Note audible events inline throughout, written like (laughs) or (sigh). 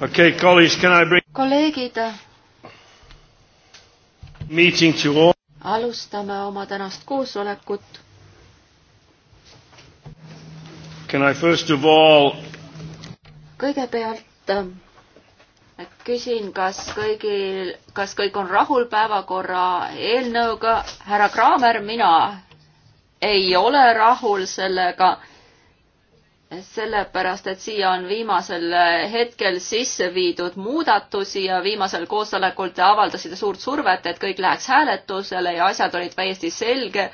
Okay, colleagues, can I bring... kolleegid, alustame oma tänast koosolekut. Can I first of all kõigepealt äh, küsin, kas kõigil, kas kõik on rahul päevakorra eelnõuga. härra Kraamer, mina ei ole rahul sellega sellepärast, et siia on viimasel hetkel sisse viidud muudatusi ja viimasel koosolekul te avaldasite suurt survet, et kõik läheks hääletusele ja asjad olid täiesti selge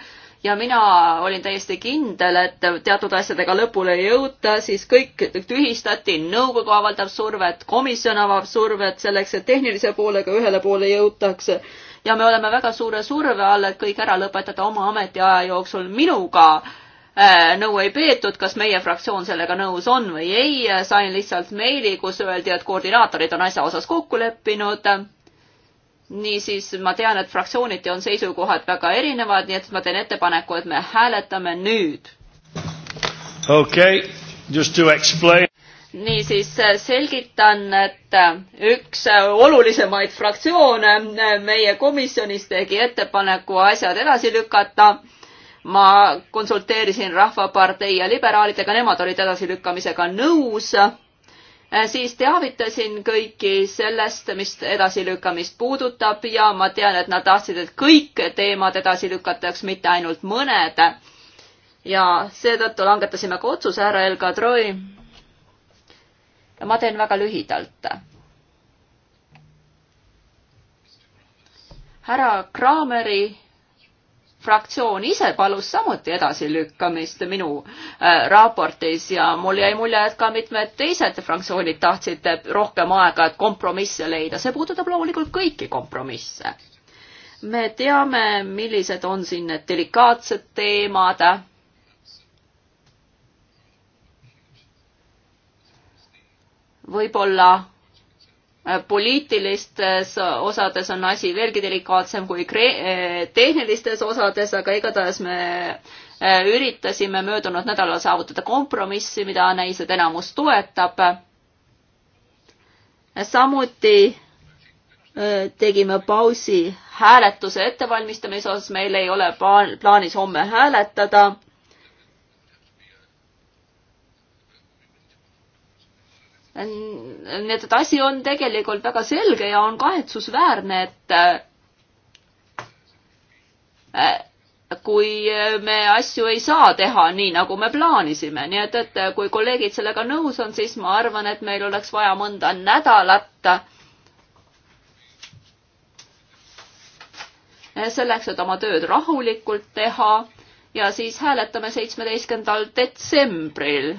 ja mina olin täiesti kindel, et teatud asjadega lõpule ei jõuta, siis kõik tühistati, nõukogu avaldab survet, komisjon avab survet selleks, et tehnilise poolega ühele poole jõutakse. ja me oleme väga suure surve all, et kõik ära lõpetada oma ametiaja jooksul minuga Äh, nõu ei peetud, kas meie fraktsioon sellega nõus on või ei, sain lihtsalt meili, kus öeldi, et koordinaatorid on asja osas kokku leppinud. niisiis ma tean, et fraktsiooniti on seisukohad väga erinevad, nii et ma teen ettepaneku, et me hääletame nüüd. okei okay,, just to explain niisiis selgitan, et üks olulisemaid fraktsioone meie komisjonis tegi ettepaneku asjad edasi lükata ma konsulteerisin Rahvapartei ja liberaalidega, nemad olid edasilükkamisega nõus. Äh, siis teavitasin kõiki sellest, mis edasilükkamist puudutab ja ma tean, et nad tahtsid, et kõik teemad edasi lükataks, mitte ainult mõned. ja seetõttu langetasime ka otsuse ära, Elka Troi. ma teen väga lühidalt. härra Kraameri fraktsioon ise palus samuti edasilükkamist minu äh, raportis ja mul jäi mulje, et ka mitmed teised fraktsioonid tahtsid rohkem aega, et kompromisse leida. see puudutab loomulikult kõiki kompromisse. me teame, millised on siin need delikaatsed teemad võib-olla poliitilistes eh, osades on asi veelgi delikaatsem kui eh, tehnilistes osades, aga igatahes me eh, üritasime möödunud nädalal saavutada kompromissi, mida neised enamus toetab. samuti tegime pausi hääletuse ettevalmistamise osas, meil ei ole plaanis homme hääletada nii et, et asi on tegelikult väga selge ja on kahetsusväärne, et äh, kui me asju ei saa teha nii, nagu me plaanisime, nii et, et kui kolleegid sellega nõus on, siis ma arvan, et meil oleks vaja mõnda nädalat selleks, et oma tööd rahulikult teha ja siis hääletame seitsmeteistkümnendal detsembril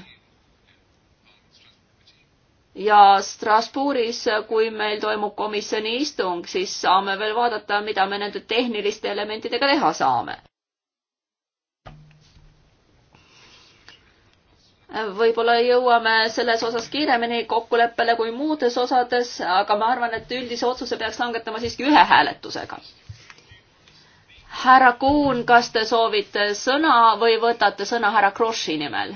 ja Strasbourgis, kui meil toimub komisjoni istung, siis saame veel vaadata, mida me nende tehniliste elementidega teha saame. võib-olla jõuame selles osas kiiremini kokkuleppele kui muudes osades, aga ma arvan, et üldise otsuse peaks langetama siiski ühe hääletusega. härra Kuhn, kas te soovite sõna või võtate sõna härra Kroši nimel?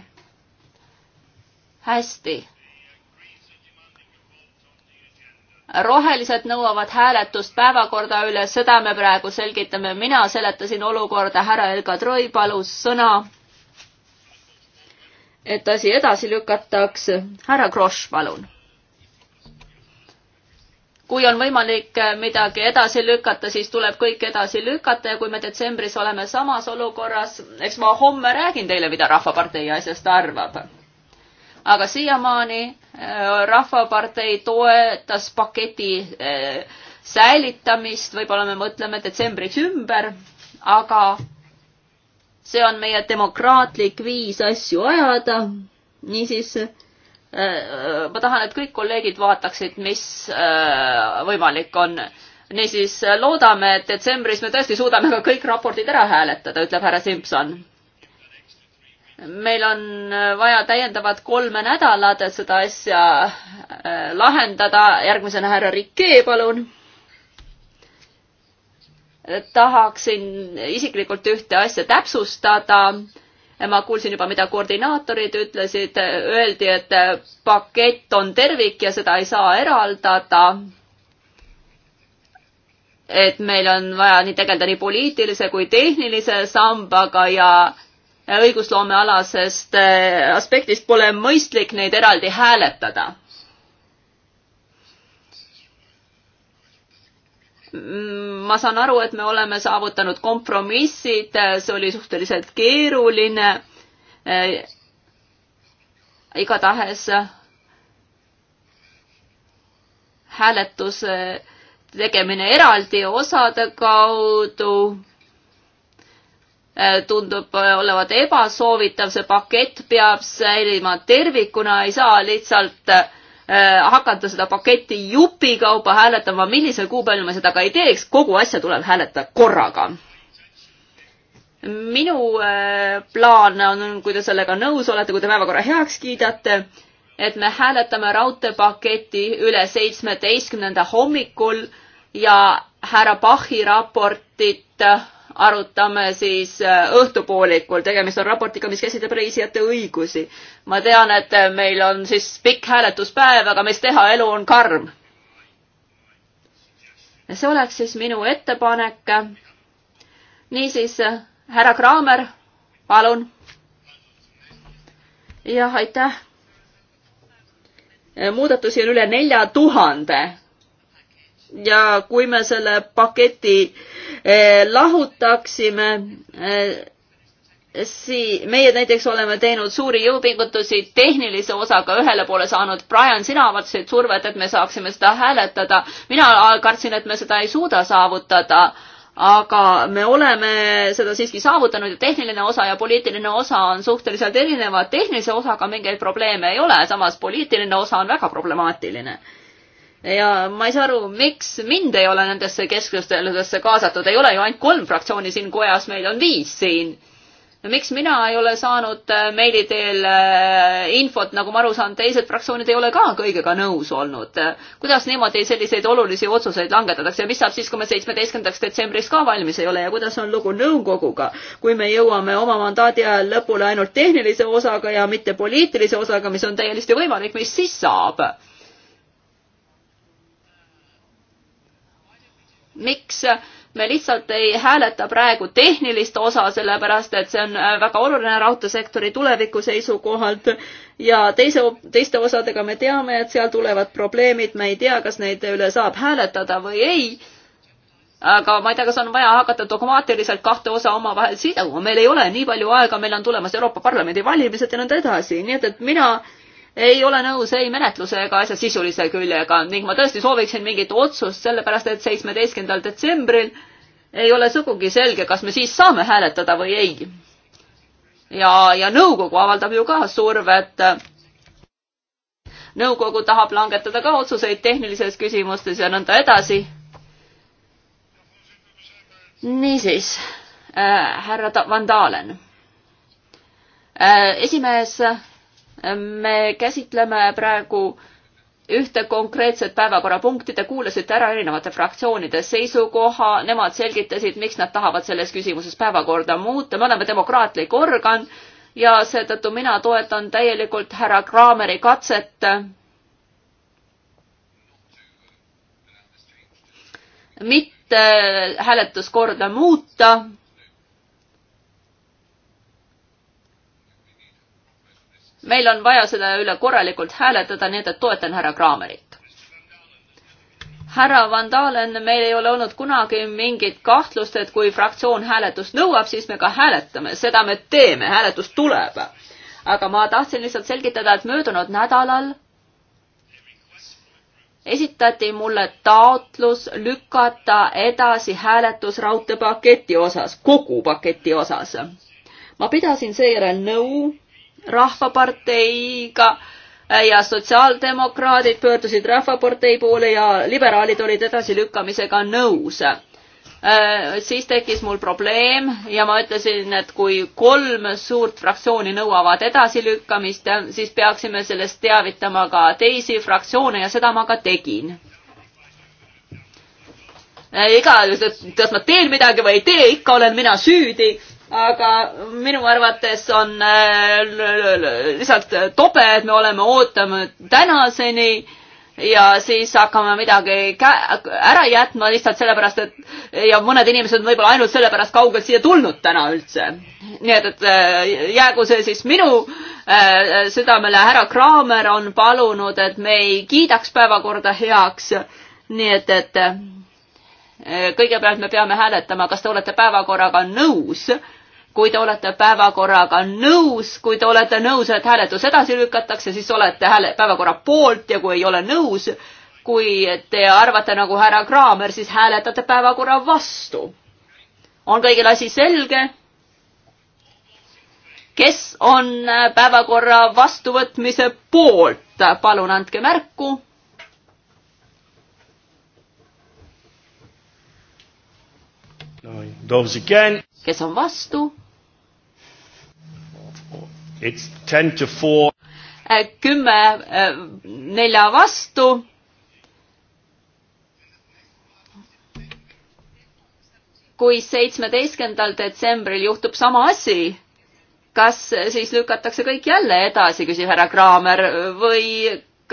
hästi rohelised nõuavad hääletust päevakorda üle, seda me praegu selgitame, mina seletasin olukorda, härra Helga Troi palus sõna, et asi edasi lükatakse. härra Kross, palun. kui on võimalik midagi edasi lükata, siis tuleb kõik edasi lükata ja kui me detsembris oleme samas olukorras, eks ma homme räägin teile, mida Rahvapartei asjast arvab aga siiamaani äh, Rahvapartei toetas paketi äh, säilitamist, võib-olla me mõtleme detsembriks ümber, aga see on meie demokraatlik viis asju ajada. niisiis äh, ma tahan, et kõik kolleegid vaataksid, mis võimalik on. niisiis loodame, et detsembris me tõesti suudame ka kõik raportid ära hääletada, ütleb härra Simson meil on äh, vaja täiendavat kolme nädalat, et seda asja äh, lahendada. järgmisena härra Rikee, palun. tahaksin isiklikult ühte asja täpsustada. ma kuulsin juba, mida koordinaatorid ütlesid, öeldi, et pakett on tervik ja seda ei saa eraldada et meil on vaja nii tegeleda nii poliitilise kui tehnilise sambaga ja äh, Äh, õigusloomealasest äh, aspektist pole mõistlik neid eraldi hääletada. Mm, ma saan aru, et me oleme saavutanud kompromissid, äh, see oli suhteliselt keeruline. igatahes hääletuse tegemine eraldi osade kaudu Äh, tundub äh, olevat ebasoovitav, see pakett peab säilima tervikuna, ei saa lihtsalt äh, hakata seda paketti jupikaupa hääletama, millisel kuupäeval me seda ka ei teeks, kogu asja tuleb hääletada korraga minu plaan on, kui te sellega nõus olete, kui te päevakorra heaks kiidate, et me hääletame raudteepaketi üle seitsmeteistkümnenda hommikul ja härra Bachi raportit arutame siis äh, õhtupoolikul, tegemist on raportiga, mis käsitleb reisijate õigusi. ma tean, et äh, meil on siis pikk hääletuspäev, aga mis teha, elu on karm. see oleks siis minu ettepanek. niisiis, äh, härra Kraamer, palun. jah, aitäh. muudatusi on üle nelja tuhande ja kui me selle paketi eh, lahutaksime, eh, sii-, meie näiteks oleme teinud suuri jõupingutusi tehnilise osaga ühele poole saanud. Brian, sina avaldasid survet, et me saaksime seda hääletada. mina kartsin, et me seda ei suuda saavutada, aga me oleme seda siiski saavutanud ja tehniline osa ja poliitiline osa on suhteliselt erinevad. tehnilise osaga mingeid probleeme ei ole, samas poliitiline osa on väga problemaatiline ja ma ei saa aru, miks mind ei ole nendesse keskusteludesse kaasatud, ei ole ju ainult kolm fraktsiooni siin kojas, meil on viis siin. miks mina ei ole saanud äh, meili teel äh, infot, nagu ma aru saan, teised fraktsioonid ei ole ka kõigega nõus olnud. kuidas niimoodi selliseid olulisi otsuseid langetatakse ja mis saab siis, kui me seitsmeteistkümnendaks detsembriks ka valmis ei ole ja kuidas on lugu nõukoguga, kui me jõuame oma mandaadi ajal lõpule ainult tehnilise osaga ja mitte poliitilise osaga, mis on täiesti võimalik, mis siis saab? miks me lihtsalt ei hääleta praegu tehnilist osa, sellepärast et see on äh, väga oluline raudteesektori tuleviku seisukohalt ja teise, teiste osadega me teame, et seal tulevad probleemid, me ei tea, kas neid üle saab hääletada või ei. aga ma ei tea, kas on vaja hakata dogmaatiliselt kahte osa omavahel siduma, meil ei ole nii palju aega, meil on tulemas Euroopa Parlamendi valimised ja nõnda edasi, nii et, et mina äh, ei ole nõus ei menetluse ega asja sisulise küljega ning ma tõesti sooviksin mingit otsust, sellepärast et seitsmeteistkümnendal detsembril ei ole sugugi selge, kas me siis saame hääletada või ei. ja, ja nõukogu avaldab ju ka survet. nõukogu tahab langetada ka otsuseid tehnilises küsimustes ja nõnda edasi. niisiis äh,, härra Van Dalen äh,, esimees äh, me käsitleme praegu ühte konkreetset päevakorrapunkti, te kuulasite ära erinevate fraktsioonide seisukoha, nemad selgitasid, miks nad tahavad selles küsimuses päevakorda muuta, me oleme demokraatlik organ ja seetõttu mina toetan täielikult härra Kraameri katset mitte hääletuskorda muuta meil on vaja selle üle korralikult hääletada, nii et, et toetan härra Kraamerit. härra Van Dalen, meil ei ole olnud kunagi mingit kahtlust, et kui fraktsioon hääletust nõuab, siis me ka hääletame, seda me teeme, hääletus tuleb. aga ma tahtsin lihtsalt selgitada, et möödunud nädalal esitati mulle taotlus lükata edasi hääletus raudteepaketi osas, kogu paketi osas. ma pidasin seejärel nõu Rahvaparteiga ja sotsiaaldemokraadid pöördusid Rahvapartei poole ja liberaalid olid edasilükkamisega nõus äh, siis tekkis mul probleem ja ma ütlesin, et kui kolm suurt fraktsiooni nõuavad edasilükkamist, siis peaksime sellest teavitama ka teisi fraktsioone ja seda ma ka tegin. Äh, igal juhul, kas ma teen midagi või ei tee, ikka olen mina süüdi aga minu arvates on äh, lihtsalt tobe, et me oleme ootanud tänaseni ja siis hakkame midagi ära jätma lihtsalt sellepärast, et ja mõned inimesed võib-olla ainult sellepärast kaugelt siia tulnud täna üldse. nii et, et äh, jäägu see siis minu äh, südamele. härra Kraamer on palunud, et me ei kiidaks päevakorda heaks. nii et, et äh, kõigepealt me peame hääletama, kas te olete päevakorraga nõus äh, kui te olete päevakorraga nõus, kui te olete nõus, et hääletus edasi lükatakse, siis olete hääle, päevakorra poolt ja kui ei ole nõus, kui te arvate nagu härra Kraamer, siis hääletate päevakorra vastu. on kõigil asi selge? kes on päevakorra vastuvõtmise poolt, palun andke märku kes on vastu? It's ten to four. Äh, kümme äh, nelja vastu. kui seitsmeteistkümnendal detsembril juhtub sama asi, kas siis lükatakse kõik jälle edasi, küsib härra Kraamer või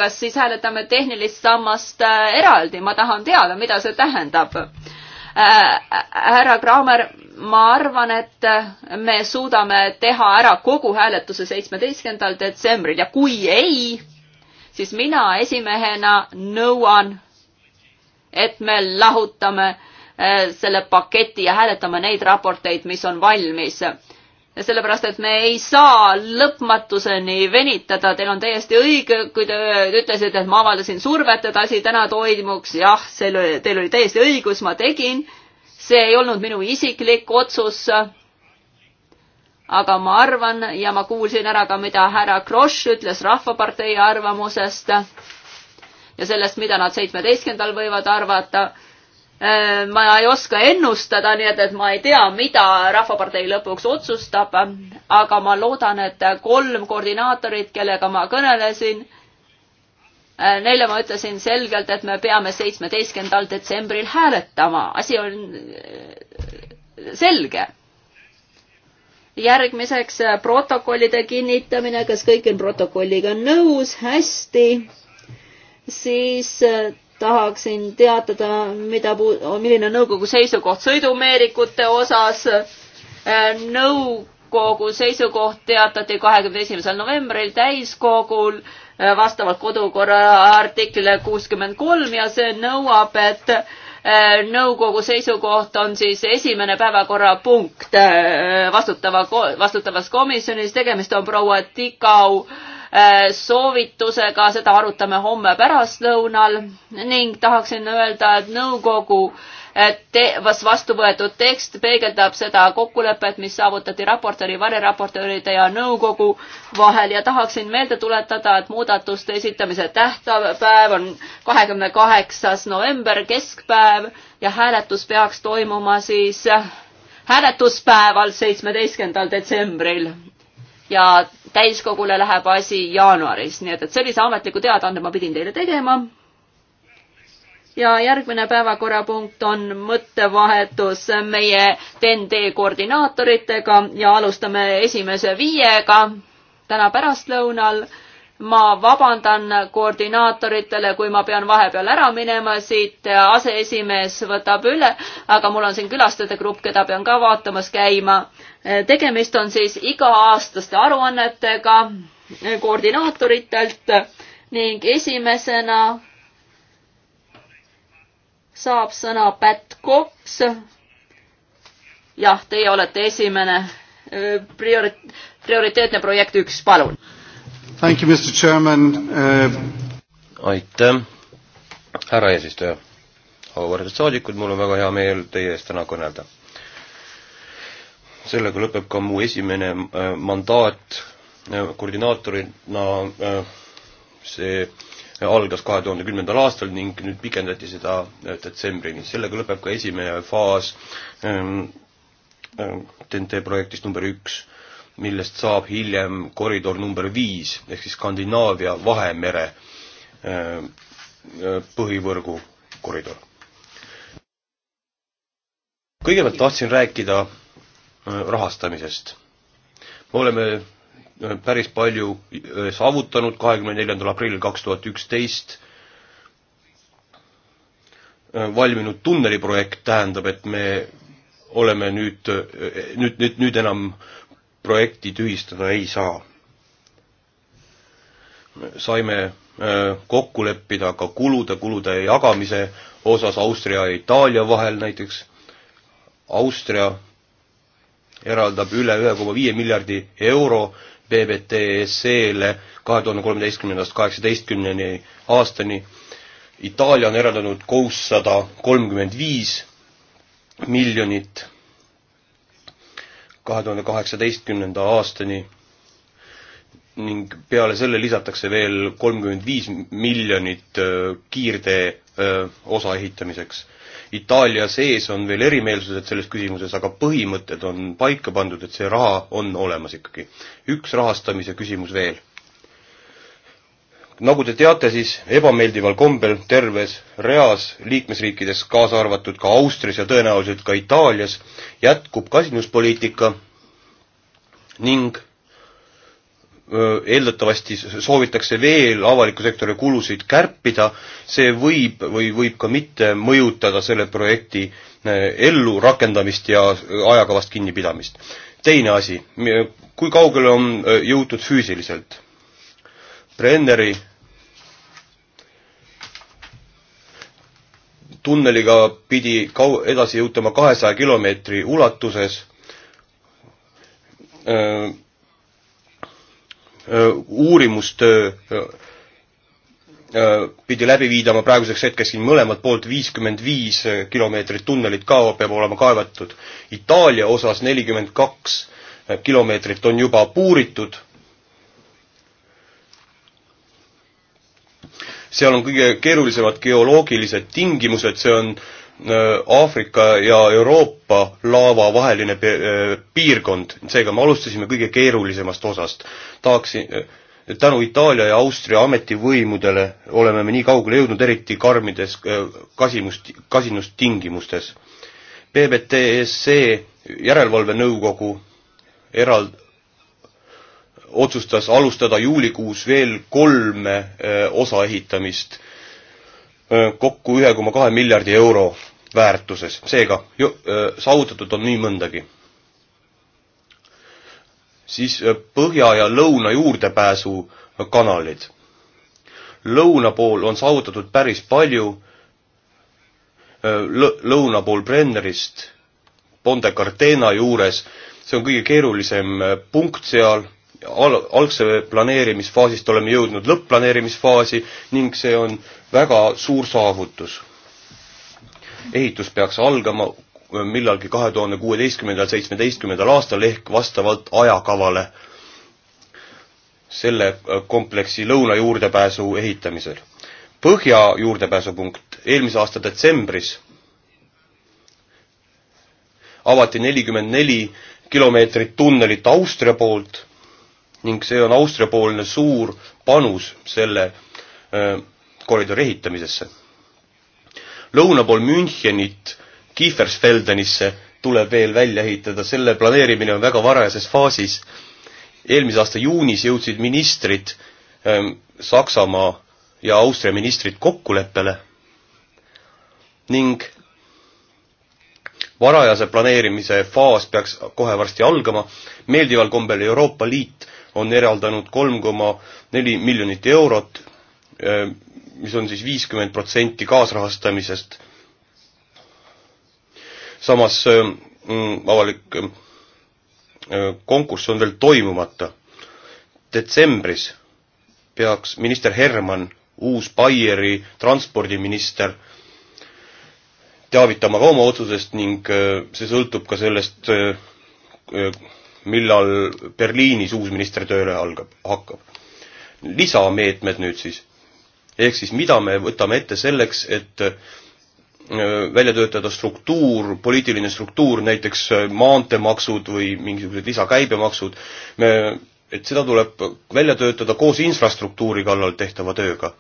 kas siis hääletame tehnilist sammast äh, eraldi, ma tahan teada, mida see tähendab Äh, äh, äh, härra Kraamer, ma arvan, et me suudame teha ära kogu hääletuse seitsmeteistkümnendal detsembril ja kui ei, siis mina esimehena nõuan, et me lahutame selle paketi ja hääletame neid raporteid, mis on valmis sellepärast et me ei saa lõpmatuseni venitada, teil on täiesti õige, kui te ütlesite, et ma avaldasin survet, et asi täna toimuks, jah, teil oli täiesti õigus, ma tegin, see ei olnud minu isiklik otsus. aga ma arvan ja ma kuulsin ära ka, mida härra Kross ütles Rahvapartei arvamusest ja sellest, mida nad seitsmeteistkümnendal võivad arvata Äh, ma ei oska ennustada, nii et, et ma ei tea, mida Rahvapartei lõpuks otsustab, aga ma loodan, et kolm koordinaatorit, kellega ma kõnelesin, äh, neile ma ütlesin selgelt, et me peame seitsmeteistkümnendal detsembril hääletama, asi on äh, selge. järgmiseks protokollide kinnitamine, kas kõik on protokolliga nõus, hästi, siis tahaksin teatada, mida, milline on nõukogu seisukoht sõidumeerikute osas. nõukogu seisukoht teatati kahekümne esimesel novembril täiskogul eh, vastavalt kodukorra artiklile kuuskümmend kolm ja see nõuab, et eh, nõukogu seisukoht on siis esimene päevakorrapunkt eh, vastutava, vastutavas komisjonis, tegemist on proua Tikau äh, Äh, soovitusega, seda arutame homme pärastlõunal ning tahaksin öelda, et nõukogu äh, te, vastu võetud tekst peegeldab seda kokkulepet, mis saavutati raportööri, variraportööride ja nõukogu vahel ja tahaksin meelde tuletada, et muudatuste esitamise tähtpäev on kahekümne kaheksas november, keskpäev ja hääletus peaks toimuma siis äh, hääletuspäeval, seitsmeteistkümnendal detsembril ja täiskogule läheb asi jaanuaris, nii et, et sellise ametliku teadaande ma pidin teile tegema. ja järgmine päevakorrapunkt on mõttevahetus meie TNT koordinaatoritega ja alustame esimese viiega täna pärastlõunal ma vabandan koordinaatoritele, kui ma pean vahepeal ära minema siit, aseesimees võtab üle, aga mul on siin külastajate grupp, keda pean ka vaatamas käima. tegemist on siis iga-aastaste aruannetega koordinaatoritelt ning esimesena saab sõna Pat Cox. jah, teie olete esimene äh, priori-, prioriteetne projekt üks, palun Thank you, Mr Chairman uh.... aitäh, härra eesistuja. auväärsed saadikud, mul on väga hea meel teie ees täna kõnelda. sellega lõpeb ka mu esimene äh, mandaat äh, koordinaatorina. Äh, see algas kahe tuhande kümnendal aastal ning nüüd pikendati seda detsembrini. sellega lõpeb ka esimene faas TNT ähm, projektist number üks millest saab hiljem koridor number viis ehk siis Skandinaavia Vahemere äh, põhivõrgu koridor. kõigepealt tahtsin rääkida äh, rahastamisest. me oleme äh, päris palju saavutanud kahekümne neljandal aprillil kaks tuhat üksteist valminud tunneliprojekt tähendab, et me oleme nüüd, nüüd, nüüd, nüüd enam projekti tühistada ei saa. saime äh, kokku leppida ka kulude, kulude jagamise osas Austria ja Itaalia vahel näiteks. Austria eraldab üle ühe koma viie miljardi euro BBTSE-le kahe tuhande kolmeteistkümnendast kaheksateistkümneni aastani. Itaalia on eraldanud kuussada kolmkümmend viis miljonit kahe tuhande kaheksateistkümnenda aastani ning peale selle lisatakse veel kolmkümmend viis miljonit kiirtee osa ehitamiseks. Itaalia sees on veel erimeelsused selles küsimuses, aga põhimõtted on paika pandud, et see raha on olemas ikkagi. üks rahastamise küsimus veel nagu te teate, siis ebameeldival kombel terves reas liikmesriikides, kaasa arvatud ka Austrias ja tõenäoliselt ka Itaalias, jätkub kasinuspoliitika ning öö, eeldatavasti soovitakse veel avaliku sektori kulusid kärpida, see võib või võib ka mitte mõjutada selle projekti ellurakendamist ja ajakavast kinnipidamist. teine asi, kui kaugele on jõutud füüsiliselt Brenneri tunneliga pidi kau-, edasi jõutama kahesaja kilomeetri ulatuses öö, öö, uurimustöö pidi läbi viidama praeguseks hetkeks siin mõlemalt poolt viiskümmend viis kilomeetrit tunnelit ka peab olema kaevatud. Itaalia osas nelikümmend kaks kilomeetrit on juba puuritud seal on kõige keerulisemad geoloogilised tingimused, see on äh, Aafrika ja Euroopa laava vaheline äh, piirkond, seega me alustasime kõige keerulisemast osast. tahaksin, äh, tänu Itaalia ja Austria ametivõimudele oleme me nii kaugele jõudnud, eriti karmides kasimust, kasinustingimustes. PBTSC e järelevalvenõukogu eral-, otsustas alustada juulikuus veel kolme äh, osa ehitamist äh, kokku ühe koma kahe miljardi euro väärtuses. seega ju, äh, saavutatud on nii mõndagi. siis põhja ja lõuna juurdepääsu kanalid. lõuna pool on saavutatud päris palju Lõ, lõuna pool Brennerist, Ponte Cartena juures, see on kõige keerulisem punkt seal al-, algse planeerimisfaasist oleme jõudnud lõppplaneerimisfaasi ning see on väga suur saavutus. ehitus peaks algama millalgi kahe tuhande kuueteistkümnendal, seitsmeteistkümnendal aastal ehk vastavalt ajakavale selle kompleksi lõuna juurdepääsu ehitamisel. põhja juurdepääsupunkt eelmise aasta detsembris avati nelikümmend neli kilomeetrit tunnelit Austria poolt ning see on Austria-poolne suur panus selle koridori ehitamisesse. lõuna pool Münchenit Kiefersfeldenisse tuleb veel välja ehitada, selle planeerimine on väga varajases faasis. eelmise aasta juunis jõudsid ministrid Saksamaa ja Austria ministrid kokkuleppele ning varajase planeerimise faas peaks kohe varsti algama. meeldival kombel Euroopa Liit on eraldanud kolm koma neli miljonit eurot, eh, mis on siis viiskümmend protsenti kaasrahastamisest. samas eh, mm, avalik eh, konkurss on veel toimumata. detsembris peaks minister Herman, uus Baieri transpordiminister, teavitama ka oma otsusest ning see sõltub ka sellest millal Berliinis uus minister tööle algab, hakkab. lisameetmed nüüd siis. ehk siis mida me võtame ette selleks, et äh, välja töötada struktuur, poliitiline struktuur, näiteks äh, maanteemaksud või mingisugused lisakäibemaksud, me, et seda tuleb välja töötada koos infrastruktuuri kallal tehtava tööga.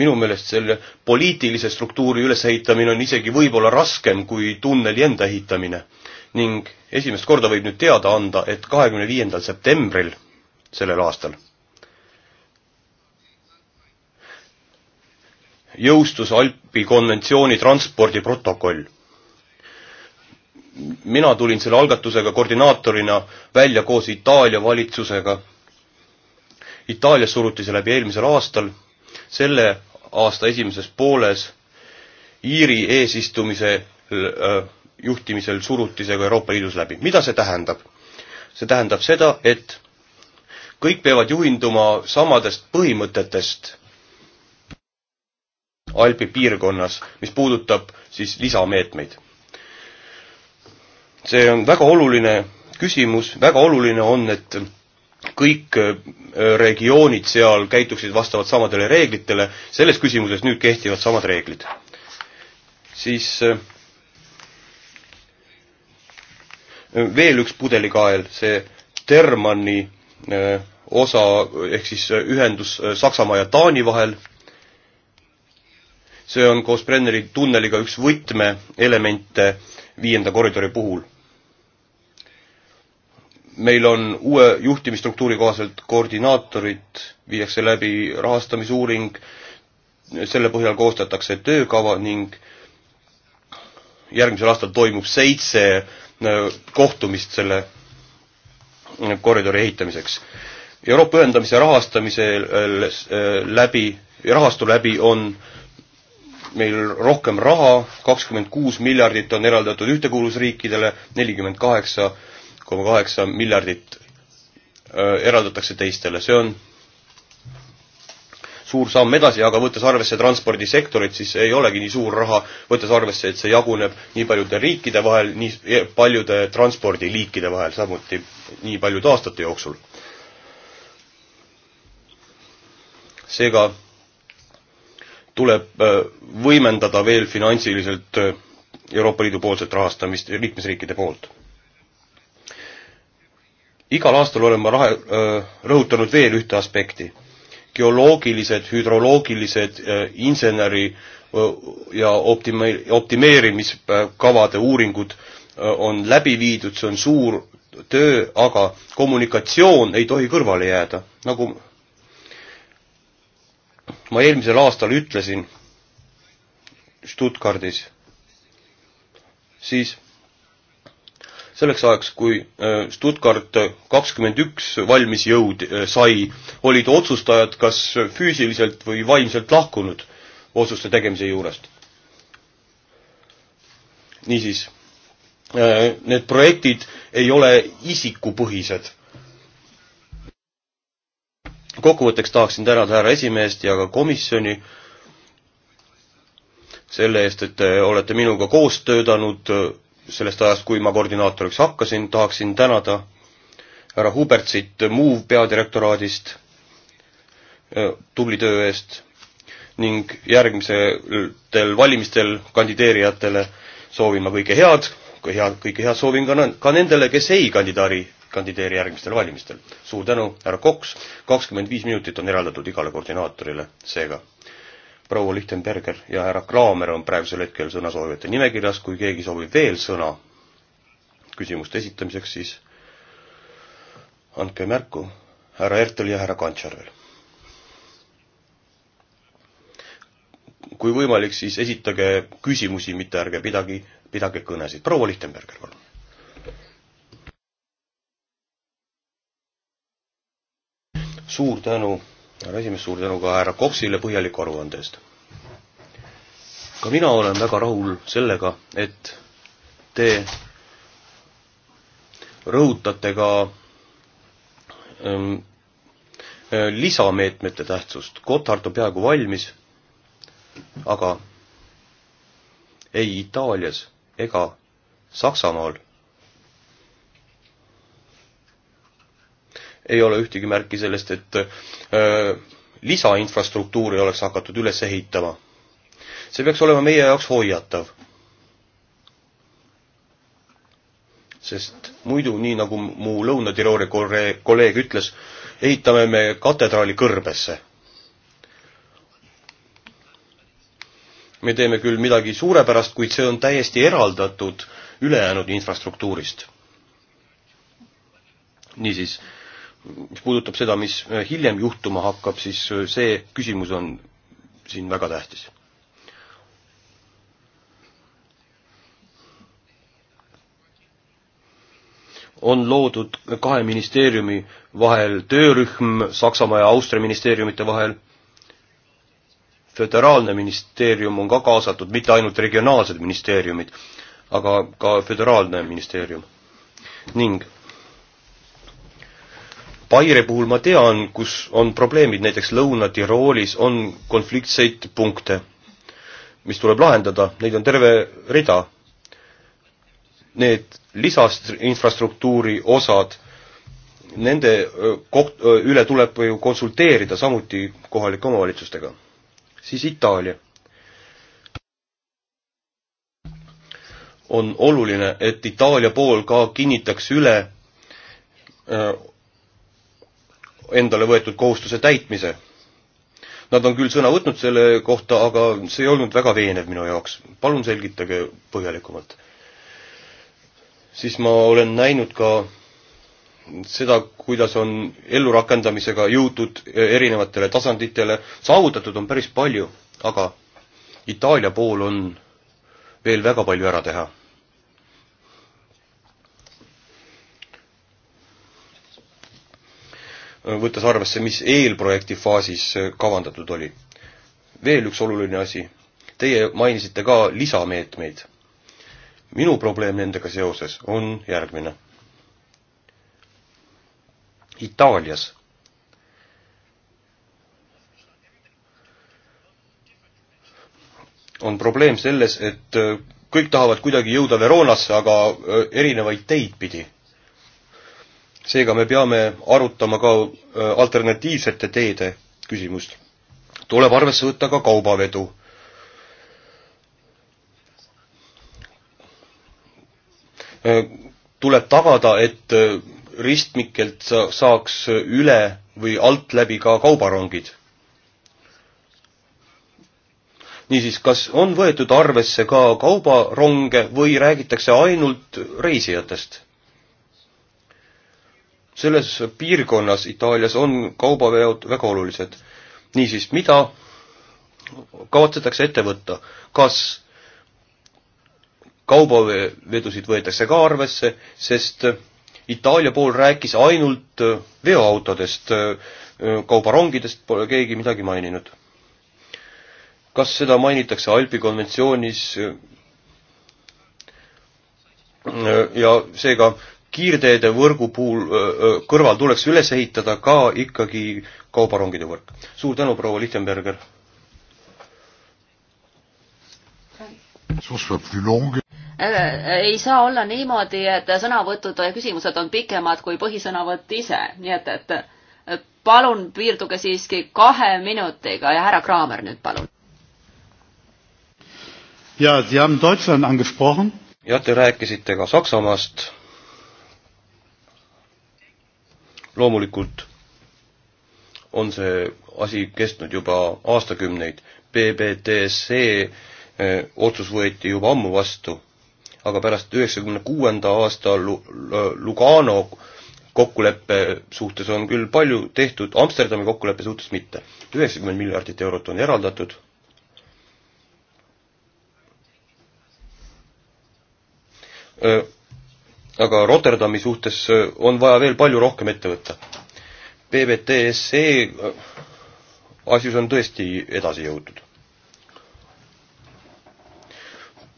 minu meelest selle poliitilise struktuuri ülesehitamine on isegi võib-olla raskem kui tunneli enda ehitamine. ning esimest korda võib nüüd teada anda, et kahekümne viiendal septembril sellel aastal jõustus Alpi konventsiooni transpordiprotokoll mina tulin selle algatusega koordinaatorina välja koos Itaalia valitsusega. Itaalias suruti see läbi eelmisel aastal selle aasta esimeses pooles Iiri eesistumise äh, juhtimisel suruti see ka Euroopa Liidus läbi. mida see tähendab? see tähendab seda, et kõik peavad juhinduma samadest põhimõtetest Alpi piirkonnas, mis puudutab siis lisameetmeid. see on väga oluline küsimus, väga oluline on, et kõik äh, äh, regioonid seal käituksid vastavalt samadele reeglitele, selles küsimuses nüüd kehtivad samad reeglid. siis äh, veel üks pudelikael, see Termanni osa ehk siis ühendus Saksamaa ja Taani vahel. see on koos Brenneri tunneliga üks võtmeelemente viienda koridori puhul meil on uue juhtimisstruktuuri kohaselt koordinaatorid, viiakse läbi rahastamisuuring, selle põhjal koostatakse töökava ning järgmisel aastal toimub seitse äh, kohtumist selle äh, koridori ehitamiseks. Euroopa ühendamise rahastamise äh, läbi, rahastu läbi on meil rohkem raha, kakskümmend kuus miljardit on eraldatud ühtekuuluvusriikidele, nelikümmend kaheksa koma kaheksa miljardit äh, eraldatakse teistele, see on suur samm edasi, aga võttes arvesse transpordisektorit, siis ei olegi nii suur raha, võttes arvesse, et see jaguneb nii paljude riikide vahel, nii e, paljude transpordiliikide vahel, samuti nii paljude aastate jooksul. seega tuleb äh, võimendada veel finantsiliselt äh, Euroopa Liidu poolset rahastamist liikmesriikide poolt igal aastal olen ma rahe, rõhutanud veel ühte aspekti. geoloogilised, hüdroloogilised, inseneri ja optime-, optimeerimiskavade uuringud on läbi viidud, see on suur töö, aga kommunikatsioon ei tohi kõrvale jääda, nagu ma eelmisel aastal ütlesin Stuttgardis, siis selleks ajaks, kui äh, Stuttgart kakskümmend üks valmis jõud äh, sai, olid otsustajad kas füüsiliselt või vaimselt lahkunud otsuste tegemise juurest. niisiis, äh, need projektid ei ole isikupõhised. kokkuvõtteks tahaksin tänada härra esimeest ja ka komisjoni selle eest, et te olete minuga koos töötanud sellest ajast, kui ma koordinaatoriks hakkasin, tahaksin tänada härra Hubertsit Move peadirektoraadist äh, tubli töö eest ning järgmistel valimistel kandideerijatele soovin ma kõike head, kõike head, kõike head soovin ka, ka nendele, kes ei kandidaari, kandideeri järgmistel valimistel. suur tänu, härra Koks, kakskümmend viis minutit on eraldatud igale koordinaatorile seega proua Lichtenberger ja härra Kraamer on praegusel hetkel sõnasoovijate nimekirjas, kui keegi soovib veel sõna küsimuste esitamiseks, siis andke märku, härra Ertel ja härra Kantšar veel. kui võimalik, siis esitage küsimusi, mitte ärge pidagi, pidage kõnesid. proua Lichtenberger, palun. suur tänu härra esimees, suur tänu ka härra Koksile põhjaliku aruande eest. ka mina olen väga rahul sellega, et te rõhutate ka ähm, äh, lisameetmete tähtsust. Gotthard on peaaegu valmis, aga ei Itaalias ega Saksamaal ei ole ühtegi märki sellest, et äh, lisainfrastruktuuri oleks hakatud üles ehitama. see peaks olema meie jaoks hoiatav. sest muidu, nii nagu mu Lõuna-Tirooli kolleeg ütles, ehitame me katedraali kõrbesse me teeme küll midagi suurepärast, kuid see on täiesti eraldatud ülejäänud infrastruktuurist. niisiis, mis puudutab seda, mis äh, hiljem juhtuma hakkab, siis äh, see küsimus on siin väga tähtis. on loodud kahe ministeeriumi vahel töörühm Saksamaa ja Austria ministeeriumite vahel. föderaalne ministeerium on ka kaasatud, mitte ainult regionaalsed ministeeriumid, aga ka föderaalne ministeerium. ning Paire puhul ma tean, kus on probleemid, näiteks Lõuna-Tiroolis on konfliktseid punkte, mis tuleb lahendada, neid on terve rida. Need lisast infrastruktuuri osad, nende koht-, üle tuleb ju konsulteerida samuti kohalike omavalitsustega. siis Itaalia. on oluline, et Itaalia pool ka kinnitaks üle endale võetud kohustuse täitmise. Nad on küll sõna võtnud selle kohta, aga see ei olnud väga veenev minu jaoks. palun selgitage põhjalikumalt. siis ma olen näinud ka seda, kuidas on ellurakendamisega jõutud erinevatele tasanditele, saavutatud on päris palju, aga Itaalia pool on veel väga palju ära teha Äh, võttes arvesse, mis eelprojekti faasis äh, kavandatud oli. veel üks oluline asi. Teie mainisite ka lisameetmeid. minu probleem nendega seoses on järgmine. Itaalias on probleem selles, et äh, kõik tahavad kuidagi jõuda Veroonasse, aga erinevaid teid pidi seega me peame arutama ka äh, alternatiivsete teede küsimust. tuleb arvesse võtta ka kaubavedu. Äh, tuleb tagada, et äh, ristmikelt saaks üle või alt läbi ka kaubarongid. niisiis, kas on võetud arvesse ka kaubaronge või räägitakse ainult reisijatest? selles piirkonnas Itaalias on kaubaveod väga olulised. niisiis, mida kavatsetakse ette võtta, kas kaubavedusid võetakse ka arvesse, sest Itaalia pool rääkis ainult veoautodest, kaubarongidest pole keegi midagi maininud. kas seda mainitakse Alpi konventsioonis ja seega äh, kiirteede võrgu puhul kõrval tuleks üles ehitada ka ikkagi kaubarongide võrk. suur tänu, proua Lichtenberger! Äh, äh, ei saa olla niimoodi, et sõnavõtud ja küsimused on pikemad kui põhisõnavõtt ise, nii et, et palun piirduge siiski kahe minutiga ja härra Kraamer nüüd palun. ja, Sie haben Deutschland angesprochen. jah, te rääkisite ka Saksamaast loomulikult on see asi kestnud juba aastakümneid. PBTSE eh, otsus võeti juba ammu vastu, aga pärast üheksakümne kuuenda aasta Lugano kokkuleppe suhtes on küll palju tehtud, Amsterdami kokkuleppe suhtes mitte. üheksakümmend miljardit eurot on eraldatud. Eh, aga Rotterdami suhtes äh, on vaja veel palju rohkem ette võtta. PBTSE äh, asjus on tõesti edasi jõutud.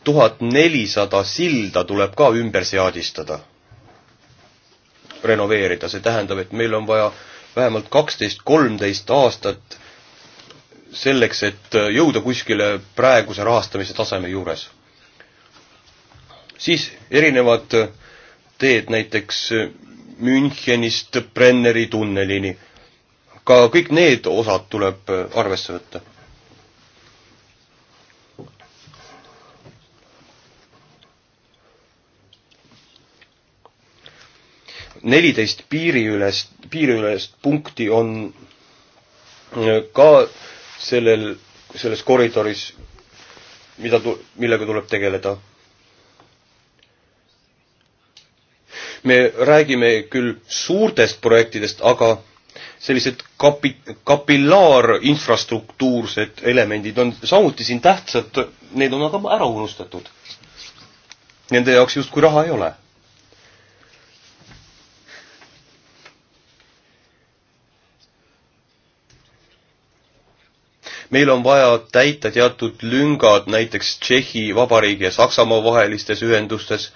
tuhat nelisada silda tuleb ka ümber seadistada, renoveerida, see tähendab, et meil on vaja vähemalt kaksteist, kolmteist aastat selleks, et äh, jõuda kuskile praeguse rahastamise taseme juures. siis erinevad äh, teed näiteks Münchenist Brenneri tunnelini. ka kõik need osad tuleb äh, arvesse võtta. neliteist piiriülest, piiriülest punkti on äh, ka sellel, selles koridoris, mida tu-, millega tuleb tegeleda me räägime küll suurtest projektidest, aga sellised kapi-, kapillaarinfrastruktuursed elemendid on samuti siin tähtsad, need on aga ära unustatud. Nende jaoks justkui raha ei ole. meil on vaja täita teatud lüngad näiteks Tšehhi Vabariigi ja Saksamaa vahelistes ühendustes äh,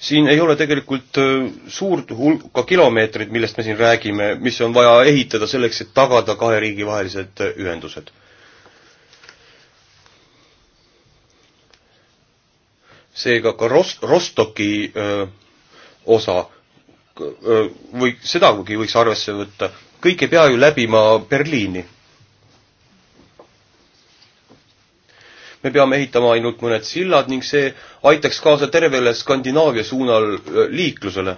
siin ei ole tegelikult äh, suurt hulka kilomeetreid, millest me siin räägime, mis on vaja ehitada selleks, et tagada kahe riigi vahelised äh, ühendused. seega ka Rost-, Rostoki öö, äh, osa öö, või sedagi võiks arvesse võtta, kõik ei pea ju läbima Berliini me peame ehitama ainult mõned sillad ning see aitaks kaasa tervele Skandinaavia suunal liiklusele.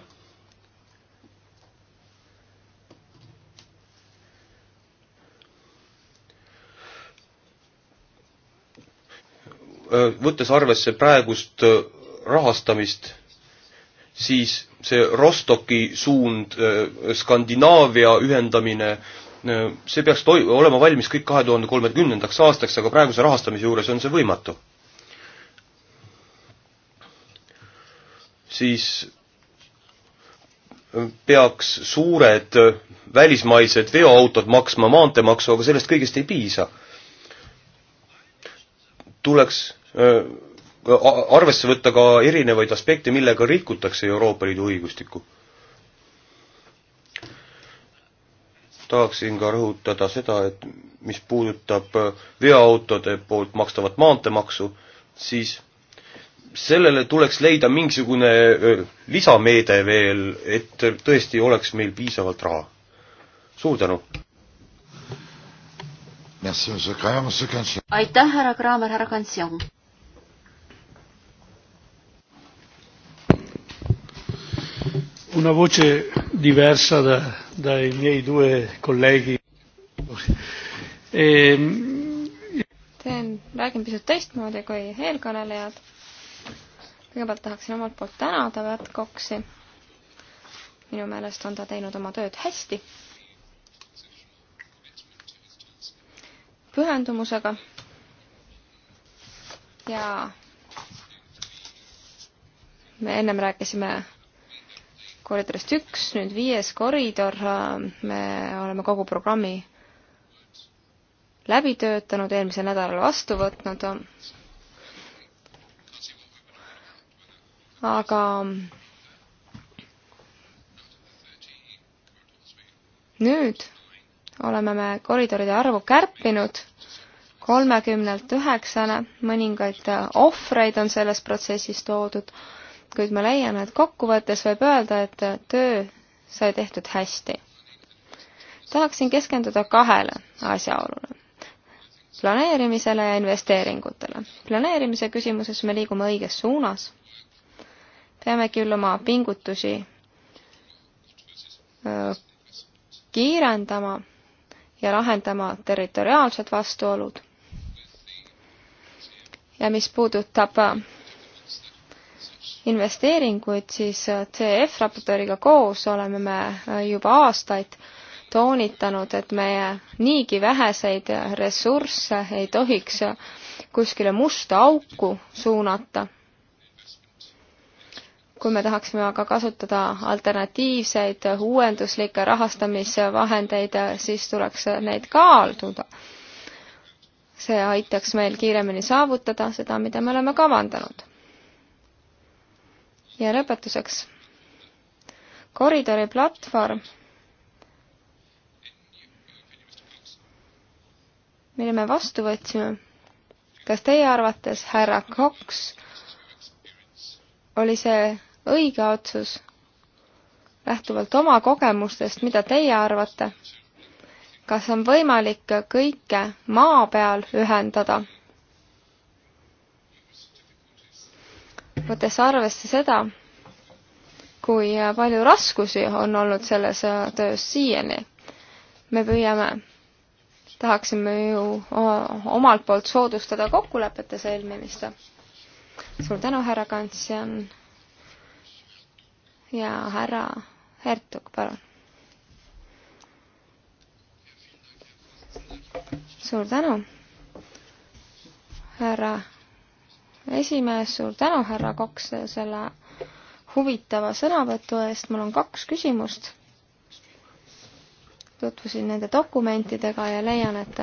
võttes arvesse praegust rahastamist, siis see Rostoki suund, Skandinaavia ühendamine Äh, see peaks toi-, olema valmis kõik kahe tuhande kolmekümnendaks aastaks, aga praeguse rahastamise juures on see võimatu. siis äh, peaks suured äh, välismaised veoautod maksma maanteemaksu, aga sellest kõigest ei piisa. tuleks arvesse võtta ka erinevaid aspekte, millega rikutakse Euroopa Liidu õigustikku tahaksin ka rõhutada seda, et mis puudutab veoautode poolt makstavat maanteemaksu, siis sellele tuleks leida mingisugune lisameede veel, et tõesti oleks meil piisavalt raha. suur tänu! aitäh, härra Kraamer, härra Kantsjon! Una voce diversa da, dai miei due colleghi e.... teen, räägin pisut teistmoodi kui eelkõnelejad. kõigepealt tahaksin omalt poolt tänada Märt Koksi. minu meelest on ta teinud oma tööd hästi. pühendumusega ja me ennem rääkisime koridorist üks, nüüd viies koridor, me oleme kogu programmi läbi töötanud, eelmisel nädalal vastu võtnud. aga nüüd oleme me koridoride arvu kärpinud kolmekümnelt üheksale, mõningaid ohvreid on selles protsessis toodud kuid ma leian, et kokkuvõttes võib öelda, et töö sai tehtud hästi. tahaksin keskenduda kahele asjaolule. planeerimisele ja investeeringutele. planeerimise küsimuses me liigume õiges suunas. peame küll oma pingutusi kiirendama ja lahendama territoriaalsed vastuolud. ja mis puudutab investeeringuid, siis äh, CF raportööriga koos oleme me äh, juba aastaid toonitanud, et meie niigi väheseid äh, ressursse ei tohiks kuskile musta auku suunata. kui me tahaksime aga kasutada alternatiivseid uuenduslikke rahastamisvahendeid, siis tuleks neid kaalduda. see aitaks meil kiiremini saavutada seda, mida me oleme kavandanud ja lõpetuseks. koridori platvorm, mille me vastu võtsime, kas teie arvates, härra Cox, oli see õige otsus lähtuvalt oma kogemustest, mida teie arvate? kas on võimalik kõike maa peal ühendada? võttes arvesse seda, kui palju raskusi on olnud selles äh, töös siiani, me püüame, tahaksime ju äh, omalt poolt soodustada kokkulepete sõlmimist. suur tänu, härra kantsjan ja härra Hertug, palun. suur tänu, härra esimees, suur tänu, härra Koks, selle huvitava sõnavõtu eest. mul on kaks küsimust. tutvusin nende dokumentidega ja leian, et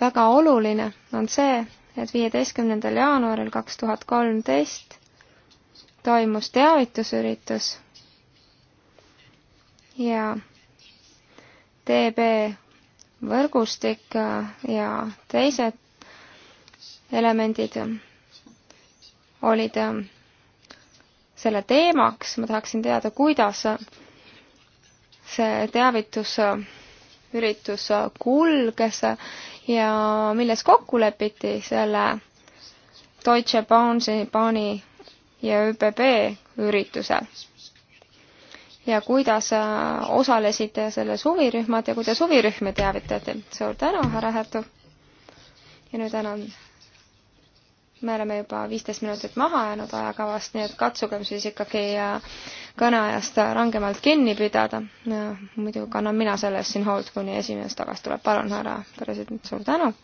väga oluline on see, et viieteistkümnendal jaanuaril kaks tuhat kolmteist toimus teavitusüritus ja DB võrgustik ja teised elemendid olid selle teemaks, ma tahaksin teada, kuidas see teavitusüritus kulges ja milles kokku lepiti selle Deutsche Bahn'i, Bahn'i ja ÜBB üritusel ja kuidas äh, osalesid selles huvirühmad ja kuidas huvirühmi teavitati. suur tänu, härra Hätu. ja nüüd enam me oleme juba viisteist minutit maha jäänud ajakavast, nii et katsugem siis ikkagi äh, kõneajast rangemalt kinni pidada. muidu kannan mina selle eest siin hoolt, kuni esimees tagasi tuleb. palun, härra president, suur tänu.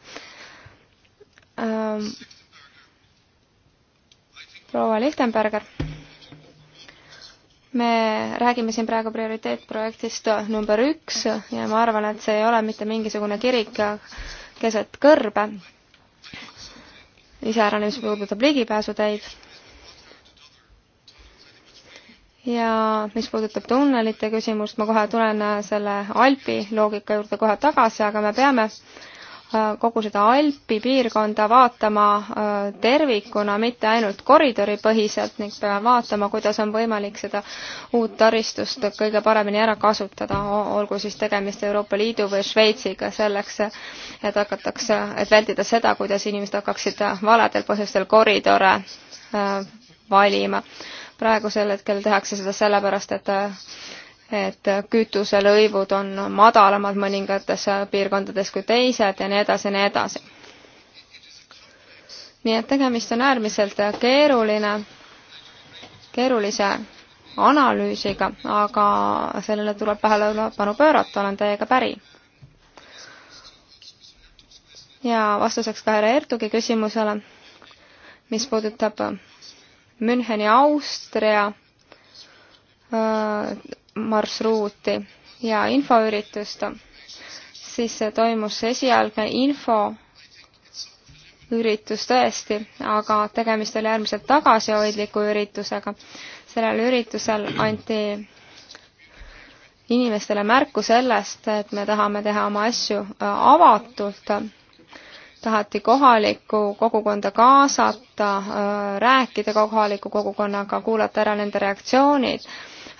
Ähm, proua Lichtenberger me räägime siin praegu prioriteetprojektist number üks ja ma arvan, et see ei ole mitte mingisugune kirik keset kõrbe, iseärane, mis puudutab ligipääsuteid. ja mis puudutab tunnelite küsimust, ma kohe tulen selle Alpi loogika juurde kohe tagasi, aga me peame äh, Äh, kogu seda Alpi piirkonda vaatama äh, tervikuna, mitte ainult koridoripõhiselt ning peame vaatama, kuidas on võimalik seda uut taristust kõige paremini ära kasutada, olgu siis tegemist Euroopa Liidu või Šveitsiga, selleks et hakatakse, et vältida seda, kuidas inimesed hakkaksid valedel põhjustel koridore äh, valima. praegusel hetkel tehakse seda sellepärast, et et kütuselõivud on madalamad mõningates piirkondades kui teised ja nii edasi ja nii edasi. nii et tegemist on äärmiselt keeruline, keerulise analüüsiga, aga sellele tuleb tähelepanu pöörata, olen teiega päri. ja vastuseks ka härra Ertugi küsimusele, mis puudutab Müncheni Austria öö, äh, marsruuti ja infoüritust, siis toimus esialgne info üritus tõesti, aga tegemist oli äärmiselt tagasihoidliku üritusega. sellel üritusel anti inimestele märku sellest, et me tahame teha oma asju äh, avatult, taheti kohalikku kogukonda kaasata, äh, rääkida kohaliku kogukonnaga, kuulata ära nende reaktsioonid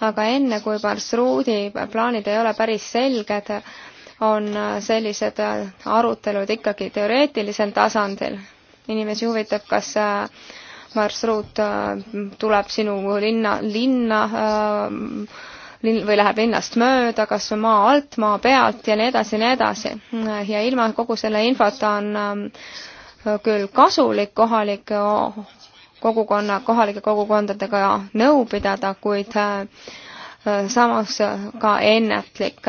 aga enne, kui marsruudi plaanid ei ole päris selged, on sellised arutelud ikkagi teoreetilisel tasandil. inimesi huvitab, kas marsruut äh, äh, tuleb sinu linna, linna äh, linn või läheb linnast mööda, kas maa alt, maa pealt ja nii edasi ja nii edasi. ja ilma kogu selle infota on küll kasulik kohalike kogukonna, kohalike kogukondadega nõu pidada, kuid äh, äh, samas ka ennetlik.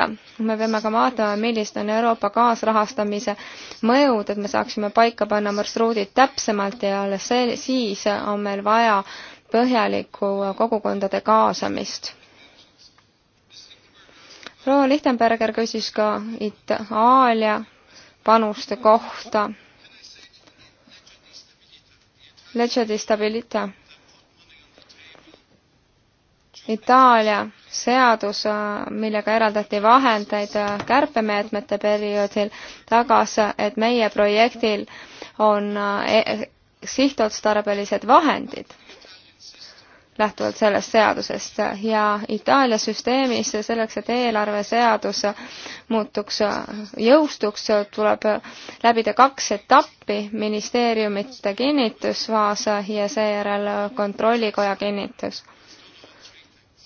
me peame ka vaatama, millised on Euroopa kaasrahastamise mõjud, et me saaksime paika panna marsruudid täpsemalt ja alles see, siis on meil vaja põhjalikku kogukondade kaasamist. proua Lichtenberger küsis ka Itaalia panuste kohta legge di stabilità. Itaalia seadus, millega eraldati vahendeid kärpemeetmete perioodil, tagas, et meie projektil on eh, sihtotstarbelised vahendid lähtuvalt sellest seadusest ja Itaalia süsteemis selleks, et eelarveseadus muutuks, jõustuks, tuleb läbida kaks etappi, ministeeriumite kinnitusfaas ja seejärel kontrollikoja kinnitus.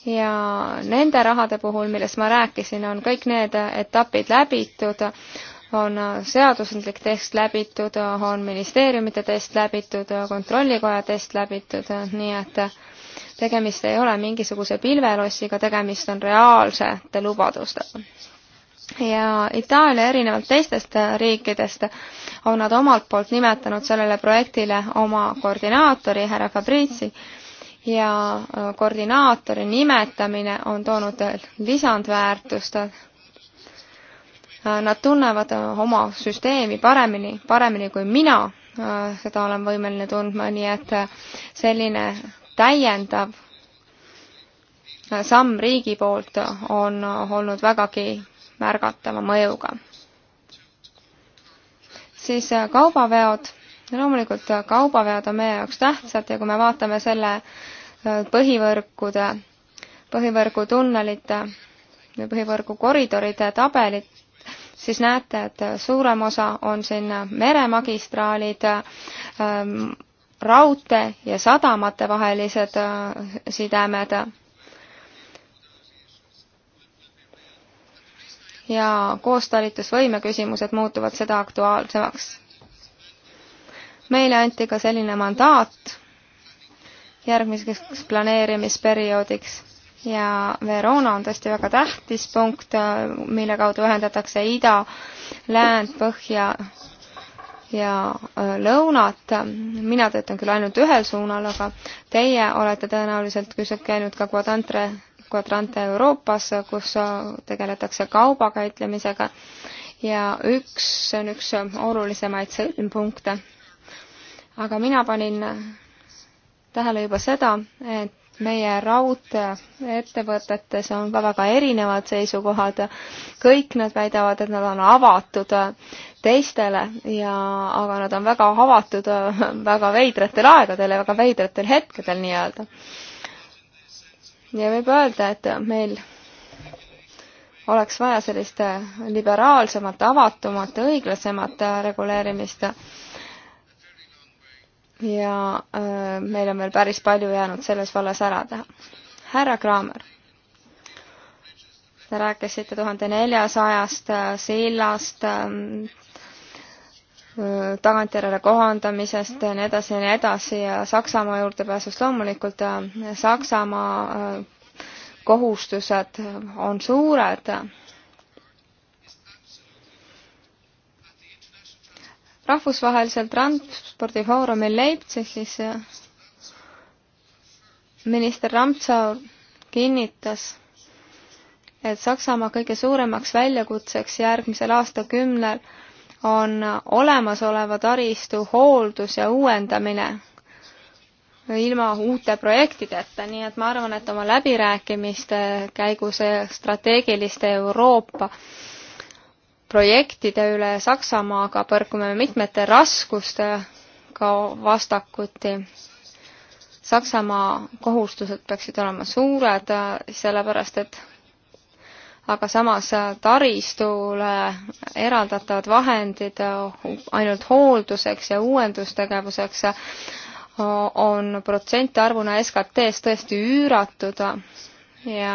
ja nende rahade puhul, millest ma rääkisin, on kõik need etapid läbitud, on seaduslik test läbitud, on ministeeriumite test läbitud, kontrollikoja test läbitud, nii et tegemist ei ole mingisuguse pilvelossiga, tegemist on reaalsete lubadustega. ja Itaalia erinevalt teistest riikidest on nad omalt poolt nimetanud sellele projektile oma koordinaatori, härra Fabrizi, ja äh, koordinaatori nimetamine on toonud lisandväärtust äh, nad tunnevad äh, oma süsteemi paremini, paremini kui mina seda olen võimeline tundma, nii et selline täiendav samm riigi poolt on olnud vägagi märgatava mõjuga. siis kaubaveod, loomulikult kaubaveod on meie jaoks tähtsad ja kui me vaatame selle põhivõrkude, põhivõrgutunnelite või põhivõrgukoridoride tabelit, siis näete, et suurem osa on siin meremagistraalid ähm,, raudtee ja sadamate vahelised äh, sidemed. ja koostalitusvõime küsimused muutuvad seda aktuaalsemaks. meile anti ka selline mandaat järgmiseks planeerimisperioodiks ja Verona on tõesti väga tähtis punkt, äh, mille kaudu ühendatakse ida, läänd, põhja ja lõunat. mina töötan küll ainult ühel suunal, aga teie olete tõenäoliselt käinud ka Quadrantre, Quadrante Euroopas, kus tegeletakse kaubakäitlemisega ja üks, see on üks olulisemaid sõlmpunkte. aga mina panin tähele juba seda, et meie raudteeettevõtetes on ka väga erinevad seisukohad. kõik nad väidavad, et nad on avatud teistele ja, aga nad on väga avatud äh, väga veidratel aegadel ja väga veidratel hetkedel nii-öelda. ja võib öelda, et meil oleks vaja sellist äh, liberaalsemat, avatumat, õiglasemat äh, reguleerimist. ja öö, meil on veel päris palju jäänud selles vallas ära teha. härra Kraamer, te rääkisite tuhande neljasajast sillast, ähm, Äh, tagantjärele kohandamisest ja nii edasi ja nii edasi ja Saksamaa juurdepääsust loomulikult ja äh, Saksamaa äh, kohustused on suured. rahvusvahelisel transpordifoorumil Leipzigis minister Ramtsau kinnitas, et Saksamaa kõige suuremaks väljakutseks järgmisel aastakümnel on olemasoleva taristu hooldus ja uuendamine ilma uute projektideta, nii et ma arvan, et oma läbirääkimiste käigus strateegiliste Euroopa projektide üle Saksamaaga põrkume mitmete raskustega vastakuti. Saksamaa kohustused peaksid olema suured, sellepärast et aga samas taristule eraldatavad vahendid ainult hoolduseks ja uuendustegevuseks on protsentarvuna SKT-st tõesti üüratud ja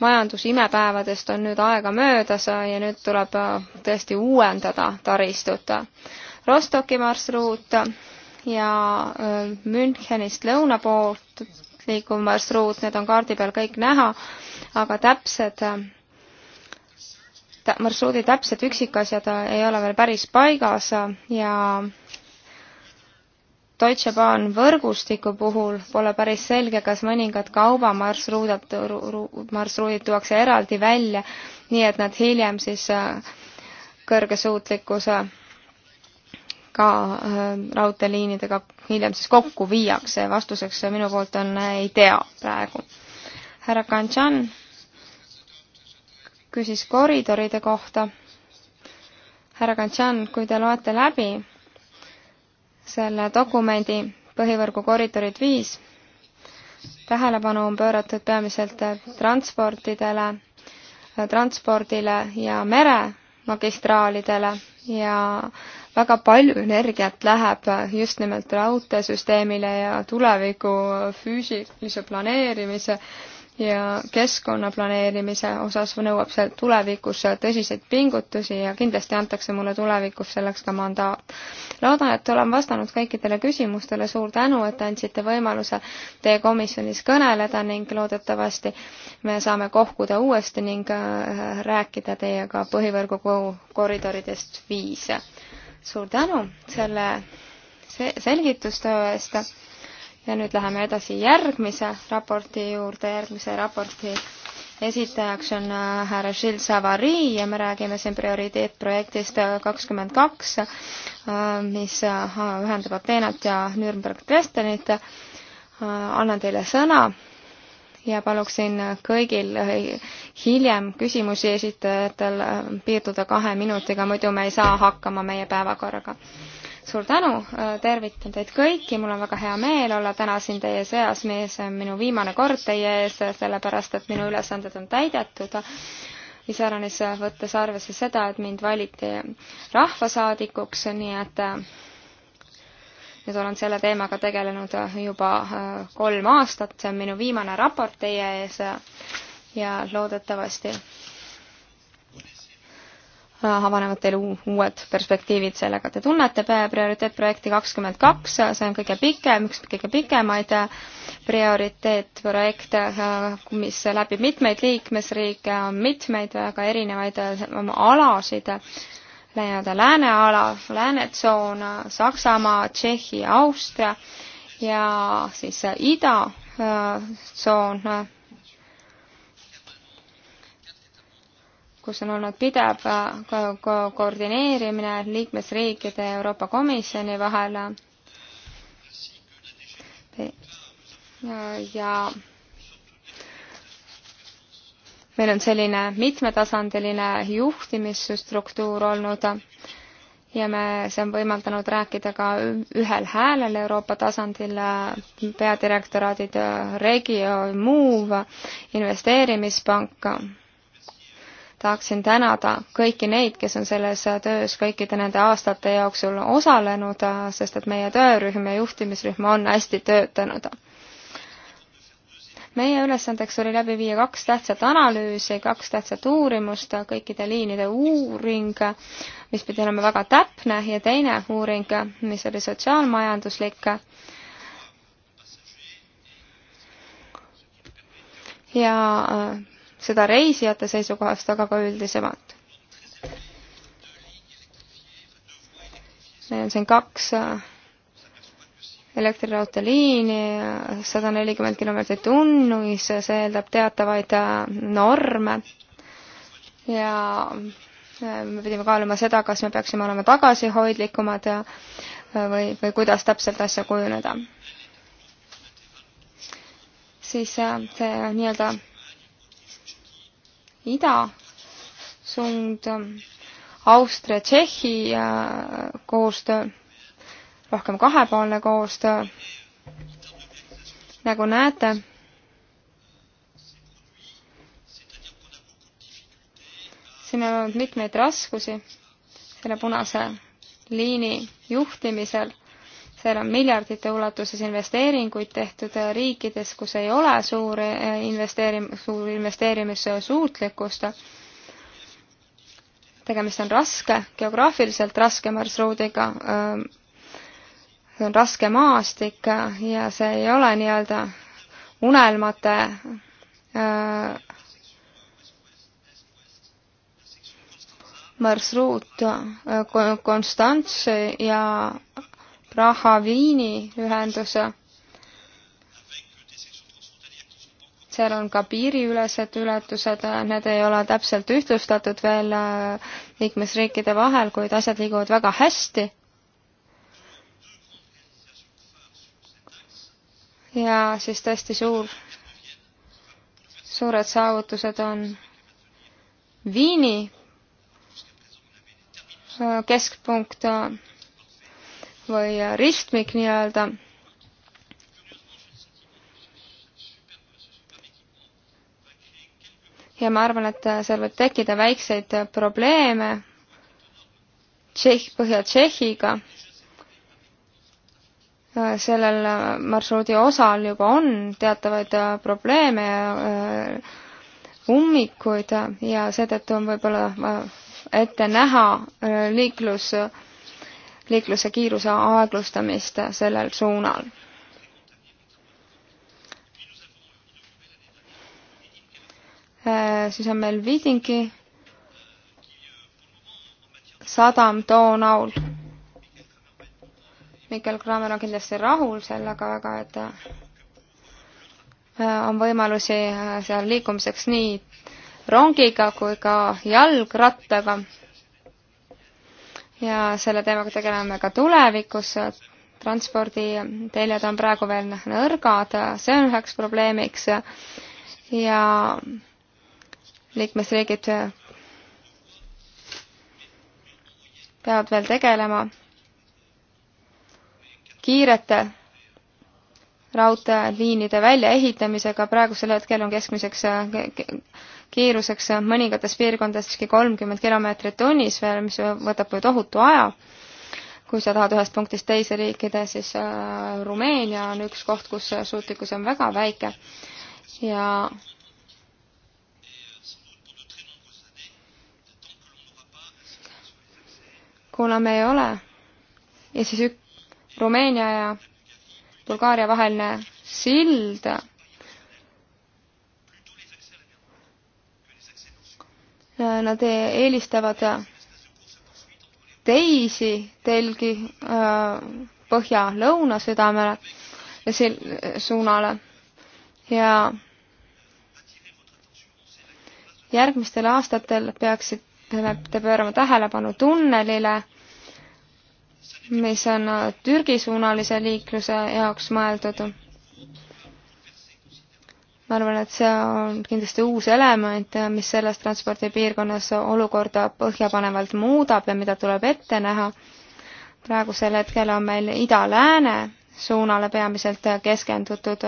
majandusimepäevadest on nüüd aega möödas ja nüüd tuleb tõesti uuendada taristut. Rostoki marsruut ja äh, Münchenist lõuna poolt liikuv marsruut, need on kaardi peal kõik näha, aga täpsed marsruudi täpsed üksikasjad äh, ei ole veel päris paigas äh, ja Deutsche Bahn võrgustiku puhul pole päris selge, kas mõningad kaubamarsruudad, marsruudid tuuakse eraldi välja, nii et nad hiljem siis äh, kõrgesuutlikkuse ka raudteeliinidega hiljem siis kokku viiakse. vastuseks minu poolt on ei tea praegu. härra Kanchan küsis koridoride kohta. härra Kantšan, kui te loete läbi selle dokumendi Põhivõrgu koridorid viis, tähelepanu on pööratud peamiselt transportidele, transpordile ja meremagistraalidele ja väga palju energiat läheb just nimelt raudteesüsteemile ja tuleviku füüsilise planeerimise äh, ja keskkonna planeerimise osas nõuab see tulevikus tõsiseid pingutusi ja kindlasti antakse mulle tulevikus selleks ka mandaat. loodan, et olen vastanud kõikidele küsimustele, suur tänu, et andsite võimaluse teie komisjonis kõneleda ning loodetavasti me saame kohkuda uuesti ning äh, rääkida teiega põhivõrgu koridoridest viis. suur tänu selle selgitustöö eest ja nüüd läheme edasi järgmise raporti juurde, järgmise raporti esitajaks on äh, härra Gilles Savary ja me räägime siin prioriteetprojektist äh, kakskümmend kaks, äh, mis ühendab Ateenat ja Nürnberg Dresdenit. annan teile sõna ja paluksin kõigil hiljem küsimusi esitajatel piirduda kahe minutiga, muidu me ei saa hakkama meie päevakorraga suur tänu, äh, tervitan teid kõiki, mul on väga hea meel olla täna siin teie seas, see on äh, minu viimane kord teie ees, äh, sellepärast et minu ülesanded on täidetud. iseäranis võttes arvesse seda, et mind valiti rahvasaadikuks, nii et nüüd olen selle teemaga tegelenud juba kolm aastat, see on minu viimane raport teie ees ja loodetavasti Äh, avanevad teil uued perspektiivid sellega. Te tunnete prioriteetprojekti kakskümmend kaks, äh, see on kõige pikem, üks kõige pikemaid äh, prioriteetprojekte, mis läbib mitmeid liikmesriike, on mitmeid väga erinevaid alasid, nii-öelda lääneala, läänetsoon, Saksamaa, Tšehhi, Austria ja siis idatsoon äh, kus on olnud pidev ko äh, ko koordineerimine liikmesriikide ja Euroopa Komisjoni vahel ja, ja meil on selline mitmetasandiline juhtimisstruktuur olnud ja me, see on võimaldanud rääkida ka ühel häälel Euroopa tasandil äh, peadirektoraadid äh, Regio, Move, investeerimispank tahaksin tänada kõiki neid, kes on selles töös kõikide nende aastate jooksul osalenud, sest et meie töörühm ja juhtimisrühm on hästi töötanud. meie ülesandeks oli läbi viia kaks tähtsat analüüsi, kaks tähtsat uurimust, kõikide liinide uuring, mis pidi olema väga täpne, ja teine uuring, mis oli sotsiaalmajanduslik ja äh, seda reisijate seisukohast, aga ka üldisemalt. meil on siin kaks äh, elektriraudteeliini, sada nelikümmend kilomeetrit tunnis, see eeldab teatavaid äh, norme ja äh, me pidime kaaluma seda, kas me peaksime olema tagasihoidlikumad ja või, või kuidas täpselt asja kujuneda. siis see nii-öelda ida suund, Austria, Tšehhi äh, koostöö, rohkem kahepoolne koostöö. nagu näete, siin on olnud mitmeid raskusi selle punase liini juhtimisel seal on miljardite ulatuses investeeringuid tehtud äh, riikides, kus ei ole suuri äh, investeerim-, suur investeerimissuutlikkust. tegemist on raske, geograafiliselt raske marsruudiga, see äh, on raske maastik ja see ei ole nii-öelda unelmate marsruut Konstantse ja Raha-Viini ühendus. seal on ka piiriülesed ületused, need ei ole täpselt ühtlustatud veel äh, liikmesriikide vahel, kuid asjad liiguvad väga hästi. ja siis tõesti suur, suured saavutused on Viini äh, keskpunkt või ristmik nii-öelda. ja ma arvan, et seal võib tekkida väikseid probleeme Tšehh, Põhja-Tšehhiga. sellel marsruudi osal juba on teatavaid probleeme ja äh, ummikuid ja seetõttu on võib-olla äh, ette näha äh, liiklus liikluse kiiruse aeglustamist sellel suunal. Äh, siis on meil Vidingi sadam Toonaul. Mikkel Kramer on kindlasti rahul sellega väga, et äh, on võimalusi äh, seal liikumiseks nii rongiga kui ka jalgrattaga ja selle teemaga tegeleme ka tulevikus. transporditeljed on praegu veel nõrgad, see on üheks probleemiks ja liikmesriigid peavad veel tegelema kiirete raudteeliinide väljaehitamisega, praegusel hetkel on keskmiseks kiiruseks mõningates piirkondadeski kolmkümmend kilomeetrit tunnis veel, mis võtab ju tohutu aja. kui sa tahad ühest punktist teise riikida, siis äh, Rumeenia on üks koht, kus suutlikkus on väga väike ja kuna me ei ole ja siis ük- Rumeenia ja Bulgaaria vaheline sild nad e- eelistavad teisi telgi äh, põhja-lõuna südamele ja sel-, suunale ja järgmistel aastatel peaksid te pöörama tähelepanu tunnelile, mis on Türgi-suunalise liikluse jaoks mõeldud ma arvan, et see on kindlasti uus element, mis selles transpordipiirkonnas olukorda põhjapanevalt muudab ja mida tuleb ette näha. praegusel hetkel on meil ida-lääne suunale peamiselt keskendutud.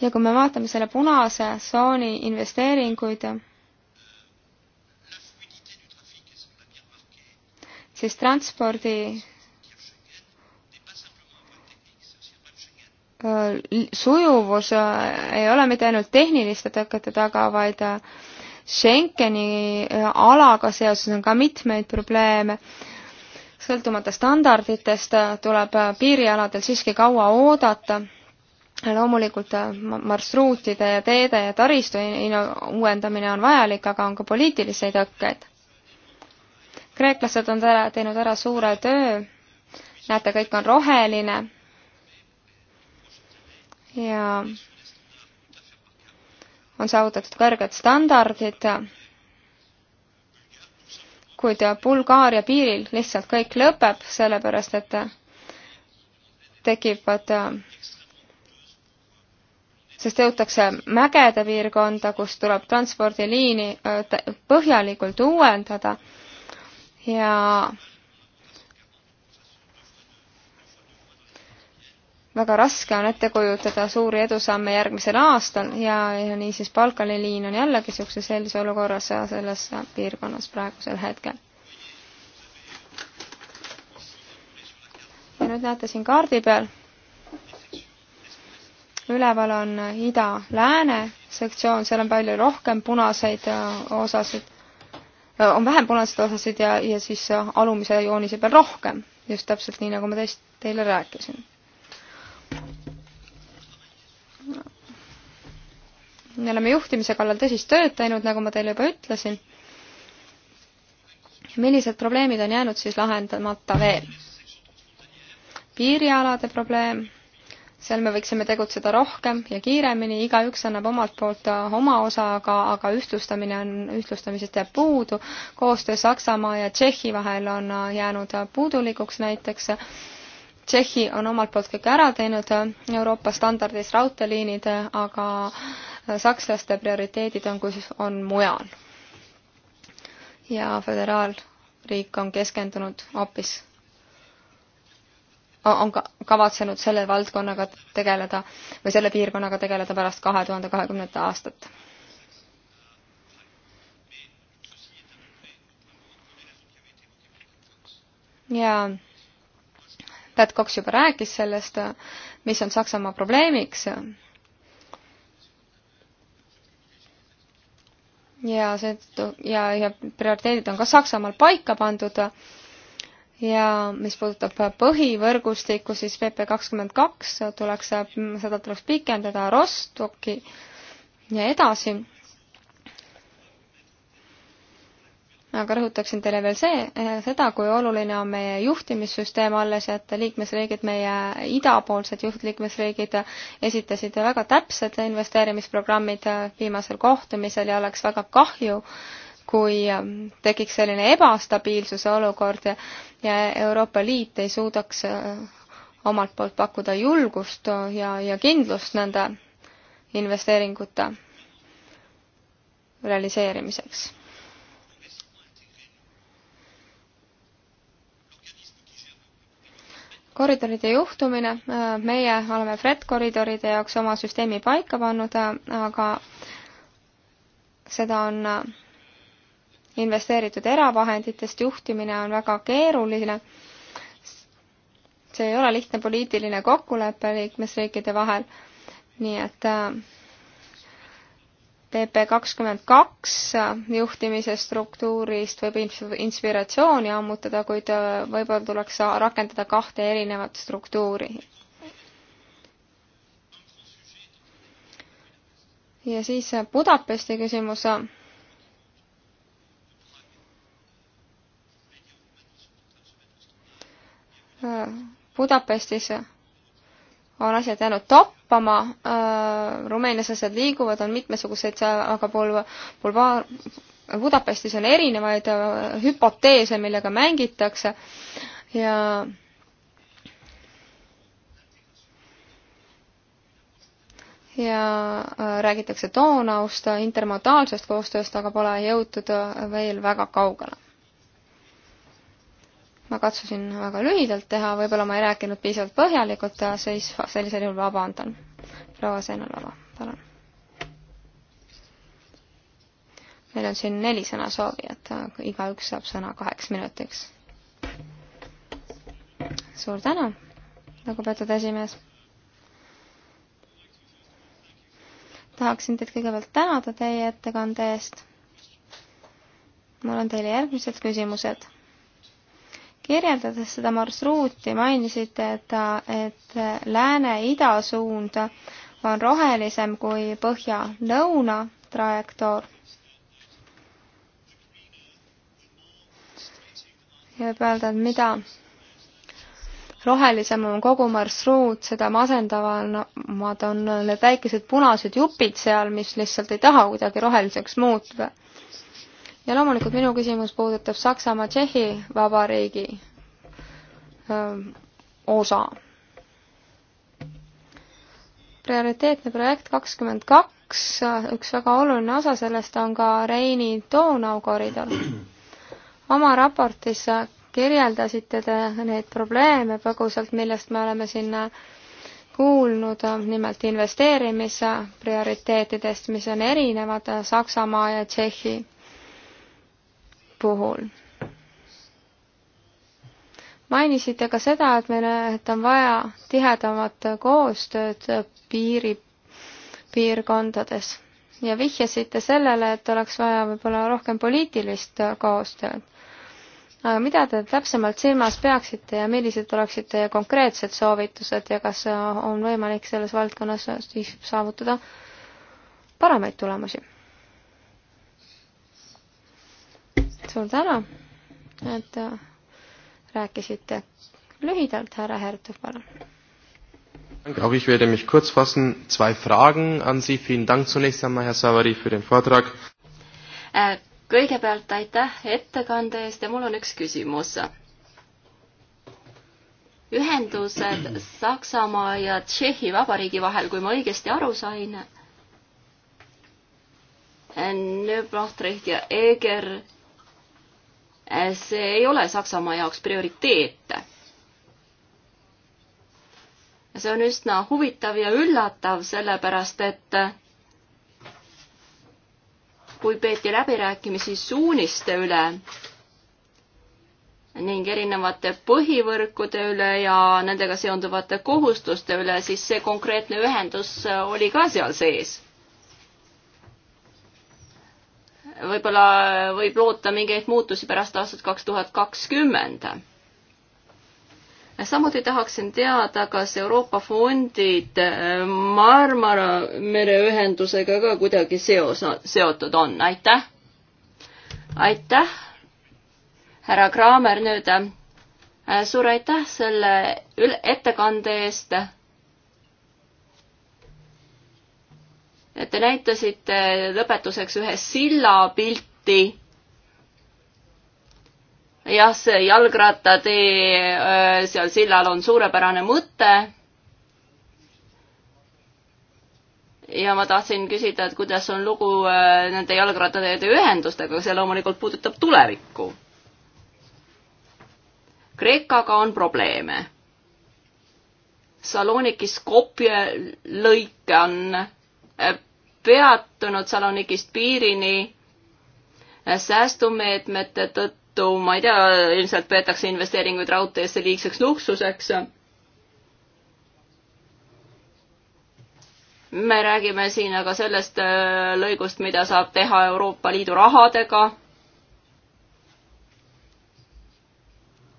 ja kui me vaatame selle punase tsooni investeeringuid siis transpordi äh, sujuvus äh, ei ole mitte ainult tehniliste tõkete taga, vaid äh, Schengeni alaga seoses on ka mitmeid probleeme. sõltumata standarditest tuleb piirialadel siiski kaua oodata. loomulikult marsruutide ja teede ja taristu uuendamine on vajalik, aga on ka poliitilisi tõkkeid kreeklased on ära, teinud ära suure töö, näete, kõik on roheline ja on saavutatud kõrged standardid, kuid Bulgaaria piiril lihtsalt kõik lõpeb, sellepärast et tekivad, sest jõutakse mägede piirkonda, kus tuleb transpordiliini äh, põhjalikult uuendada ja väga raske on ette kujutada suuri edusamme järgmisel aastal ja, ja niisiis Balkani liin on jällegi niisuguses sellises olukorras selles piirkonnas praegusel hetkel. ja nüüd näete siin kaardi peal, üleval on ida-lääne sektsioon, seal on palju rohkem punaseid osasid Äh, on vähem punaseid osasid ja, ja siis äh, alumise joonise peal rohkem. just täpselt nii, nagu ma teist, teile rääkisin. me oleme juhtimise kallal tõsist tööd teinud, nagu ma teile juba ütlesin. millised probleemid on jäänud siis lahendamata veel? piirialade probleem seal me võiksime tegutseda rohkem ja kiiremini, igaüks annab omalt poolt äh, oma osa, aga, aga ühtlustamine on, ühtlustamisest jääb puudu. koostöö Saksamaa ja Tšehhi vahel on äh, jäänud äh, puudulikuks näiteks. Tšehhi on omalt poolt kõik ära teinud Euroopa standardis raudteeliinid, aga sakslaste prioriteedid on, kus on mujal. ja föderaalriik on keskendunud hoopis on ka kavatsenud selle valdkonnaga tegeleda või selle piirkonnaga tegeleda pärast kahe tuhande kahekümnendat aastat. ja Pat Cox juba rääkis sellest, mis on Saksamaa probleemiks. ja seetõttu ja, ja prioriteedid on ka Saksamaal paika pandud ja mis puudutab põhivõrgustikku, siis VP kakskümmend kaks tuleks, seda tuleks pikendada Rostocki ja edasi. aga rõhutaksin teile veel see, seda, kui oluline on meie juhtimissüsteem alles, et liikmesriigid, meie idapoolsed juhtliikmesriigid esitasid väga täpsed investeerimisprogrammid viimasel kohtumisel ja oleks väga kahju, kui ähm, tekiks selline ebastabiilsuse olukord ja, ja Euroopa Liit ei suudaks äh, omalt poolt pakkuda julgust ja, ja kindlust nende investeeringute realiseerimiseks. koridoride juhtumine, äh, meie oleme FRED koridoride jaoks oma süsteemi paika pannud, äh, aga seda on investeeritud eravahenditest juhtimine on väga keeruline. see ei ole lihtne poliitiline kokkulepe liikmesriikide vahel. nii et PP äh, kakskümmend kaks äh, juhtimise struktuurist võib inspiratsiooni ammutada, kuid äh, võib-olla tuleks rakendada kahte erinevat struktuuri. ja siis Budapesti küsimus Budapestis on asjad jäänud toppama, äh, Rumeenias asjad liiguvad, on mitmesuguseid, aga Bulva-, Bulva-, Budapestis on erinevaid äh, hüpoteese, millega mängitakse ja ja äh, räägitakse toonaust, intermodaalsest koostööst, aga pole jõutud veel väga kaugele ma katsusin väga lühidalt teha, võib-olla ma ei rääkinud piisavalt põhjalikult, siis sellisel juhul vabandan. proua Seinalova, palun. meil on siin neli sõnasoovijat, igaüks saab sõna kaheks minutiks. suur tänu, lugupeetud esimees. tahaksin teid kõigepealt tänada teie ettekande eest. mul on teile järgmised küsimused kirjeldades seda marsruuti, mainisite, et, et lääne-ida suund on rohelisem kui põhja-lõuna trajektoor. ja võib öelda, et mida rohelisem on kogu marsruut, seda masendavamad on need väikesed punased jupid seal, mis lihtsalt ei taha kuidagi roheliseks muutuda ja loomulikult minu küsimus puudutab Saksamaa-Tšehhi Vabariigi öö, ähm, osa. prioriteetne projekt kakskümmend kaks, üks väga oluline osa sellest on ka Reini-Donau koridor. oma raportis kirjeldasite te neid probleeme põgusalt, millest me oleme siin kuulnud nimelt investeerimise prioriteetidest, mis on erinevad Saksamaa ja Tšehhi puhul. mainisite ka seda, et meil, et on vaja tihedamat koostööd piiri, piirkondades ja vihjasite sellele, et oleks vaja võib-olla rohkem poliitilist koostööd. aga mida te täpsemalt silmas peaksite ja millised oleksid teie konkreetsed soovitused ja kas on võimalik selles valdkonnas saavutada paremaid tulemusi? suur tänu, et äh, rääkisite lühidalt, härra Hertug, palun. Auch ich werde mich kurz fassen. Zwei Fragen an Sie. Vielen Dank zunächst einmal, Herr Savary, für den Vortrag. Äh, kõigepealt aitäh ettekande eest ja mul on üks küsimus. Ühendused Saksamaa ja Tšehhi vabariigi vahel, kui ma õigesti aru sain, Nöblachtricht ja Eger see ei ole Saksamaa jaoks prioriteet. see on üsna huvitav ja üllatav, sellepärast et kui peeti läbirääkimisi suuniste üle ning erinevate põhivõrkude üle ja nendega seonduvate kohustuste üle, siis see konkreetne ühendus oli ka seal sees võib-olla võib loota mingeid muutusi pärast aastat kaks tuhat kakskümmend. samuti tahaksin teada, kas Euroopa fondid äh, Marmara mereühendusega ka kuidagi seos, seotud on, aitäh. aitäh, härra Kraamer nüüd. Äh, suur aitäh selle ettekande eest Te näitasite lõpetuseks ühe silla pilti. jah, see jalgrattatee äh, seal sillal on suurepärane mõte. ja ma tahtsin küsida, et kuidas on lugu äh, nende jalgrattateede ühendustega, see loomulikult puudutab tulevikku. Kreekaga on probleeme Salonikis Kopje lõik on peatunud Salonikist piirini säästumeetmete tõttu, ma ei tea, ilmselt peetakse investeeringuid raudteesse liigseks luksuseks. me räägime siin aga sellest äh, lõigust, mida saab teha Euroopa Liidu rahadega.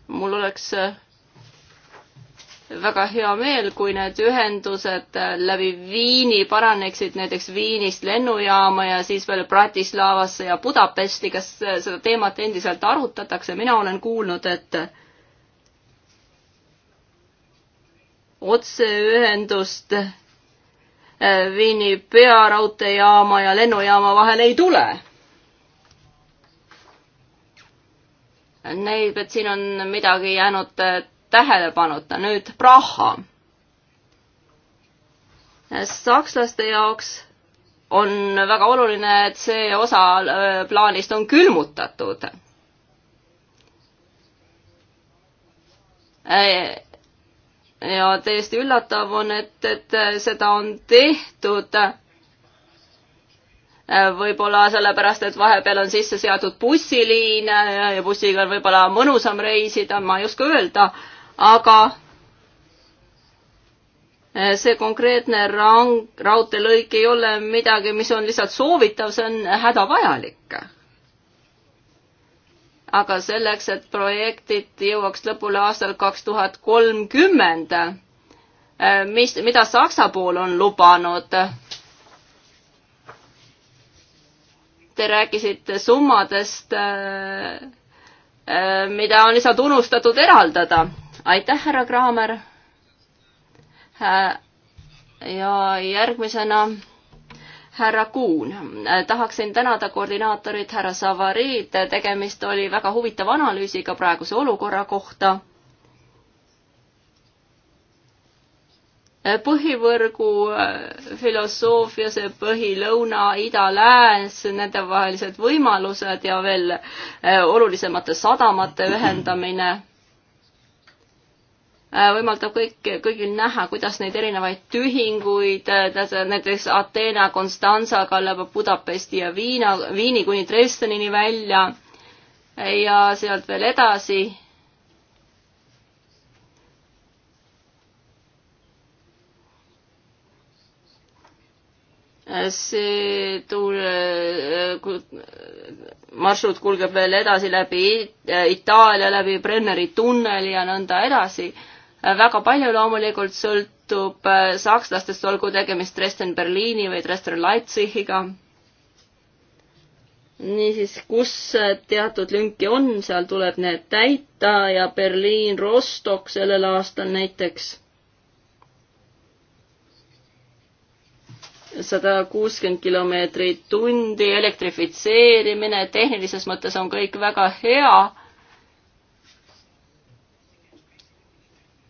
mul oleks äh, väga hea meel, kui need ühendused läbi Viini paraneksid näiteks Viinist lennujaama ja siis veel Bratislavasse ja Budapesti, kas seda teemat endiselt arutatakse, mina olen kuulnud, et otseühendust eh, Viini pearaudteejaama ja lennujaama vahel ei tule näib, et siin on midagi jäänud eh, tähelepanuta. nüüd Praha. sakslaste jaoks on väga oluline, et see osa äh, plaanist on külmutatud. Äh, ja täiesti üllatav on, et, et seda on tehtud äh, võib-olla sellepärast, et vahepeal on sisse seatud bussiliin ja bussiga on võib-olla mõnusam reisida, ma ei oska öelda, aga eh, see konkreetne rang, raudteelõik ei ole midagi, mis on lihtsalt soovitav, see on hädavajalik. aga selleks, et projektid jõuaks lõpule aastal kaks tuhat kolmkümmend, eh, mis, mida Saksa pool on lubanud, te rääkisite summadest, eh, mida on lihtsalt unustatud eraldada aitäh, härra Kraamer. ja järgmisena härra Kuun. tahaksin tänada koordinaatorit härra Savariid, tegemist oli väga huvitava analüüsiga praeguse olukorra kohta. põhivõrgu äh, filosoofia, see põhilõuna, ida-lääs, nendevahelised võimalused ja veel äh, olulisemate sadamate ühendamine Äh, võimaldab kõik, kõigil näha, kuidas neid erinevaid tühinguid, äh, näiteks Ateena, Konstanza, Kallaba, Budapesti ja Viina, Viini kuni Dresdenini välja ja sealt veel edasi. Äh, see tuul, marsruut kulgeb veel edasi läbi Itaalia, läbi Brenneri tunneli ja nõnda edasi väga palju loomulikult sõltub äh, sakslastest, olgu tegemist Dresden Berliini või Dresden Leipzigiga. niisiis, kus teatud lünki on, seal tuleb need täita ja Berliin Rostock sellel aastal näiteks sada kuuskümmend kilomeetrit tundi, elektrifitseerimine, tehnilises mõttes on kõik väga hea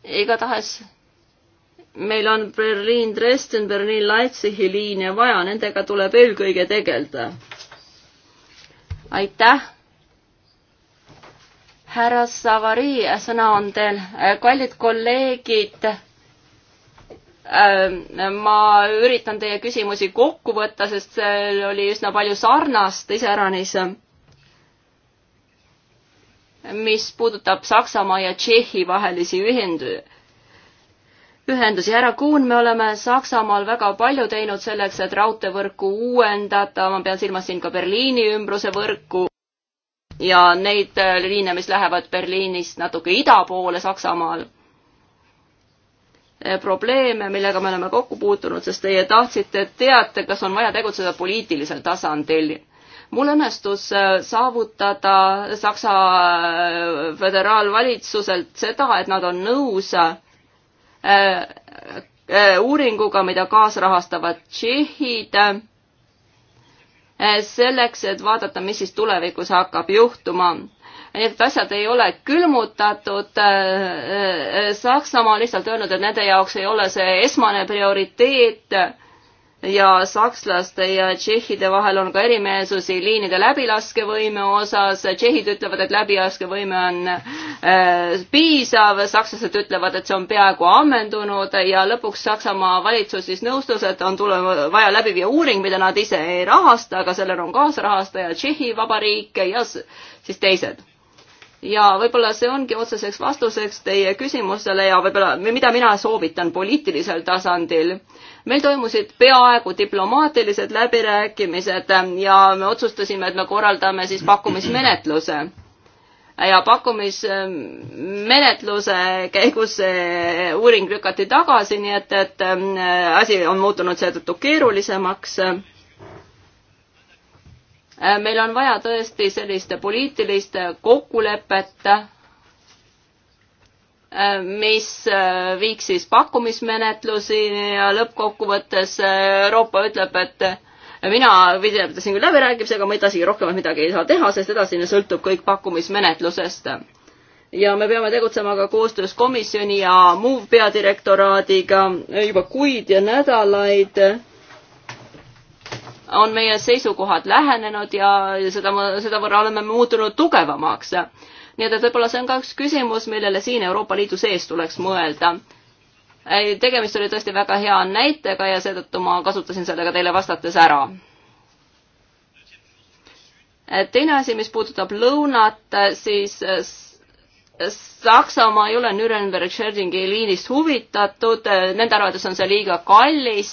igatahes meil on Berliin, Dresden, Berliin, Leipzigi liine vaja, nendega tuleb eelkõige tegeleda. aitäh. härra Savari, sõna on teil. kallid kolleegid, ähm, ma üritan teie küsimusi kokku võtta, sest seal oli üsna palju sarnast iseäranis mis puudutab Saksamaa ja Tšehhi vahelisi ühendusi ühendusi. härra Kuhn, me oleme Saksamaal väga palju teinud selleks, et raudteevõrku uuendada, ma pean silmas siin ka Berliini ümbruse võrku ja neid äh, liine, mis lähevad Berliinist natuke ida poole Saksamaal. Äh, probleeme, millega me oleme kokku puutunud, sest teie tahtsite, et teate, kas on vaja tegutseda poliitilisel tasandil mul õnnestus äh, saavutada Saksa äh, föderaalvalitsuselt seda, et nad on nõus äh, uuringuga, mida kaasrahastavad tšehhid, selleks, et vaadata, mis siis tulevikus hakkab juhtuma nii et asjad ei ole külmutatud. Saksamaa on lihtsalt öelnud, et nende jaoks ei ole see esmane prioriteet ja sakslaste ja tšehhide vahel on ka erimeelsusi liinide läbilaskevõime osas. tšehhid ütlevad, et läbilaskevõime on äh, piisav, sakslased ütlevad, et see on peaaegu ammendunud ja lõpuks Saksamaa valitsus siis nõustus, et on tule-, vaja läbi viia uuring, mida nad ise ei rahasta, aga sellel on kaasrahastaja Tšehhi Vabariik ja siis teised ja võib-olla see ongi otseseks vastuseks teie küsimusele ja võib-olla, mida mina soovitan poliitilisel tasandil äh, meil toimusid peaaegu diplomaatilised läbirääkimised ja me otsustasime, et me korraldame siis pakkumismenetluse. ja pakkumismenetluse käigus see uuring lükati tagasi, nii et, et äh, asi on muutunud seetõttu keerulisemaks äh, meil on vaja tõesti sellist poliitilist kokkulepet Äh, mis äh, viiks siis pakkumismenetlusi ja lõppkokkuvõttes äh, Euroopa ütleb, et mina pidasin küll läbirääkimisi, aga ma edasi rohkem midagi ei saa teha, sest edasine sõltub kõik pakkumismenetlusest. ja me peame tegutsema ka koostöös komisjoni ja muu peadirektoraadiga juba kuid ja nädalaid on meie seisukohad lähenenud ja seda, sedavõrra oleme muutunud tugevamaks nii et, et võib-olla see on ka üks küsimus, millele siin Euroopa Liidu sees tuleks mõelda. tegemist oli tõesti väga hea näitega ja seetõttu ma kasutasin selle ka teile vastates ära. teine asi, mis puudutab lõunat, siis eh, Saksamaa ei ole Nürnberg-Scherdingi liinist huvitatud, nende arvates on see liiga kallis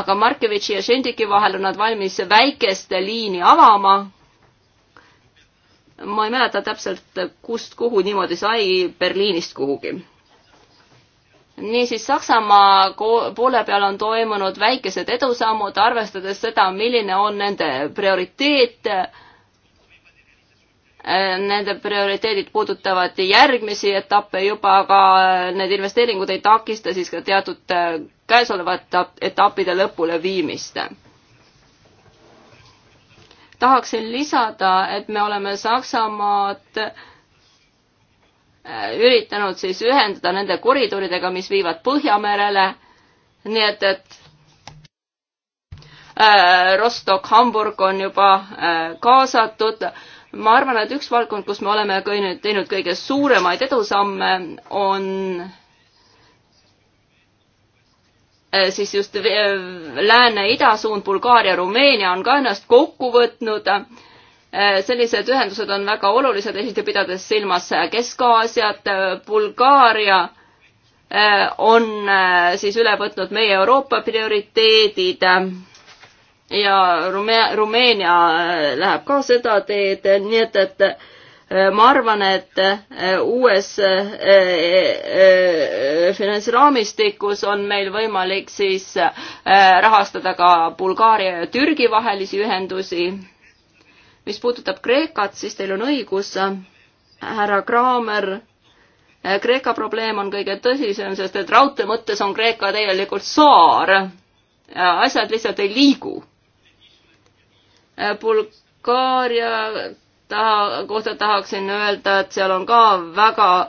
aga Markevitši ja Šendiki vahel on nad valmis väikest liini avama, ma ei mäleta täpselt, kust kuhu niimoodi sai, Berliinist kuhugi. niisiis Saksamaa poole peal on toimunud väikesed edusammud, arvestades seda, milline on nende prioriteet. Nende prioriteedid puudutavad järgmisi etappe juba, aga need investeeringud ei takista siis ka teatud käesolevate etappide lõpule viimist tahaksin lisada, et me oleme Saksamaad äh, üritanud siis ühendada nende koridoridega, mis viivad Põhjamerele. nii et, et äh, Rostock, Hamburg on juba äh, kaasatud. ma arvan, et üks valdkond, kus me oleme teinud kõige suuremaid edusamme, on Äh, siis just äh, lääne-ida suund, Bulgaaria, Rumeenia on ka ennast kokku võtnud. Äh, sellised ühendused on väga olulised, eriti pidades silmas Kesk-Aasiat, Bulgaaria on siis üle võtnud meie Euroopa prioriteedid ja Rume-, Rumeenia läheb ka seda teed, nii et, et Äh, ma arvan, et äh, uues äh, finantsraamistikus on meil võimalik siis rahastada ka Bulgaaria ja Türgi vahelisi ühendusi. mis puudutab Kreekat, siis teil on õigus, härra Kraamer. Kreeka probleem on kõige tõsisem, sest et raudtee mõttes on Kreeka tegelikult saar. asjad lihtsalt ei liigu Bulgaaria taha, kohta tahaksin öelda, et seal on ka väga äh,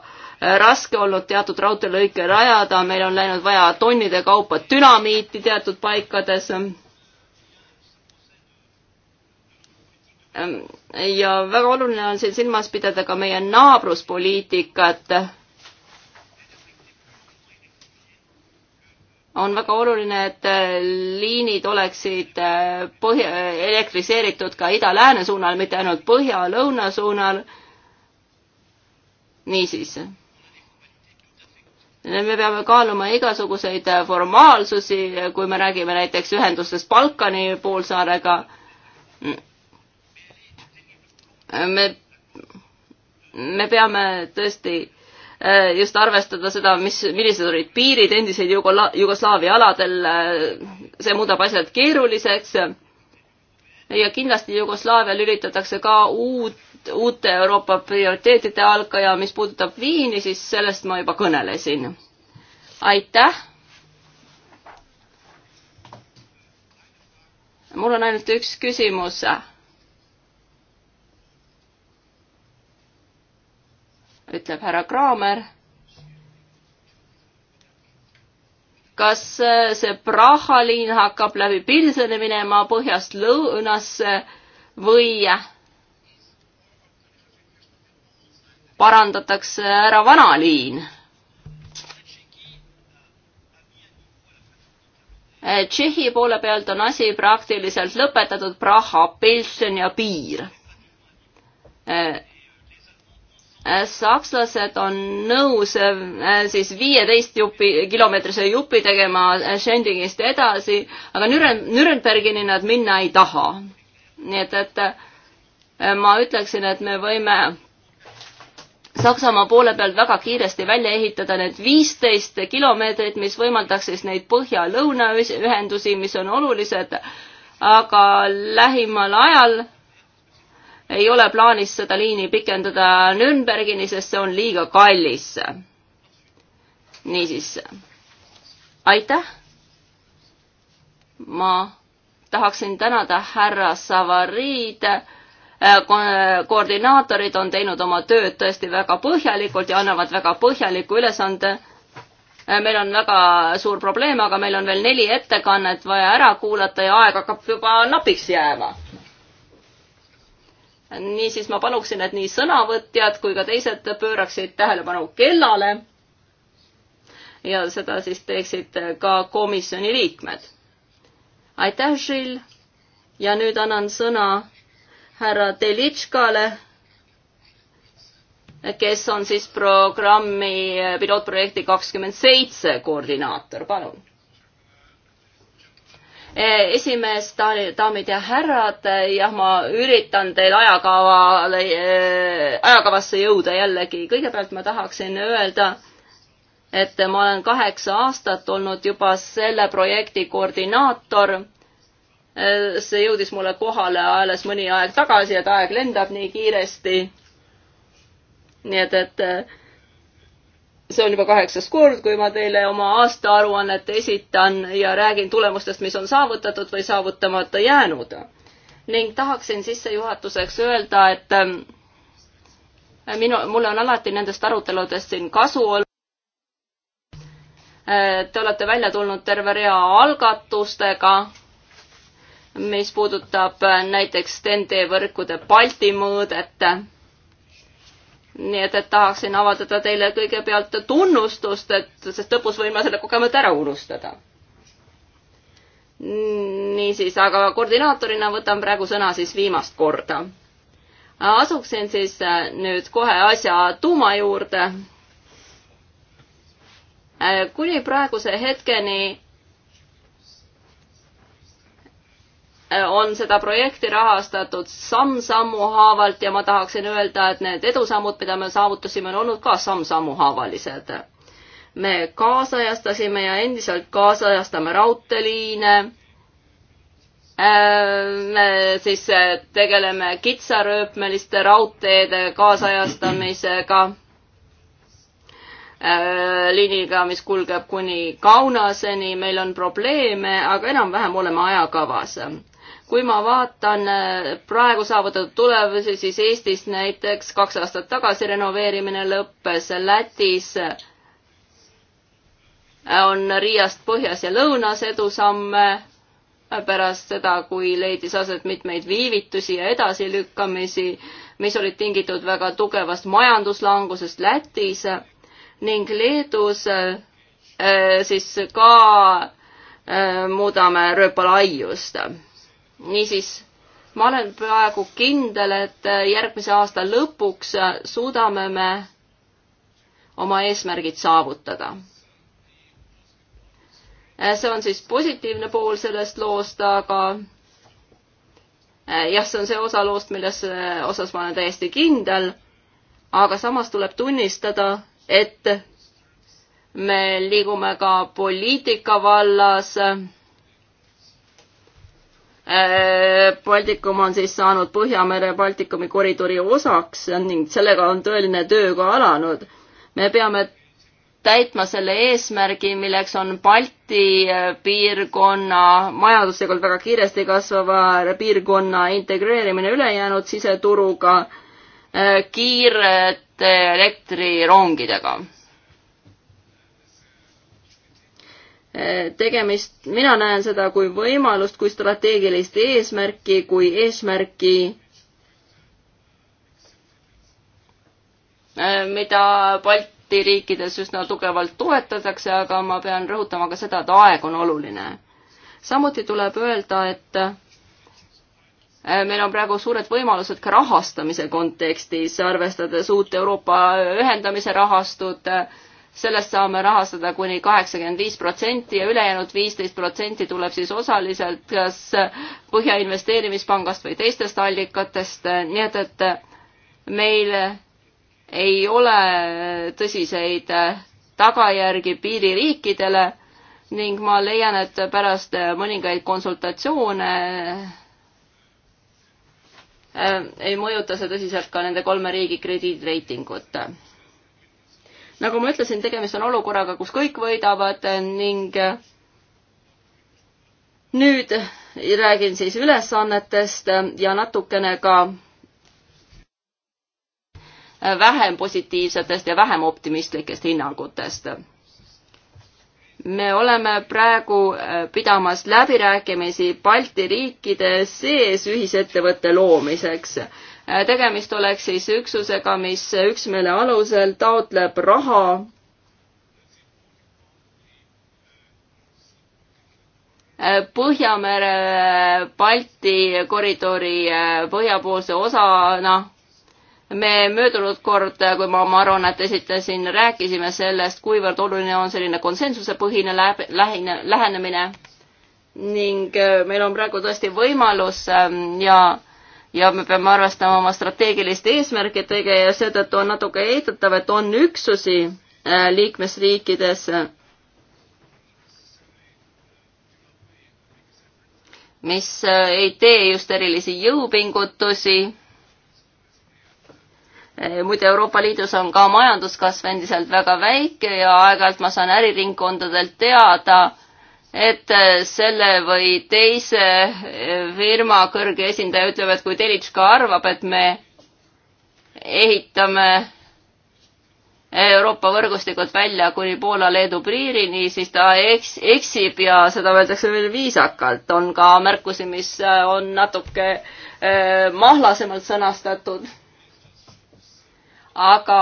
raske olnud teatud raudteelõike rajada, meil on läinud vaja tonnide kaupa dünamiiti teatud paikades. Ähm, ja väga oluline on siin silmas pidada ka meie naabruspoliitikat on väga oluline, et äh, liinid oleksid äh, põhja, elektriseeritud ka ida-lääne suunal, mitte ainult põhja-lõuna suunal. niisiis. me peame kaaluma igasuguseid äh, formaalsusi, kui me räägime näiteks ühendustest Balkani poolsaarega. Mm. me, me peame tõesti Äh, just arvestada seda, mis, millised olid piirid endiseid Jugola-, Jugoslaavia aladel, äh, see muudab asjad keeruliseks. ja kindlasti Jugoslaavia lülitatakse ka uut, uute Euroopa prioriteetide hulka ja mis puudutab Viini, siis sellest ma juba kõnelesin. aitäh. mul on ainult üks küsimus ütleb härra Kraamer. kas äh, see Praha liin hakkab läbi Pilseni minema põhjast lõunasse või äh, parandatakse ära vana liin? Äh, Tšehhi poole pealt on asi praktiliselt lõpetatud, Praha, Pilsen ja piir sakslased on nõus äh, siis viieteist jupi, kilomeetrise jupi tegema äh, Schendingist edasi, aga Nürn-, Nürnbergini nad minna ei taha. nii et, et äh, ma ütleksin, et me võime Saksamaa poole pealt väga kiiresti välja ehitada need viisteist kilomeetrit, mis võimaldaks siis neid põhja-lõuna ühendusi, mis on olulised, aga lähimal ajal ei ole plaanis seda liini pikendada Nürnbergini, sest see on liiga kallis. niisiis, aitäh. ma tahaksin tänada härra Savariid äh, ko. koordinaatorid on teinud oma tööd tõesti väga põhjalikult ja annavad väga põhjaliku ülesande äh, meil on väga suur probleem, aga meil on veel neli ettekannet vaja ära kuulata ja aeg hakkab juba napiks jääma niisiis ma paluksin, et nii sõnavõtjad kui ka teised pööraksid tähelepanu kellale. ja seda siis teeksid ka komisjoni liikmed. aitäh, Žil. ja nüüd annan sõna härra Delitškale, kes on siis programmi pilootprojekti kakskümmend seitse koordinaator, palun Eh, esimees, daamid ja härrad, eh, jah, ma üritan teil ajakavale, eh, ajakavasse jõuda jällegi. kõigepealt ma tahaksin öelda, et ma olen kaheksa aastat olnud juba selle projekti koordinaator. see jõudis mulle kohale alles mõni aeg tagasi, et aeg lendab nii kiiresti. nii et, et see on juba kaheksas kord, kui ma teile oma aastaaruannet esitan ja räägin tulemustest, mis on saavutatud või saavutamata jäänud. ning tahaksin sissejuhatuseks öelda, et ähm, minu, mulle on alati nendest aruteludest siin kasu olnud. Äh, te olete välja tulnud terve rea algatustega, mis puudutab äh, näiteks TNT võrkude Balti mõõdet nii et, et tahaksin avaldada teile kõigepealt tunnustust, et sest lõpus võin ma selle kogemata ära unustada. niisiis, aga koordinaatorina võtan praegu sõna siis viimast korda. asuksin siis äh, nüüd kohe asja tuuma juurde. Äh, kuni praeguse hetkeni on seda projekti rahastatud samm-sammu haavalt ja ma tahaksin öelda, et need edusammud, mida me saavutasime, on olnud ka samm-sammu haavalised. me kaasajastasime ja endiselt kaasajastame raudteeliine äh, me siis tegeleme kitsarööpmeliste raudteede kaasajastamisega, äh, liiniga, mis kulgeb kuni Kaunaseni, meil on probleeme, aga enam-vähem oleme ajakavas kui ma vaatan äh, praegu saavutatud tulemusi, siis Eestis näiteks kaks aastat tagasi renoveerimine lõppes, Lätis äh, on Riiast põhjas ja lõunas edusamme äh, pärast seda, kui leidis aset mitmeid viivitusi ja edasilükkamisi, mis olid tingitud väga tugevast majanduslangusest Lätis ning Leedus siis ka muudame rööpalaiust niisiis, ma olen praegu kindel, et järgmise aasta lõpuks suudame me oma eesmärgid saavutada. see on siis positiivne pool sellest loost, aga jah, see on see osa loost, milles osas ma olen täiesti kindel, aga samas tuleb tunnistada, et me liigume ka poliitika vallas äh, Äh, Baltikum on siis saanud Põhjamere-Baltikumi koridori osaks ning sellega on tõeline töö ka alanud. me peame täitma selle eesmärgi, milleks on Balti äh, piirkonna majanduslikult väga kiiresti kasvava piirkonna integreerimine ülejäänud siseturuga äh, kiirete elektrirongidega Eh, tegemist, mina näen seda kui võimalust, kui strateegilist eesmärki, kui eesmärki, eh, mida Balti riikides üsna tugevalt toetatakse, aga ma pean rõhutama ka seda, et aeg on oluline. samuti tuleb öelda, et eh, meil on praegu suured võimalused ka rahastamise kontekstis, arvestades uut Euroopa ühendamise rahastut, sellest saame rahastada kuni kaheksakümmend viis protsenti ja ülejäänud viisteist protsenti tuleb siis osaliselt kas Põhja Investeerimispangast või teistest allikatest, nii et, et meil ei ole tõsiseid tagajärgi piiririikidele ning ma leian, et pärast mõningaid konsultatsioone äh, ei mõjuta see tõsiselt ka nende kolme riigi krediidireitingut nagu ma ütlesin, tegemist on olukorraga, kus kõik võidavad ning nüüd räägin siis ülesannetest ja natukene ka vähem positiivsetest ja vähem optimistlikest hinnangutest. me oleme praegu pidamas läbirääkimisi Balti riikide sees ühisettevõtte loomiseks Äh, tegemist oleks siis üksusega, mis üksmeele alusel taotleb raha äh, Põhjamere äh, Balti koridori põhjapoolse osana me möödunud kord, kui ma oma aruannet esitasin, rääkisime sellest, kuivõrd oluline on selline konsensusepõhine lähenemine ning meil on praegu tõesti võimalus ähm, ja ja me peame arvestama oma strateegiliste eesmärkidega ja seetõttu on natuke eitatav, et on üksusi äh, liikmesriikides, mis äh, ei tee just erilisi jõupingutusi äh, muide, Euroopa Liidus on ka majanduskasv endiselt väga väike ja aeg-ajalt ma saan äriringkondadelt teada, et äh, selle või teise äh, firma kõrge esindaja ütleb, et kui Telitška arvab, et me ehitame Euroopa võrgustikud välja kuni Poola-Leedu piirini, siis ta eks, eksib ja seda öeldakse veel viisakalt. on ka märkusi, mis äh, on natuke eh, mahlasemalt sõnastatud. aga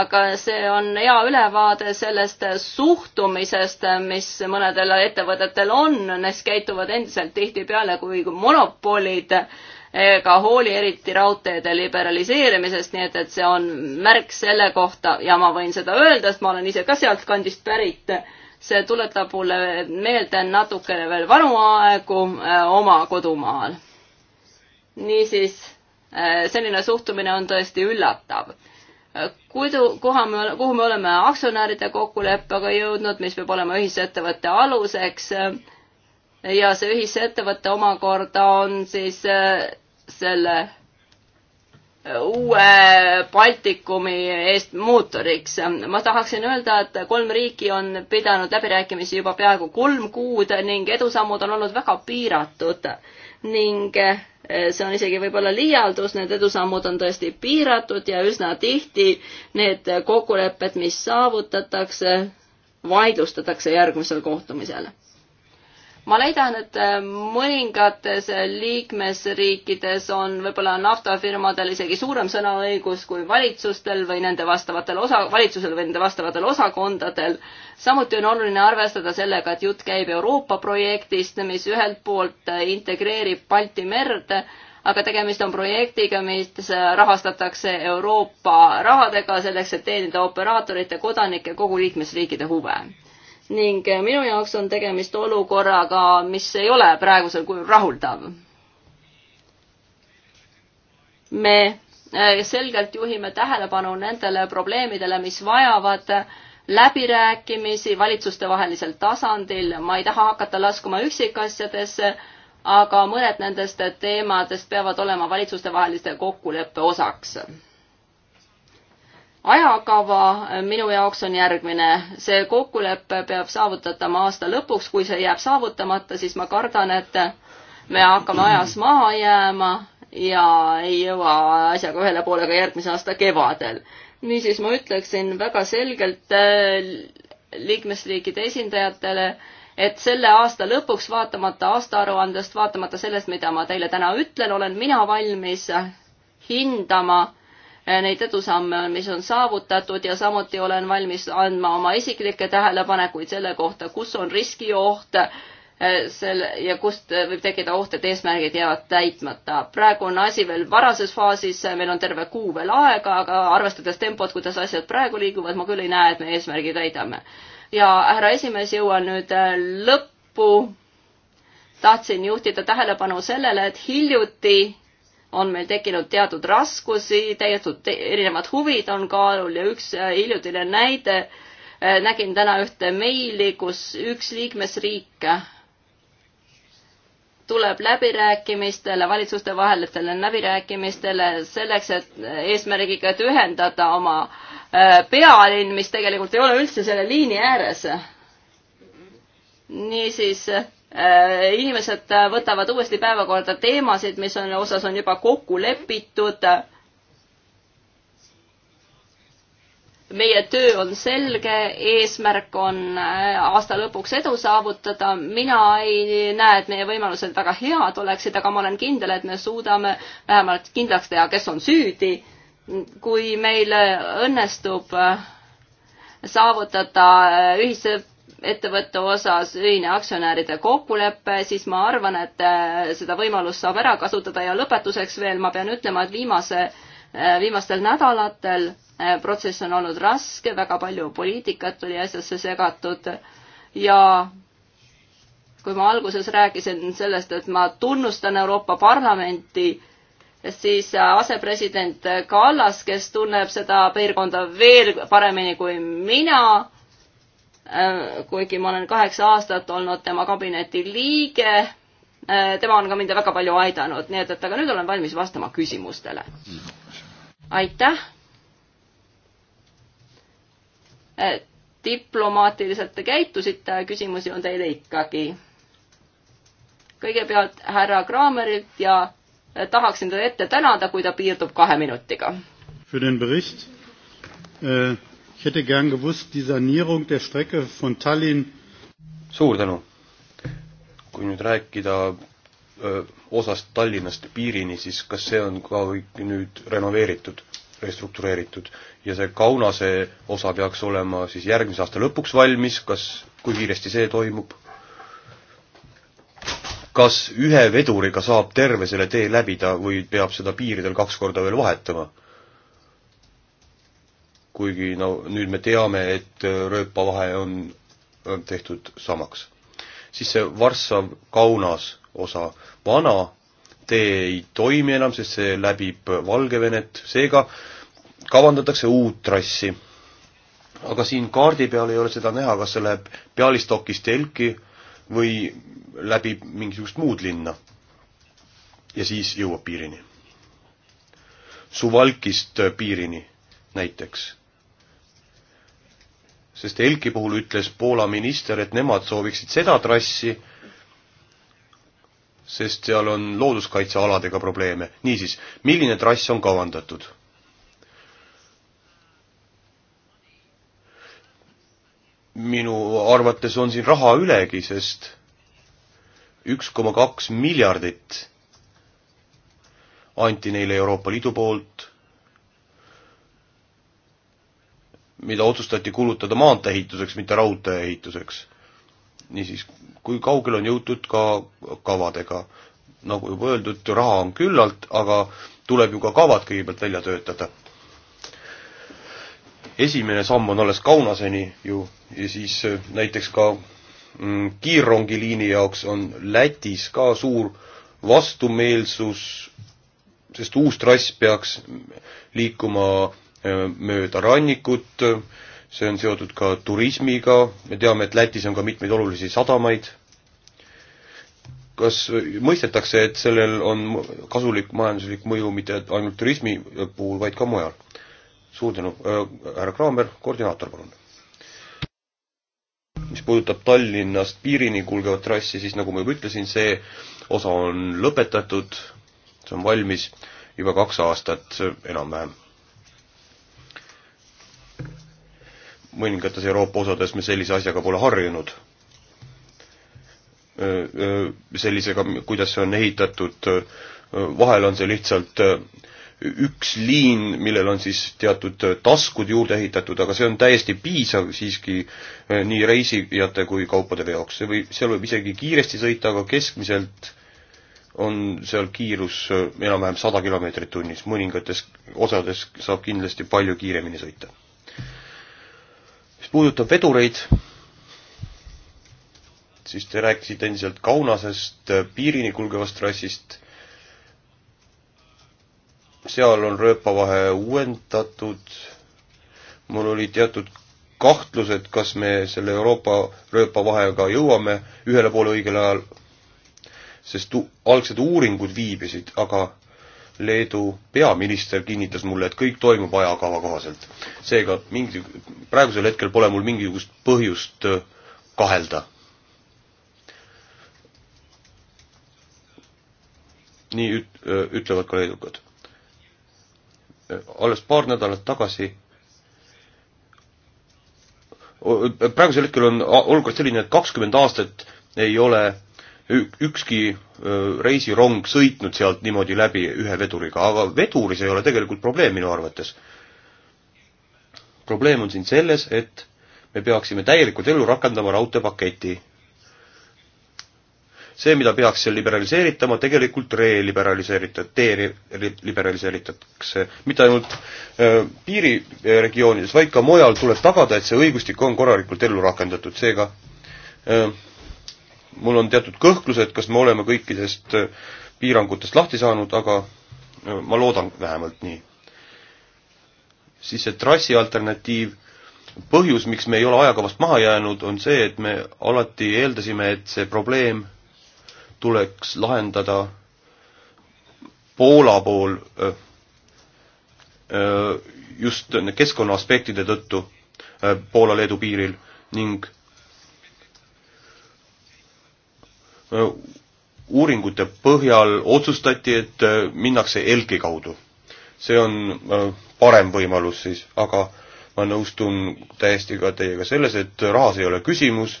aga see on hea ülevaade sellest suhtumisest, mis mõnedel ettevõtetel on, need käituvad endiselt tihtipeale kui monopolid ega hooli eriti raudteede liberaliseerimisest, nii et, et see on märk selle kohta ja ma võin seda öelda, sest ma olen ise ka sealtkandist pärit. see tuletab mulle meelde natukene veel vanu aegu äh, oma kodumaal. niisiis, äh, selline suhtumine on tõesti üllatav kuidu, kuha me, kuhu me oleme aktsionäride kokkuleppega jõudnud, mis peab olema ühisettevõtte aluseks. ja see ühisettevõte omakorda on siis eh, selle eh, uue Baltikumi eest mootoriks. ma tahaksin öelda, et kolm riiki on pidanud läbirääkimisi juba peaaegu kolm kuud ning edusammud on olnud väga piiratud ning eh, Eh, see on isegi võib-olla liialdus, need edusammud on tõesti piiratud ja üsna tihti need kokkulepped, mis saavutatakse, vaidlustatakse järgmisel kohtumisel ma leidan, et äh, mõningates äh, liikmesriikides on võib-olla naftafirmadel isegi suurem sõnaõigus kui valitsustel või nende vastavatel osa, valitsusel või nende vastavatel osakondadel. samuti on oluline arvestada sellega, et jutt käib Euroopa projektist, mis ühelt poolt äh, integreerib Balti merd, aga tegemist on projektiga, mis rahastatakse Euroopa rahadega selleks, et teenida operaatorite, kodanike, kogu liikmesriikide huve ning eh, minu jaoks on tegemist olukorraga, mis ei ole praegusel kujul rahuldav. me eh, selgelt juhime tähelepanu nendele probleemidele, mis vajavad eh, läbirääkimisi valitsustevahelisel tasandil, ma ei taha hakata laskuma üksikasjadesse, aga mõned nendest teemadest peavad olema valitsustevaheliste kokkuleppe osaks ajakava eh, minu jaoks on järgmine. see kokkulepe peab saavutatama aasta lõpuks, kui see jääb saavutamata, siis ma kardan, et me hakkame ajas maha jääma ja ei jõua asjaga ühele poole ka järgmise aasta kevadel. niisiis ma ütleksin väga selgelt eh, liikmesriikide esindajatele, et selle aasta lõpuks, vaatamata aastaaruandest, vaatamata sellest, mida ma teile täna ütlen, olen mina valmis hindama Äh, neid edusamme, mis on saavutatud ja samuti olen valmis andma oma isiklikke tähelepanekuid selle kohta, kus on riskioht äh, selle ja kust äh, võib tekkida oht, et eesmärgid jäävad täitmata. praegu on asi veel varases faasis, meil on terve kuu veel aega, aga arvestades tempot, kuidas asjad praegu liiguvad, ma küll ei näe, et me eesmärgi täidame. ja härra esimees, jõuan nüüd lõppu. tahtsin juhtida tähelepanu sellele, et hiljuti on meil tekkinud teatud raskusi, teatud erinevad huvid on kaalul ja üks äh, hiljutine näide, äh, nägin täna ühte meili, kus üks liikmesriik tuleb läbirääkimistele, valitsuste vahelistele läbirääkimistele selleks, et eesmärgiga, et ühendada oma äh, pealinn, mis tegelikult ei ole üldse selle liini ääres. niisiis Äh, inimesed äh, võtavad uuesti päevakorda teemasid, mis on, osas on juba kokku lepitud. meie töö on selge, eesmärk on äh, aasta lõpuks edu saavutada. mina ei näe, et meie võimalused väga head oleksid, aga ma olen kindel, et me suudame vähemalt kindlaks teha, kes on süüdi. kui meil õnnestub saavutada ühise ettevõtte osas ühine aktsionäride kokkulepe, siis ma arvan, et äh, seda võimalust saab ära kasutada ja lõpetuseks veel ma pean ütlema, et viimase, äh, viimastel nädalatel äh, protsess on olnud raske, väga palju poliitikat oli asjasse segatud ja kui ma alguses rääkisin sellest, et ma tunnustan Euroopa Parlamenti, siis asepresident Kallas, kes tunneb seda piirkonda veel paremini kui mina, Äh, kuigi ma olen kaheksa aastat olnud tema kabineti liige. Äh, tema on ka mind väga palju aidanud, nii et, et aga nüüd olen valmis vastama küsimustele. aitäh. Äh, diplomaatiliselt te käitusite, küsimusi on teile ikkagi. kõigepealt härra Kraamerilt ja tahaksin teda ette tänada, kui ta piirdub kahe minutiga. Für den Bericht äh Ich hätte gern gewusst, die Sanierung der Strecke von Tallinn. suur tänu. kui nüüd rääkida öö, osast Tallinnast piirini, siis kas see on ka nüüd renoveeritud, restruktureeritud ja see Kaunase osa peaks olema siis järgmise aasta lõpuks valmis, kas, kui kiiresti see toimub? kas ühe veduriga saab terve selle tee läbida või peab seda piiridel kaks korda veel vahetama? kuigi no nüüd me teame, et äh, rööpavahe on, on tehtud samaks. siis see Varssav-Kaunas osa, vana tee ei toimi enam, sest see läbib Valgevenet, seega kavandatakse uut trassi. aga siin kaardi peal ei ole seda näha, kas see läheb Pealistokist Elki või läbib mingisugust muud linna. ja siis jõuab piirini. Suvalkist äh, piirini näiteks sest Elki puhul ütles Poola minister, et nemad sooviksid seda trassi, sest seal on looduskaitsealadega probleeme. niisiis, milline trass on kavandatud? minu arvates on siin raha ülegi, sest üks koma kaks miljardit anti neile Euroopa Liidu poolt mida otsustati kulutada maantee ehituseks, mitte raudtee ehituseks. niisiis, kui kaugel on jõutud ka kavadega? nagu juba öeldud, raha on küllalt, aga tuleb ju ka kavad kõigepealt välja töötada. esimene samm on alles Kaunaseni ju ja siis äh, näiteks ka mm, kiirrongiliini jaoks on Lätis ka suur vastumeelsus, sest uus trass peaks liikuma mööda rannikut, see on seotud ka turismiga, me teame, et Lätis on ka mitmeid olulisi sadamaid. kas mõistetakse, et sellel on kasulik majanduslik mõju mitte ainult turismi puhul, vaid ka mujal? suur tänu, äh, härra Kraamer, koordinaator, palun. mis puudutab Tallinnast piirini kulgevat trassi, siis nagu ma juba ütlesin, see osa on lõpetatud, see on valmis juba kaks aastat enam-vähem mõningates Euroopa osades me sellise asjaga pole harjunud. Sellisega, kuidas see on ehitatud, vahel on see lihtsalt üks liin, millel on siis teatud taskud juurde ehitatud, aga see on täiesti piisav siiski nii reisijate kui kaupade veoks. see võib, seal võib isegi kiiresti sõita, aga keskmiselt on seal kiirus enam-vähem sada kilomeetrit tunnis, mõningates osades saab kindlasti palju kiiremini sõita puudutab vedureid, siis te rääkisite endiselt Kaunasest piirini kulgevast trassist. seal on rööpavahe uuendatud. mul oli teatud kahtlused, kas me selle Euroopa rööpavahega jõuame ühele poole õigel ajal, sest algsed uuringud viibisid, aga Leedu peaminister kinnitas mulle, et kõik toimub ajakava kohaselt. seega mingi, praegusel hetkel pole mul mingisugust põhjust äh, kahelda. nii üt-, äh, ütlevad ka leedukad. Äh, alles paar nädalat tagasi praegusel hetkel on olukord selline, et kakskümmend aastat ei ole ükski reisirong sõitnud sealt niimoodi läbi ühe veduriga, aga veduris ei ole tegelikult probleem minu arvates. probleem on siin selles, et me peaksime täielikult ellu rakendama raudteepaketi. see, mida peaks seal liberaliseeritama, tegelikult reliberaliseerita-, deliberaliseeritakse. mitte ainult öö, piiriregioonides, vaid ka mujal tuleb tagada, et see õigustik on korralikult ellu rakendatud, seega öö, mul on teatud kõhklused, kas me oleme kõikidest äh, piirangutest lahti saanud, aga äh, ma loodan vähemalt nii. siis see trassi alternatiiv, põhjus, miks me ei ole ajakavast maha jäänud, on see, et me alati eeldasime, et see probleem tuleks lahendada Poola pool äh, just keskkonna aspektide tõttu Poola-Leedu piiril ning uuringute põhjal otsustati, et minnakse ELK-i kaudu. see on parem võimalus siis, aga ma nõustun täiesti ka teiega selles, et rahas ei ole küsimus,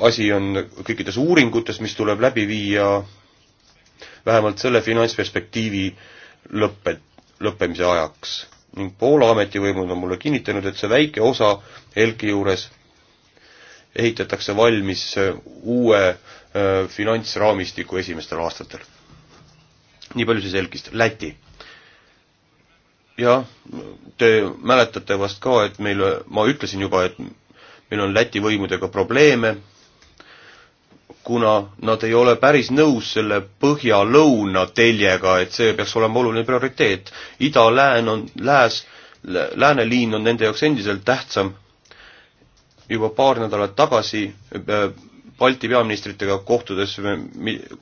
asi on kõikides uuringutes, mis tuleb läbi viia vähemalt selle finantsperspektiivi lõppe, lõppemise ajaks. ning Poola ametivõimud on mulle kinnitanud, et see väike osa ELK-i juures ehitatakse valmis uue finantsraamistiku esimestel aastatel. nii palju siis ELK-ist, Läti. jah, te mäletate vast ka, et meil, ma ütlesin juba, et meil on Läti võimudega probleeme, kuna nad ei ole päris nõus selle põhja-lõuna teljega, et see peaks olema oluline prioriteet. ida-lään on, lääs, lääneliin on nende jaoks endiselt tähtsam juba paar nädalat tagasi äh, Balti peaministritega kohtudes,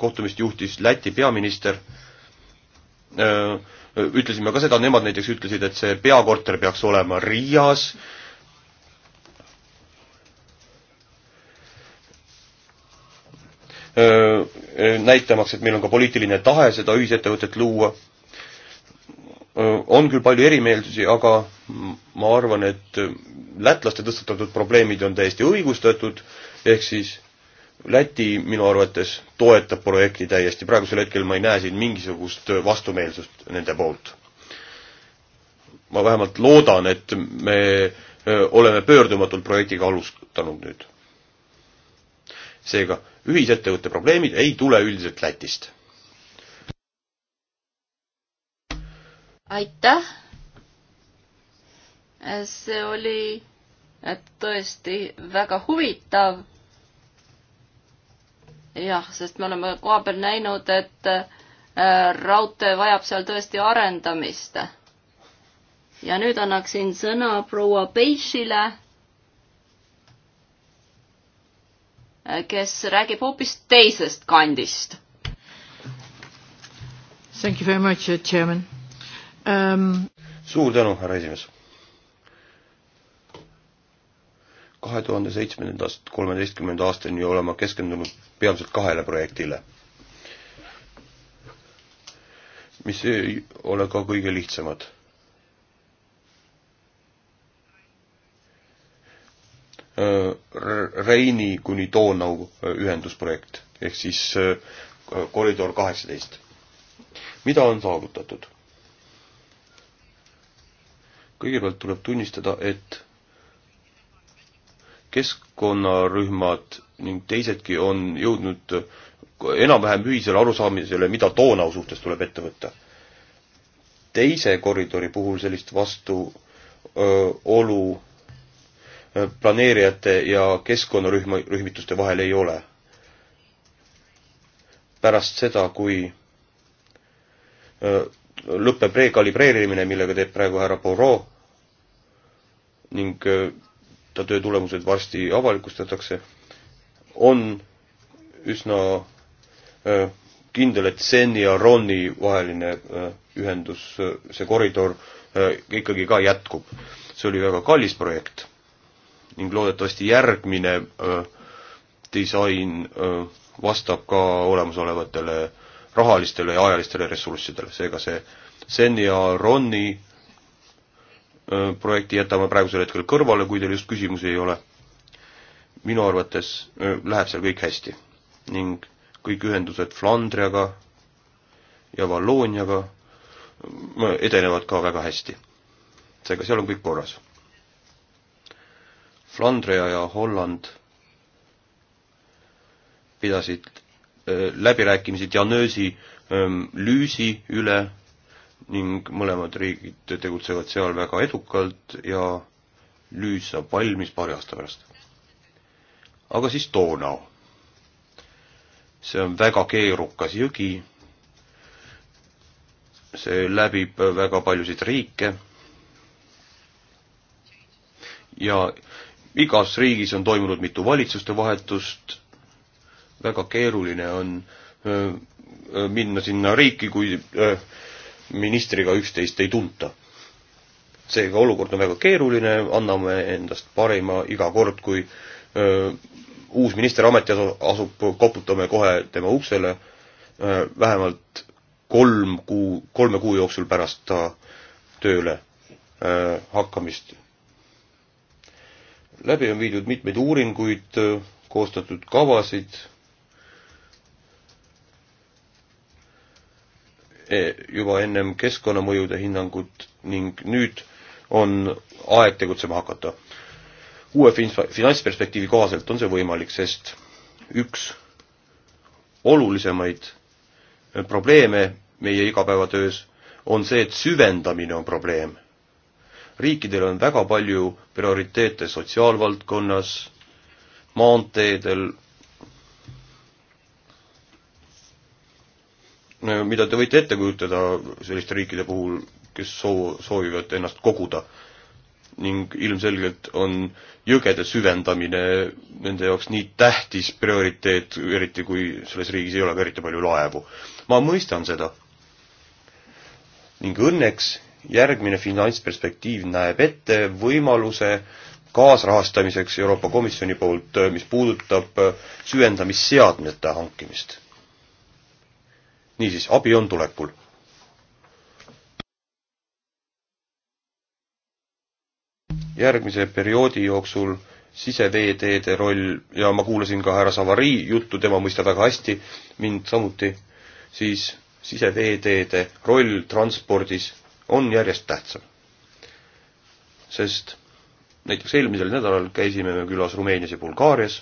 kohtumist juhtis Läti peaminister, äh, ütlesime ka seda, nemad näiteks ütlesid, et see peakorter peaks olema Riias, äh, näitamaks, et meil on ka poliitiline tahe seda ühisettevõtet luua on küll palju erimeelsusi, aga ma arvan, et lätlaste tõstatatud probleemid on täiesti õigustatud, ehk siis Läti minu arvates toetab projekti täiesti, praegusel hetkel ma ei näe siin mingisugust vastumeelsust nende poolt. ma vähemalt loodan, et me oleme pöördumatult projektiga alustanud nüüd. seega, ühisettevõtte probleemid ei tule üldiselt Lätist aitäh. see oli tõesti väga huvitav. jah, sest me oleme koha peal näinud, et äh, raudtee vajab seal tõesti arendamist. ja nüüd annaksin sõna proua Peixile, kes räägib hoopis teisest kandist. Thank you very much, uh, Chairman ähm.... suur tänu, härra esimees. kahe tuhande seitsmendast kolmeteistkümnenda aastani olema keskendunud peamiselt kahele projektile, mis ei ole ka kõige lihtsamad äh, Reini kuni Donau äh, ühendusprojekt ehk siis äh, koridor kaheksateist. mida on saavutatud? kõigepealt tuleb tunnistada, et keskkonnarühmad ning teisedki on jõudnud enam-vähem ühisele arusaamisele, mida Donau suhtes tuleb ette võtta. teise koridori puhul sellist vastuolu planeerijate ja keskkonnarühma, rühmituste vahel ei ole. pärast seda, kui öö, lõpeb rekalibreerimine, millega teeb praegu härra Poirot, ning äh, ta töö tulemused varsti avalikustatakse, on üsna äh, kindel, et Seni ja Roni vaheline äh, ühendus, see koridor ikkagi ka jätkub. see oli väga kallis projekt ning loodetavasti järgmine disain vastab ka olemasolevatele rahalistele ja ajalistele ressurssidele, seega see Seni ja Roni Äh, projekti jätame praegusel hetkel kõrvale, kui teil just küsimusi ei ole. minu arvates äh, läheb seal kõik hästi ning kõik ühendused Flandriaga ja Vallooniaga äh, edenevad ka väga hästi. seega seal on kõik korras. Flandria ja Holland pidasid läbirääkimisi Janöösi ähm, lüüsi üle ning mõlemad riigid tegutsevad seal väga edukalt ja lüüd saab valmis paari aasta pärast. aga siis Donau. see on väga keerukas jõgi, see läbib väga paljusid riike ja igas riigis on toimunud mitu valitsuste vahetust, väga keeruline on öö, äh, äh, minna sinna riiki, kui öö, äh, ministriga üksteist ei tunta. seega olukord on väga keeruline, anname endast parima iga kord, kui öö, uus minister ameti asu-, asub, koputame kohe tema uksele öö, vähemalt kolm kuu, kolme kuu jooksul pärast ta tööle öö, hakkamist. läbi on viidud mitmeid uuringuid, koostatud kavasid E, juba ennem keskkonnamõjude hinnangut ning nüüd on aeg tegutsema hakata. uue finantsperspektiivi kohaselt on see võimalik, sest üks olulisemaid e, probleeme meie igapäevatöös on see, et süvendamine on probleem. riikidel on väga palju prioriteete sotsiaalvaldkonnas, maanteedel, Äh, mida te võite ette kujutada selliste riikide puhul, kes soo-, soovivad ennast koguda. ning ilmselgelt on jõgede süvendamine nende jaoks nii tähtis prioriteet, eriti kui selles riigis ei ole ka eriti palju laevu. ma mõistan seda. ning õnneks järgmine finantsperspektiiv näeb ette võimaluse kaasrahastamiseks Euroopa Komisjoni poolt, mis puudutab süvendamisseadmete hankimist niisiis, abi on tulekul. järgmise perioodi jooksul siseveeteede roll ja ma kuulasin ka härra Savari juttu, tema mõistab väga hästi mind samuti, siis siseveeteede roll transpordis on järjest tähtsam. sest näiteks eelmisel nädalal käisime me külas Rumeenias ja Bulgaarias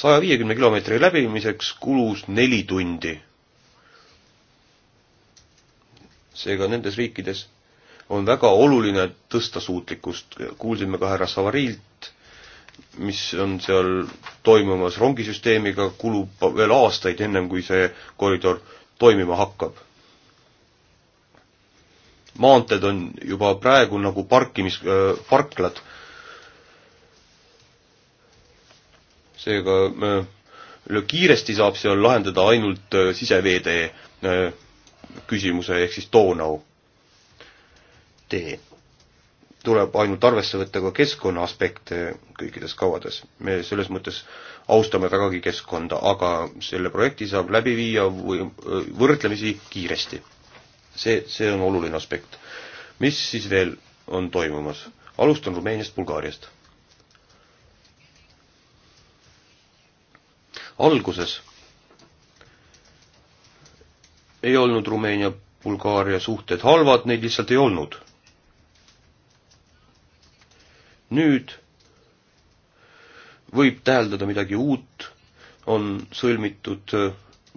saja viiekümne kilomeetri läbimiseks kulus neli tundi. seega nendes riikides on väga oluline tõsta suutlikkust, kuulsime ka härra Savarilt, mis on seal toimumas rongisüsteemiga, kulub veel aastaid, ennem kui see koridor toimima hakkab. maanteed on juba praegu nagu parkimis äh,, parklad seega äh, kiiresti saab seal lahendada ainult äh, siseveetee äh, küsimuse ehk siis Donau tee. tuleb ainult arvesse võtta ka keskkonna aspekte kõikides kavades. me selles mõttes austame vägagi keskkonda, aga selle projekti saab läbi viia või võrdlemisi kiiresti. see, see on oluline aspekt. mis siis veel on toimumas? alustan Rumeeniast, Bulgaariast alguses ei olnud Rumeenia-Bulgaaria suhted halvad, neid lihtsalt ei olnud. nüüd võib täheldada midagi uut, on sõlmitud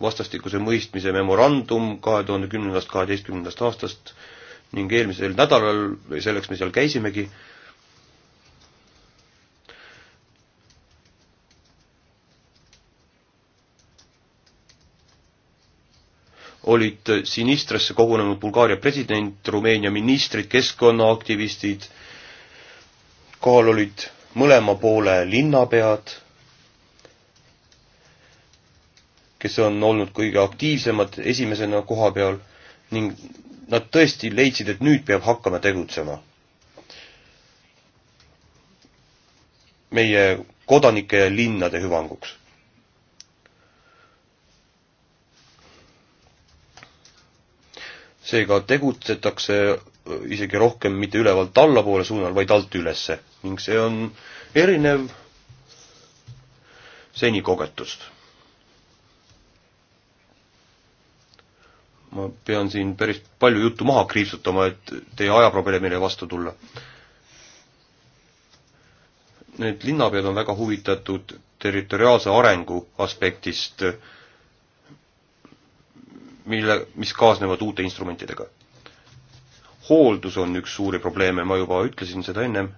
vastastikuse mõistmise memorandum kahe tuhande kümnendast, kaheteistkümnendast aastast ning eelmisel nädalal, või selleks me seal käisimegi, olid Sinistrasse kogunenud Bulgaaria president, Rumeenia ministrid, keskkonnaaktivistid, kohal olid mõlema poole linnapead, kes on olnud kõige aktiivsemad esimesena koha peal ning nad tõesti leidsid, et nüüd peab hakkama tegutsema. meie kodanike ja linnade hüvanguks seega tegutsetakse äh, isegi rohkem mitte ülevalt allapoole suunal, vaid alt ülesse ning see on erinev seni kogetust. ma pean siin päris palju juttu maha kriipsutama, et teie ajaprobleemile vastu tulla. Need linnapead on väga huvitatud territoriaalse arengu aspektist äh, mille, mis kaasnevad uute instrumentidega. hooldus on üks suuri probleeme, ma juba ütlesin seda ennem.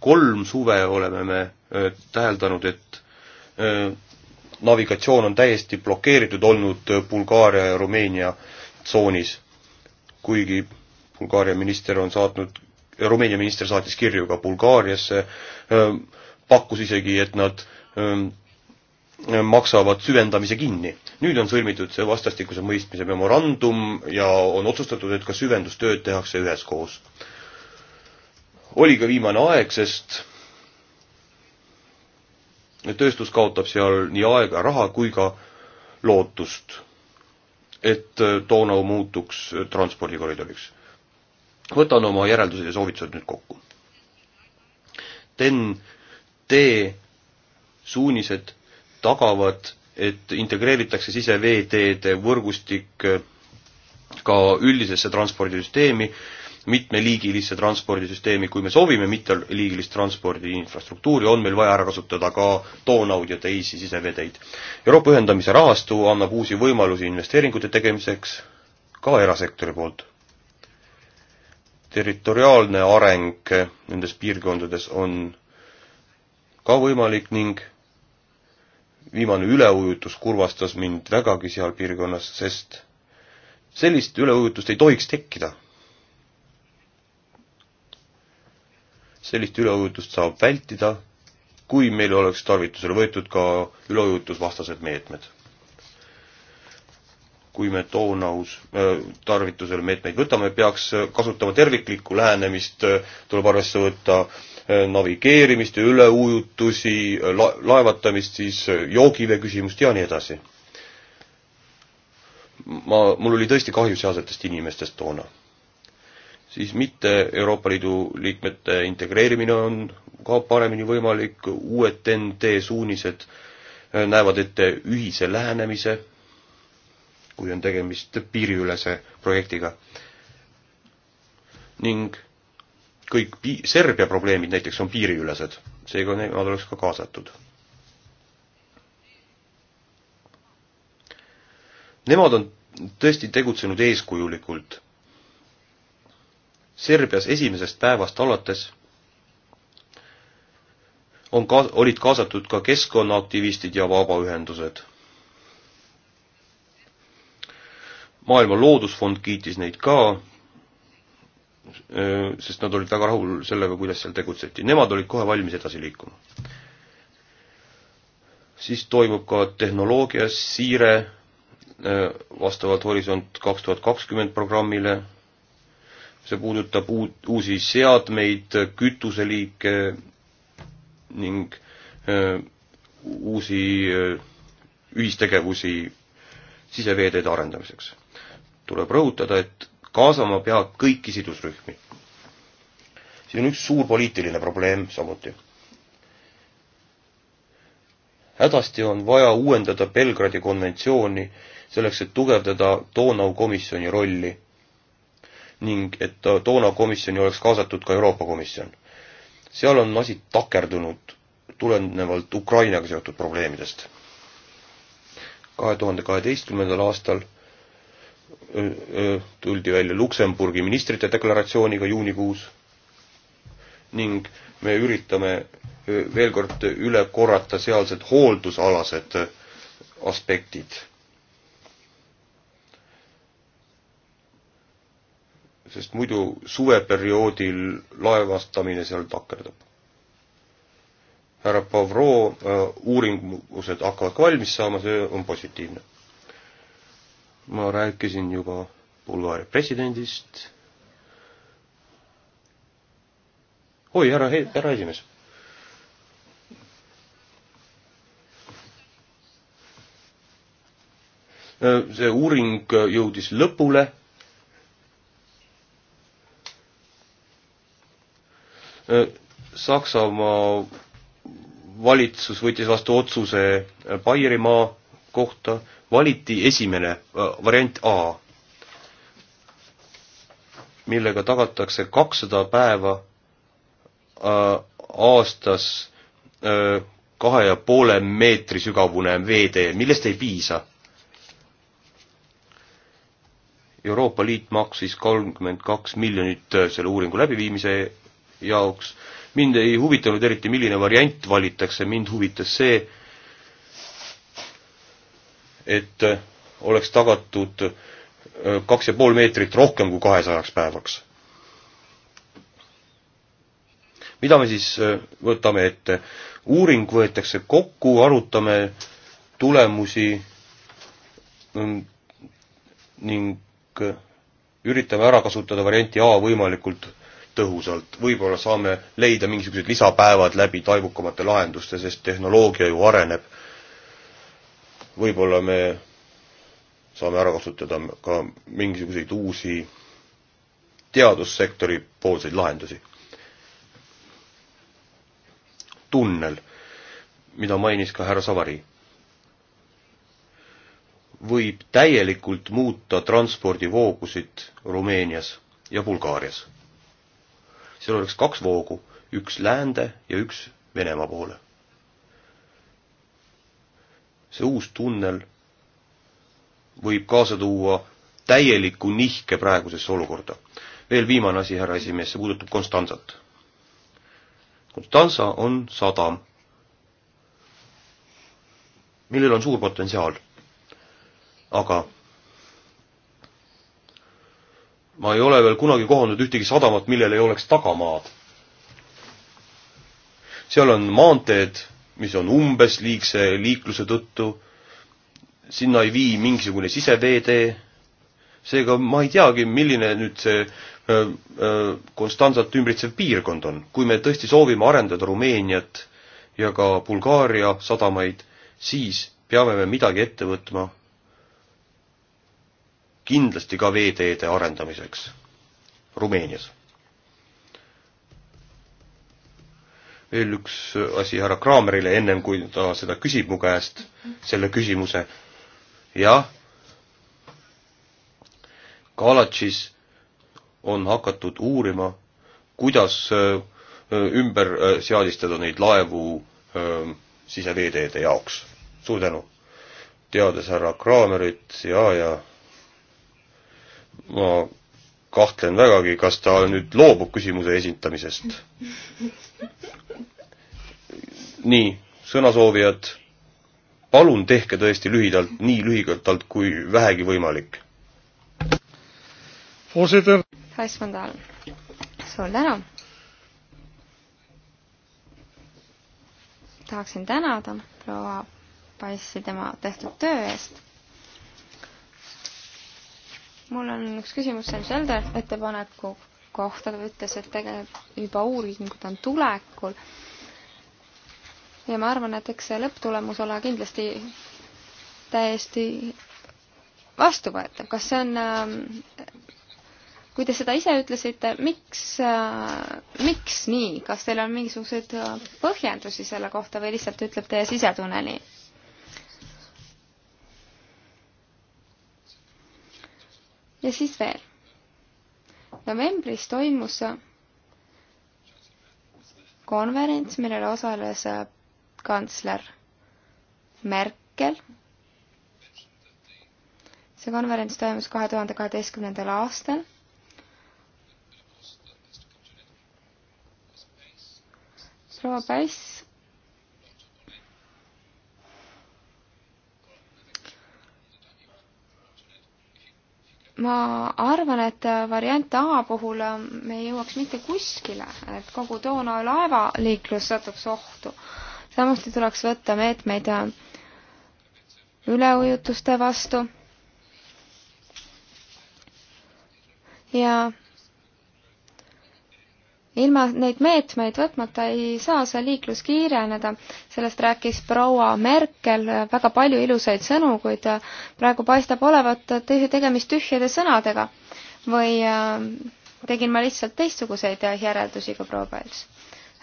kolm suve oleme me öö, täheldanud, et öö, navigatsioon on täiesti blokeeritud olnud Bulgaaria ja Rumeenia tsoonis. kuigi Bulgaaria minister on saatnud, Rumeenia minister saatis kirju ka Bulgaariasse, pakkus isegi, et nad öö, maksavad süvendamise kinni. nüüd on sõlmitud see vastastikuse mõistmise memorandum ja on otsustatud, et ka süvendustööd tehakse üheskoos. oli ka viimane aeg, sest tööstus kaotab seal nii aega, raha kui ka lootust, et Donau muutuks transpordikoridoriks. võtan oma järeldused ja soovitused nüüd kokku. TEN-T suunised tagavad, et integreeritakse siseveeteede võrgustik äh, ka üldisesse transpordisüsteemi, mitmeliigilisse transpordisüsteemi, kui me soovime mitmeliigilist transpordi infrastruktuuri, on meil vaja ära kasutada ka Donaud ja teisi siseveeteid. Euroopa ühendamise rahastu annab uusi võimalusi investeeringute tegemiseks ka erasektori poolt. territoriaalne areng nendes piirkondades on ka võimalik ning viimane üleujutus kurvastas mind vägagi seal piirkonnas, sest sellist üleujutust ei tohiks tekkida. sellist üleujutust saab vältida, kui meil oleks tarvitusele võetud ka üleujutusvastased meetmed. kui me Donaus äh, tarvitusele meetmeid võtame, peaks kasutama terviklikku lähenemist, äh, tuleb arvesse võtta Äh, navigeerimist ja üleujutusi äh, la, laevatamist, siis äh, joogivee küsimust ja nii edasi. ma, mul oli tõesti kahju sealsetest inimestest toona. siis mitte Euroopa Liidu liikmete integreerimine on ka paremini võimalik, uued TNT suunised näevad ette ühise lähenemise, kui on tegemist piiriülese projektiga. ning kõik pi-, Serbia probleemid näiteks on piiriülesed, seega nemad oleks ka kaasatud. Nemad on tõesti tegutsenud eeskujulikult. Serbias esimesest päevast alates on ka-, olid kaasatud ka keskkonnaaktivistid ja vabaühendused. maailma Loodusfond kiitis neid ka sest nad olid väga rahul sellega, kuidas seal tegutseti. Nemad olid kohe valmis edasi liikuma. siis toimub ka tehnoloogias siire vastavalt Horisont kaks tuhat kakskümmend programmile, see puudutab uut, uusi seadmeid, kütuseliike ning öö, uusi öö, ühistegevusi siseveeteede arendamiseks. tuleb rõhutada, et kaasama pea kõiki sidusrühmi. see on üks suur poliitiline probleem samuti. hädasti on vaja uuendada Belgradi konventsiooni selleks, et tugevdada Donau komisjoni rolli ning et Donau komisjoni oleks kaasatud ka Euroopa Komisjon. seal on asi takerdunud tulenevalt Ukrainaga seotud probleemidest. kahe tuhande kaheteistkümnendal aastal tuldi välja Luksemburgi ministrite deklaratsiooniga juunikuus ning me üritame veel kord üle korrata sealsed hooldusalased aspektid. sest muidu suveperioodil laevastamine seal takerdub. härra Pavro uuringused hakkavad ka valmis saama, see on positiivne ma rääkisin juba Bulgaaria presidendist. oi, härra, härra esimees. see uuring jõudis lõpule. Saksamaa valitsus võttis vastu otsuse Baierimaa kohta valiti esimene äh, variant A, millega tagatakse kakssada päeva äh, aastas äh, kahe ja poole meetri sügavune veetee, millest ei piisa. Euroopa Liit maksis kolmkümmend kaks miljonit selle uuringu läbiviimise jaoks. mind ei huvitanud eriti, milline variant valitakse, mind huvitas see, et äh, oleks tagatud äh, kaks ja pool meetrit rohkem kui kahesajaks päevaks. mida me siis äh, võtame ette? uuring võetakse kokku, arutame tulemusi mm, ning üritame ära kasutada varianti A võimalikult tõhusalt. võib-olla saame leida mingisugused lisapäevad läbi taibukamate lahenduste, sest tehnoloogia ju areneb võib-olla me saame ära kasutada ka mingisuguseid uusi teadussektori poolseid lahendusi. tunnel, mida mainis ka härra Savari, võib täielikult muuta transpordivoogusid Rumeenias ja Bulgaarias. seal oleks kaks voogu, üks läände ja üks Venemaa poole see uus tunnel võib kaasa tuua täieliku nihke praegusesse olukorda. veel viimane asi, härra esimees, see puudutab Konstantsat. Konstantsa on sadam, millel on suur potentsiaal. aga ma ei ole veel kunagi kohanud ühtegi sadamat, millel ei oleks tagamaad. seal on maanteed mis on umbes liigse liikluse tõttu, sinna ei vii mingisugune siseveetee, seega ma ei teagi, milline nüüd see äh, äh, Konstantsat ümbritsev piirkond on. kui me tõesti soovime arendada Rumeeniat ja ka Bulgaaria sadamaid, siis peame me midagi ette võtma kindlasti ka veeteede arendamiseks Rumeenias veel üks asi härra Kraamerile, ennem kui ta seda küsib mu käest, selle küsimuse. jah, Galatšis on hakatud uurima, kuidas äh, ümber äh, seadistada neid laevu äh, siseveeteede jaoks. suur tänu! teades härra Kraamerit ja, ja ma kahtlen vägagi, kas ta nüüd loobub küsimuse esitamisest (laughs) nii, sõnasoovijad, palun tehke tõesti lühidalt, nii lühidalt kui vähegi võimalik. suur tänu. tahaksin tänada proua Paissi tema tehtud töö eest mul on üks küsimus Sven Selder ettepaneku kohta, ta ütles, et tegelikult juba uuringud on tulekul ja ma arvan, et eks see lõpptulemus ole kindlasti täiesti vastuvõetav. kas see on, ähm, kui te seda ise ütlesite, miks, äh, miks nii, kas teil on mingisuguseid äh, põhjendusi selle kohta või lihtsalt ütleb teie sisetunne nii? ja siis veel. novembris toimus konverents, millel osales äh, kantsler Merkel. see konverents toimus kahe tuhande kaheteistkümnendal aastal. proua Päiss ma arvan, et variant A puhul me ei jõuaks mitte kuskile, et kogu Donau laevaliiklus satuks ohtu samuti tuleks võtta meetmeid üleujutuste vastu ja ilma neid meetmeid võtmata ei saa see liiklus kiireneda, sellest rääkis proua Merkel, väga palju ilusaid sõnu, kuid praegu paistab olevat tegemist tühjade sõnadega. või äh, tegin ma lihtsalt teistsuguseid järeldusi kui proua Pals?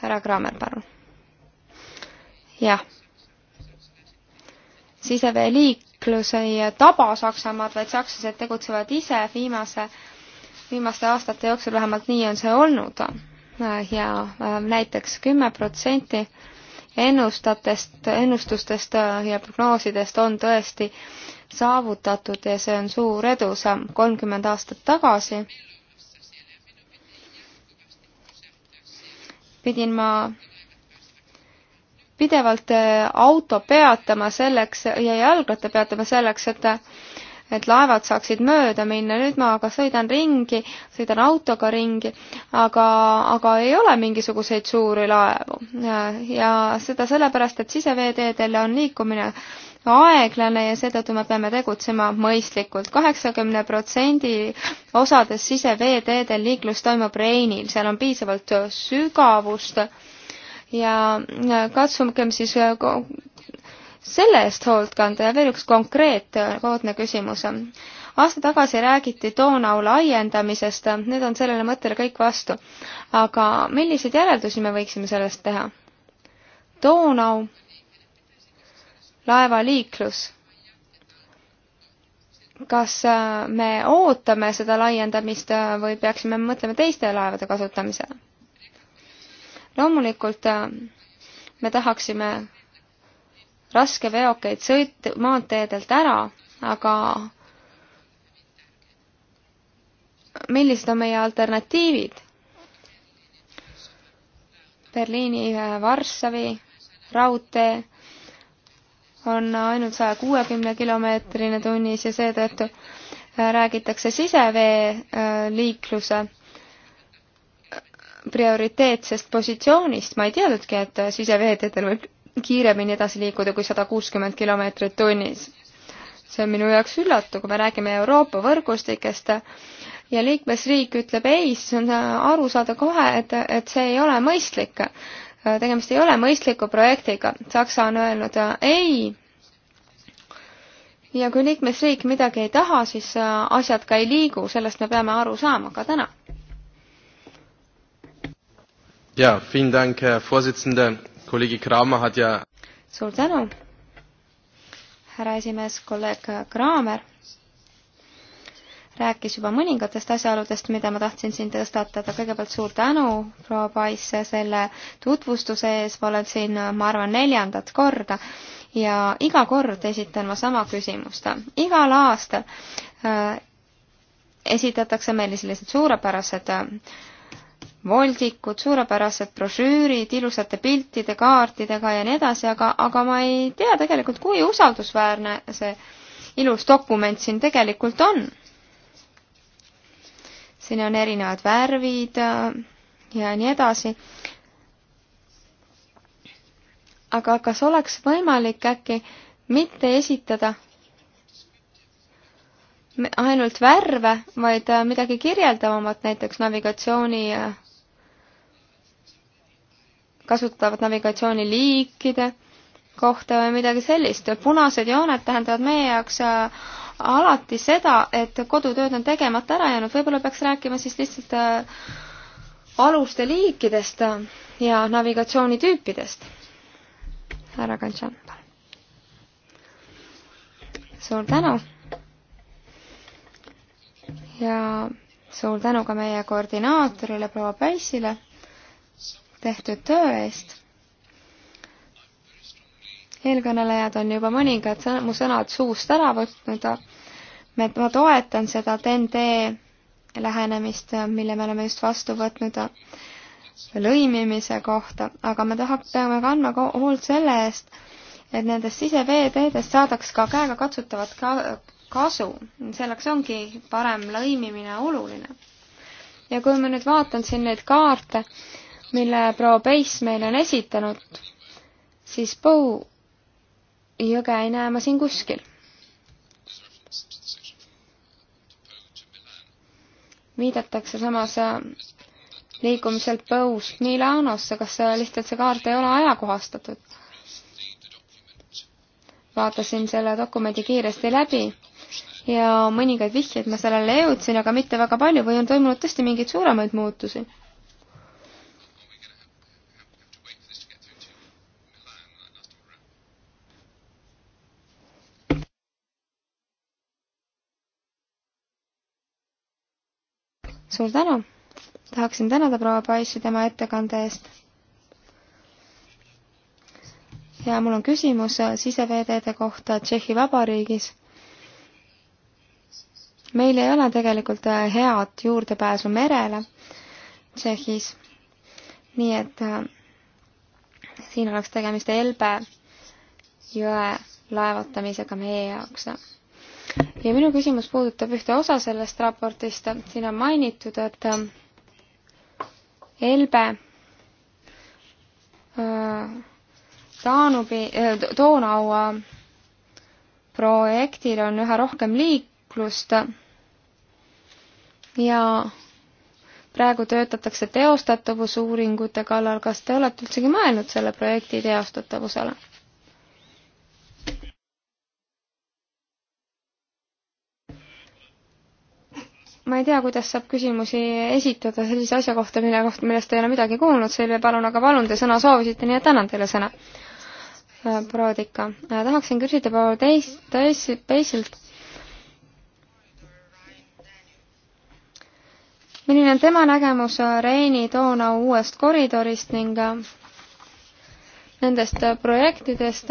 härra Kraamer, palun jah, siseveeliiklus ei taba Saksamaad, vaid sakslased tegutsevad ise viimase, viimaste aastate jooksul, vähemalt nii on see olnud. ja äh, näiteks kümme protsenti ennustatest, ennustustest äh, ja prognoosidest on tõesti saavutatud ja see on suur edusamm kolmkümmend aastat tagasi. pidin ma pidevalt äh, auto peatama selleks ja jalgratta peatama selleks, et et laevad saaksid mööda minna, nüüd ma aga sõidan ringi, sõidan autoga ringi, aga, aga ei ole mingisuguseid suuri laevu. ja seda sellepärast, et siseveeteedel on liikumine aeglane ja seetõttu me peame tegutsema mõistlikult. kaheksakümne protsendi osades siseveeteedel liiklus toimub reinil, seal on piisavalt sügavust ja äh, katsugem siis äh, selle eest hoolt kanda ja veel üks konkreetne äh, küsimus. aasta tagasi räägiti Donau laiendamisest, need on sellele mõttele kõik vastu. aga milliseid järeldusi me võiksime sellest teha? Donau, laevaliiklus. kas me ootame seda laiendamist või peaksime mõtlema teiste laevade kasutamisele? loomulikult äh, me tahaksime raskeveokeid sõit-, maanteedelt ära, aga millised on meie alternatiivid? Berliini äh, Varssavi raudtee on ainult saja kuuekümne kilomeetrine tunnis ja seetõttu äh, räägitakse siseveeliikluse äh, prioriteetsest positsioonist, ma ei teadnudki, et siseveeteedel võib kiiremini edasi liikuda kui sada kuuskümmend kilomeetrit tunnis. see on minu jaoks üllatu, kui me räägime Euroopa võrgustikest ja liikmesriik ütleb ei, siis on aru saada kohe, et, et see ei ole mõistlik. tegemist ei ole mõistliku projektiga. Saksa on öelnud ei. ja kui liikmesriik midagi ei taha, siis asjad ka ei liigu, sellest me peame aru saama ka täna jaa, vielen Dank, Vorsitzende, kolleeg Kramer hat ja suur tänu, härra esimees, kolleeg Kramer rääkis juba mõningatest asjaoludest, mida ma tahtsin siin tõstatada. kõigepealt suur tänu, proua Pais, selle tutvustuse ees. ma olen siin, ma arvan, neljandat korda ja iga kord esitan ma sama küsimust. igal aastal äh, esitatakse meile sellised suurepärased äh, voldikud, suurepärased brošüürid ilusate piltide, kaartidega ja nii edasi, aga, aga ma ei tea tegelikult, kui usaldusväärne see ilus dokument siin tegelikult on. siin on erinevad värvid äh, ja nii edasi. aga kas oleks võimalik äkki mitte esitada ainult värve, vaid äh, midagi kirjeldavamat, näiteks navigatsiooni äh, kasutatavad navigatsiooniliikide kohta või midagi sellist. punased jooned tähendavad meie jaoks äh, alati seda, et kodutööd on tegemata ära jäänud, võib-olla peaks rääkima siis lihtsalt äh, aluste liikidest ja navigatsioonitüüpidest. härra Kantšan, palun. suur tänu. ja suur tänu ka meie koordinaatorile proua Päissile tehtud töö eest. eelkõnelejad on juba mõningad sõna, mu sõnad suust ära võtnud. ma toetan seda TNT lähenemist, mille me oleme just vastu võtnud äh, lõimimise kohta, aga me tahab, peame kandma ka hoolt selle eest, et nendest siseveeteedest saadaks ka käegakatsutavat ka kasu. selleks ongi parem lõimimine oluline. ja kui ma nüüd vaatan siin neid kaarte, mille proua Peiss meile on esitanud, siis Põu jõge ei näe ma siin kuskil. viidatakse samas äh, liikumiselt Põust Milanosse, kas äh, lihtsalt see kaart ei ole ajakohastatud? vaatasin selle dokumendi kiiresti läbi ja mõningaid vihjeid ma sellele jõudsin, aga mitte väga palju või on toimunud tõesti mingeid suuremaid muutusi suur tänu! tahaksin tänada proua Paisi tema ettekande eest. ja mul on küsimus siseveeteede kohta Tšehhi Vabariigis. meil ei ole tegelikult head juurdepääsu merele Tšehhis, nii et äh, siin oleks tegemist Elbe jõe laevatamisega meie jaoks ja minu küsimus puudutab ühte osa sellest raportist, siin on mainitud, et äh, Elbe äh, Taanubi, äh, Toonaua projektil on üha rohkem liiklust ja praegu töötatakse teostatavusuuringute kallal, kas te olete üldsegi mõelnud selle projekti teostatavusele? ma ei tea, kuidas saab küsimusi esitada sellise asja kohta, mille kohta, millest ei ole midagi kuulnud, selle palun, aga palun, te sõna soovisite, nii et annan teile sõna. Äh, proua Tikka, äh, tahaksin küsida proua teist, teist, teiselt. milline on tema nägemus Reini-Donau uuest koridorist ning äh, nendest projektidest,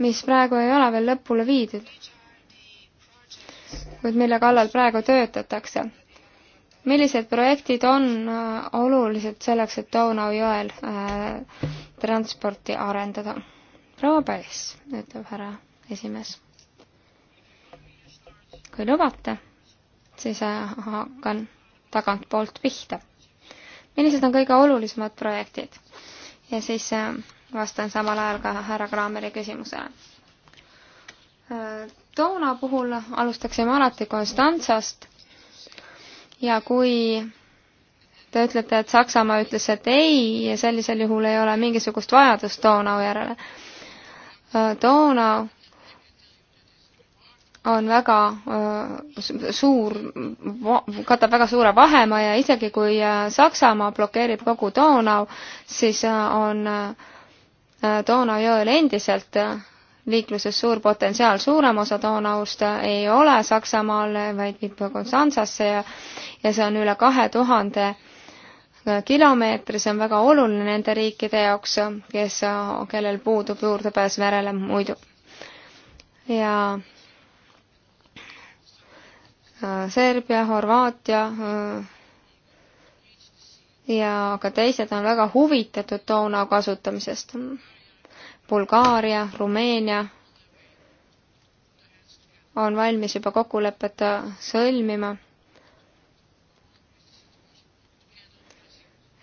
mis praegu ei ole veel lõpule viidud? kuid mille kallal praegu töötatakse. millised projektid on äh, olulised selleks, et Donau jõel äh, transporti arendada? proua Päris, ütleb härra esimees. kui lubate, siis äh, hakkan tagantpoolt pihta. millised on kõige olulisemad projektid? ja siis äh, vastan samal ajal ka härra Kraameri küsimusele toona puhul alustaksime alati Konstantsast ja kui te ütlete, et Saksamaa ütles, et ei ja sellisel juhul ei ole mingisugust vajadust Donau järele. Donau on väga äh, suur, katab väga suure vahemaa ja isegi kui äh, Saksamaa blokeerib kogu Donau, siis äh, on Donau jõel endiselt liikluses suur potentsiaal, suurem osa toonaust ei ole Saksamaal, vaid viib Konstantsasse ja ja see on üle kahe tuhande kilomeetri, see on väga oluline nende riikide jaoks, kes, kellel puudub juurdepääs merele muidu. ja äh, Serbia, Horvaatia äh, ja ka teised on väga huvitatud toona kasutamisest Bulgaaria, Rumeenia on valmis juba kokkulepet äh, sõlmima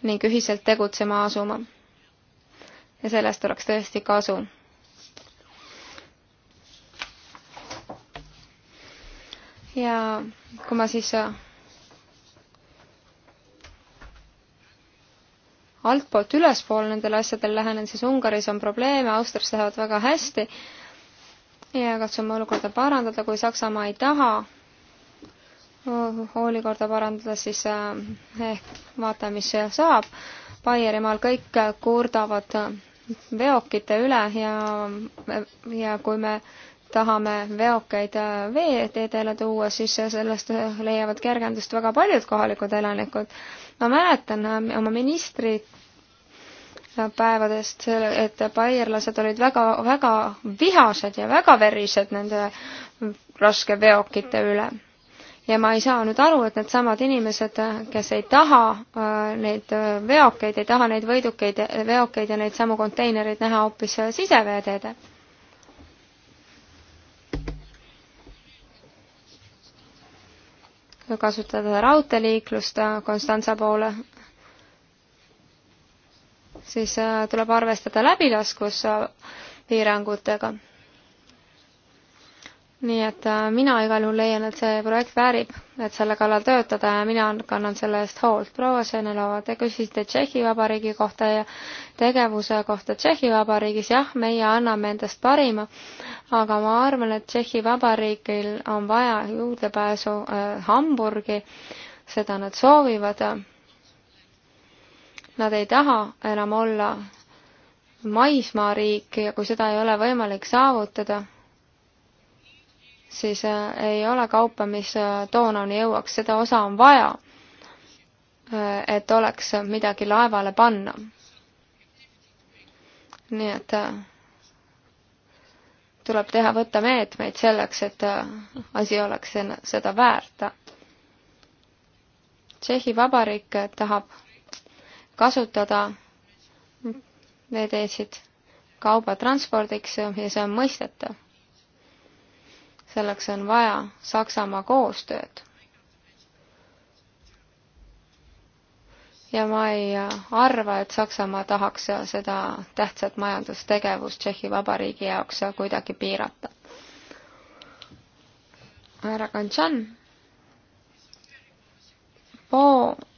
ning ühiselt tegutsema asuma. ja sellest oleks tõesti kasu. ja kui ma siis äh, altpoolt ülespoole nendele asjadele lähenen, siis Ungaris on probleeme, Austrias lähevad väga hästi ja katsume olukorda parandada, kui Saksamaa ei taha olukorda parandada, siis äh, ehk vaatame, mis saab. Baierimaal kõik kurdavad veokite üle ja, ja kui me tahame veokeid äh, veeteedele tuua, siis sellest leiavad kergendust väga paljud kohalikud elanikud ma mäletan äh, oma ministrit äh, päevadest, et baierlased olid väga, väga vihased ja väga verised nende raskeveokite üle. ja ma ei saa nüüd aru, et needsamad inimesed, äh, kes ei taha neid veokeid, ei taha neid võidukeid, veokeid ja neid samu konteinereid näha hoopis siseveeteedel kasutada raudteeliiklust äh, Konstantsa poole, siis äh, tuleb arvestada läbilaskuspiirangutega äh, nii et äh, mina igal juhul leian, et see projekt väärib, et selle kallal töötada ja mina kannan selle eest hoolt. proua Senelova, te küsisite Tšehhi Vabariigi kohta ja tegevuse kohta Tšehhi Vabariigis, jah, meie anname endast parima, aga ma arvan, et Tšehhi Vabariigil on vaja juurdepääsu äh, Hamburgi, seda nad soovivad. Nad ei taha enam olla maismaariik ja kui seda ei ole võimalik saavutada, siis äh, ei ole kaupa, mis äh, toonani jõuaks, seda osa on vaja, äh, et oleks midagi laevale panna. nii et tuleb teha, võtta meetmeid selleks, et asi oleks seda väärt. Tšehhi Vabariik tahab kasutada veeteesid kaubatranspordiks ja see on mõistetav selleks on vaja Saksamaa koostööd. ja ma ei arva, et Saksamaa tahaks seda tähtsat majandustegevust Tšehhi Vabariigi jaoks kuidagi piirata. härra Kantšan. Po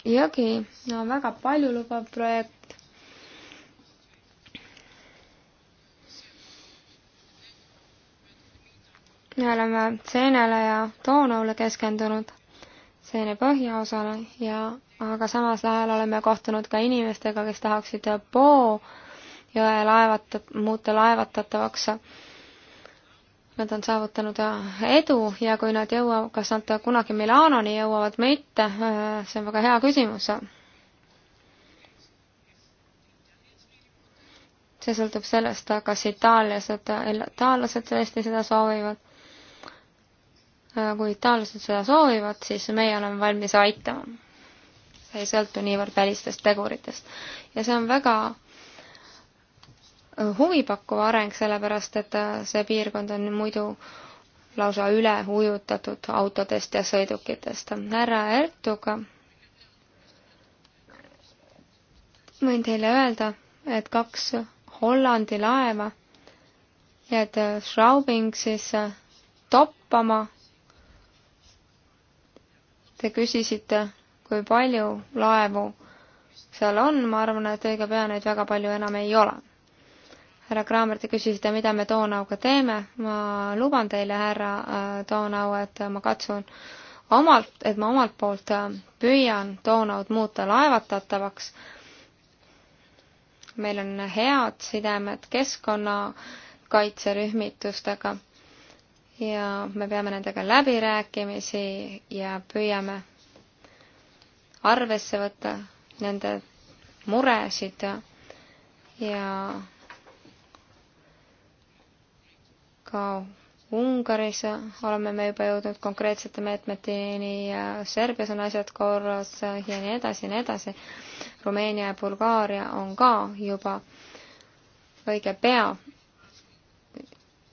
jõgi on no, väga paljulubav projekt, me oleme seenele ja toonule keskendunud, seene põhjaosale ja aga samas ajal oleme kohtunud ka inimestega, kes tahaksid Poo jõe laevat-, muuta laevatatavaks. Nad on saavutanud edu ja kui nad jõuavad, kas nad kunagi Milanoni jõuavad või mitte, see on väga hea küsimus see sõltub sellest, kas itaallased, itaallased tõesti seda soovivad. Äh, kui itaallased seda soovivad, siis meie oleme valmis aitama. see ei sõltu niivõrd välistest teguritest. ja see on väga äh, huvipakkuv areng, sellepärast et äh, see piirkond on muidu lausa üle ujutatud autodest ja sõidukitest. härra Ertuga võin teile öelda, et kaks Hollandi laeva jäid Schraubing siis toppama Te küsisite, kui palju laevu seal on, ma arvan, et õige pea neid väga palju enam ei ole. härra Kraamer, te küsisite, mida me Donauga teeme, ma luban teile, härra äh, Donau, et ma katsun omalt, et ma omalt poolt äh, püüan Donaud muuta laevatatavaks. meil on head sidemed keskkonnakaitserühmitustega ja me peame nendega läbirääkimisi ja püüame arvesse võtta nende muresid ja, ja ka Ungaris oleme me juba jõudnud konkreetsete meetmeteni ja Serbias on asjad korras ja nii edasi ja nii edasi. Rumeenia ja Bulgaaria on ka juba õige pea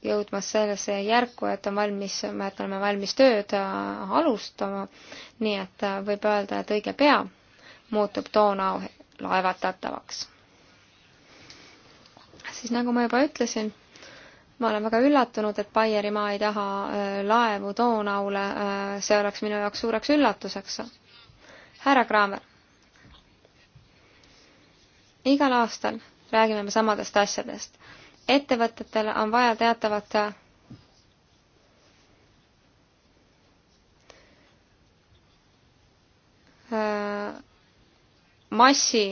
jõudmas sellesse järku, et on valmis, me oleme valmis tööd äh, alustama, nii et äh, võib öelda, et õige pea muutub Donau laevatatavaks. siis nagu ma juba ütlesin, ma olen väga üllatunud, et Baierimaa ei taha äh, laevu Donaule, see oleks minu jaoks suureks üllatuseks. härra Kraamer, igal aastal räägime me samadest asjadest ettevõtetel on vaja teatavat äh, massi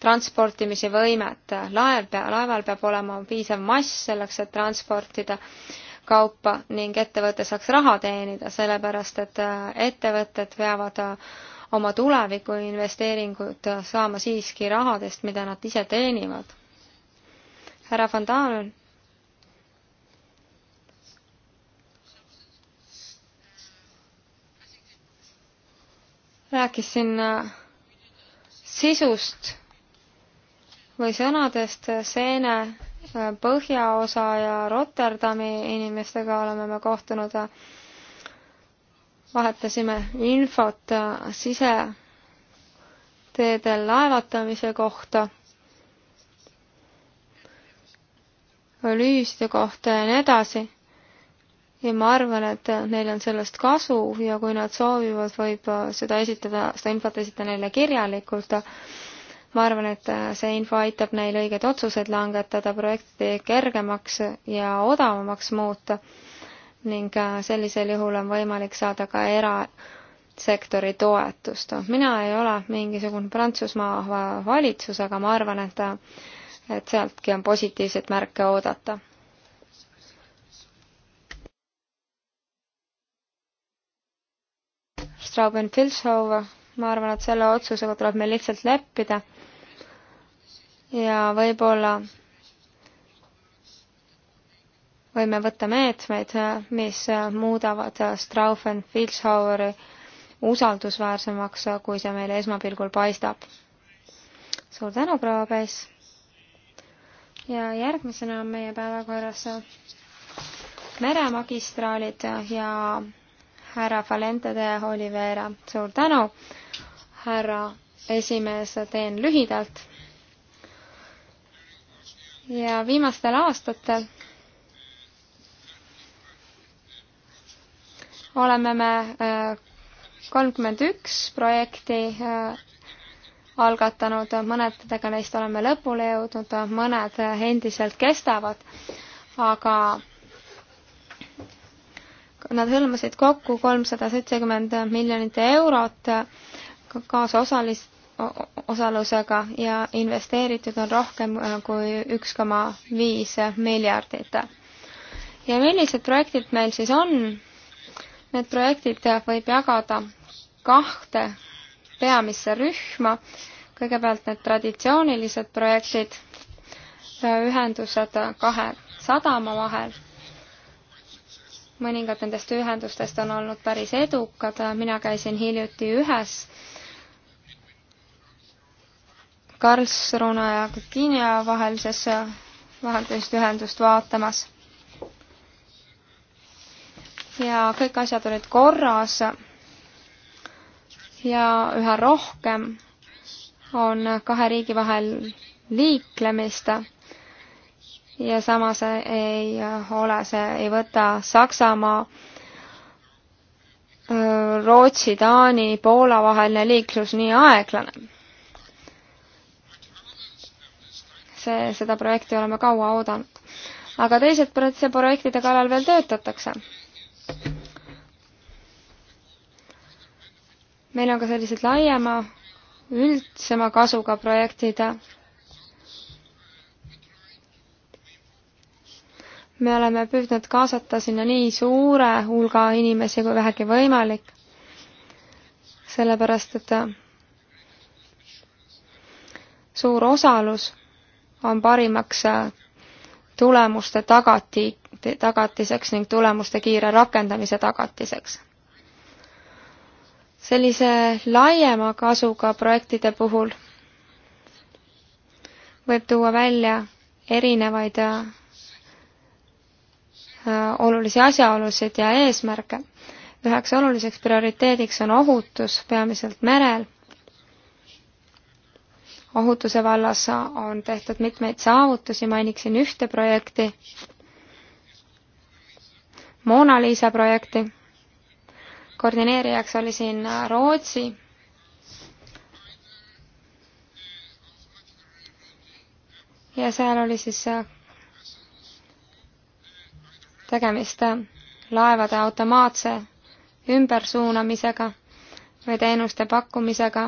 transportimise võimet. laev, laeval peab olema piisav mass selleks, et transportida kaupa ning ettevõte saaks raha teenida, sellepärast et äh, ettevõtted peavad äh, oma tuleviku investeeringud saama siiski rahadest, mida nad ise teenivad härra Van Dalen. rääkis siin äh, sisust või sõnadest äh, seene äh, põhjaosa ja Rotterdami inimestega oleme me kohtunud, vahetasime infot sise teedel laevatamise kohta. lühiste kohta ja nii edasi. ja ma arvan, et neil on sellest kasu ja kui nad soovivad, võib seda esitada, seda infot esitada neile kirjalikult. ma arvan, et see info aitab neil õigeid otsuseid langetada, projekti kergemaks ja odavamaks muuta ning sellisel juhul on võimalik saada ka erasektori toetust. mina ei ole mingisugune Prantsusmaa valitsus, aga ma arvan, et et sealtki on positiivseid märke oodata. Strauben Filshow, ma arvan, et selle otsusega tuleb meil lihtsalt leppida ja võib-olla võime võtta meetmeid, mis muudavad Straufen Filshaueri usaldusväärsemaks, kui see meile esmapilgul paistab. suur tänu, proua Pees! ja järgmisena on meie päevakorras meremagistraalid ja härra Valente de Oliveira, suur tänu, härra esimees, teen lühidalt. ja viimastel aastatel oleme me äh, kolmkümmend üks projekti äh, algatanud, mõnedega neist oleme lõpule jõudnud, mõned endiselt kestavad, aga nad hõlmasid kokku kolmsada seitsekümmend miljonit eurot kaasosalis-, osalusega ja investeeritud on rohkem kui üks koma viis miljardit. ja millised projektid meil siis on? Need projektid võib jagada kahte peamisse rühma, kõigepealt need traditsioonilised projektid, ühendused kahe sadama vahel. mõningad nendest ühendustest on olnud päris edukad, mina käisin hiljuti ühes Karlsruna ja Kinia vahelises, vahelist ühendust vaatamas. ja kõik asjad olid korras ja üha rohkem on kahe riigi vahel liiklemist ja samas ei ole see, ei võta Saksamaa, Rootsi, Taani, Poola vaheline liiklus nii aeglane. see, seda projekti oleme kaua oodanud. aga teised projektide kallal veel töötatakse. meil on ka sellised laiema üldsema kasuga projektid. me oleme püüdnud kaasata sinna nii suure hulga inimesi kui vähegi võimalik, sellepärast et suur osalus on parimaks tulemuste tagati, tagatiseks ning tulemuste kiire rakendamise tagatiseks sellise laiema kasuga projektide puhul võib tuua välja erinevaid äh, olulisi asjaolusid ja eesmärke. üheks oluliseks prioriteediks on ohutus, peamiselt merel. ohutuse vallas on tehtud mitmeid saavutusi, mainiksin ühte projekti, Mona Lisa projekti koordineerijaks oli siin Rootsi ja seal oli siis äh, tegemist äh, laevade automaatse ümbersuunamisega või teenuste pakkumisega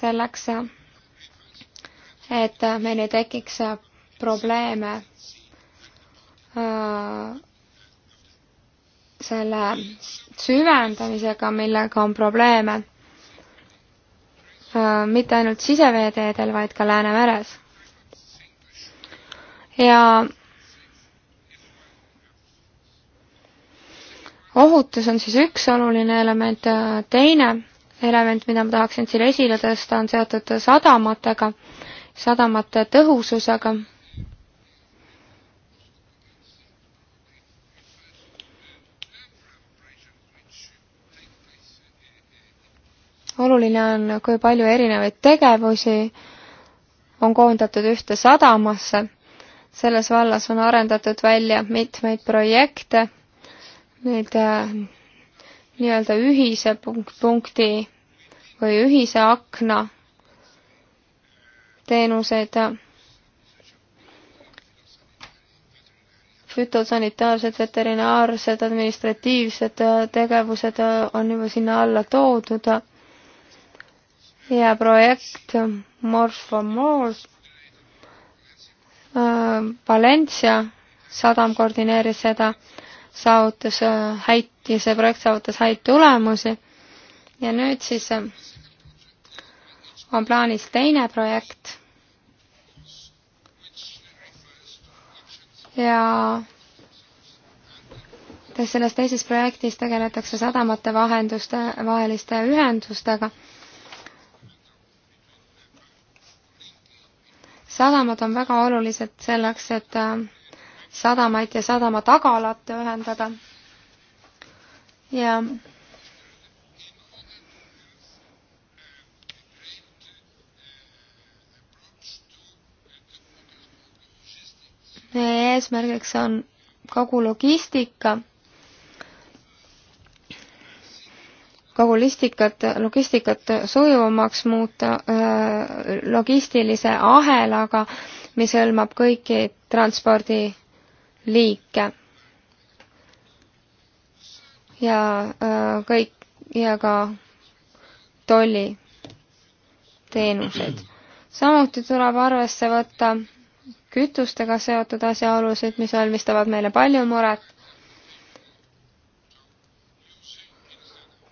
selleks, äh, et meil ei tekiks probleeme selle süvendamisega, millega on probleeme äh, mitte ainult siseveeteedel, vaid ka Läänemeres. ja ohutus on siis üks oluline element, äh, teine element, mida ma tahaksin siin esile tõsta, on seotud sadamatega, sadamate tõhususega oluline on, kui palju erinevaid tegevusi on koondatud ühte sadamasse. selles vallas on arendatud välja mitmeid projekte, neid äh, nii-öelda ühise punkti või ühise akna teenuseid, äh, fütosanitaarsed, veterinaarsed, administratiivsed äh, tegevused on juba sinna alla toodud ja projekt Morphomorph äh, Valencia sadam koordineeris seda, saavutas äh, häid ja see projekt saavutas häid tulemusi. ja nüüd siis äh, on plaanis teine projekt. ja selles teises projektis tegeletakse sadamate vahenduste, vaheliste ühendustega sadamad on väga olulised selleks, et äh, sadamaid ja sadamatagalat ühendada. ja meie eesmärgiks on kogu logistika kogu listikat, logistikat sujuvamaks muuta logistilise ahelaga, mis hõlmab kõiki transpordiliike. ja kõik ja ka tolliteenused. samuti tuleb arvesse võtta kütustega seotud asjaolusid, mis valmistavad meile palju muret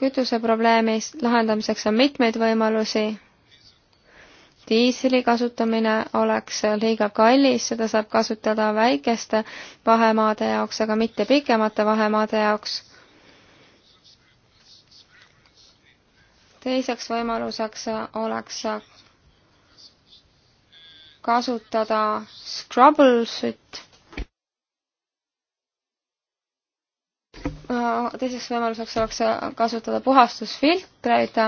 kütuseprobleemi lahendamiseks on mitmeid võimalusi. diisli kasutamine oleks liiga kallis, seda saab kasutada väikeste vahemaade jaoks, aga mitte pikemate vahemaade jaoks. teiseks võimaluseks oleks kasutada Scrubblesit Äh, teiseks võimaluseks oleks äh, kasutada puhastusfiltreid.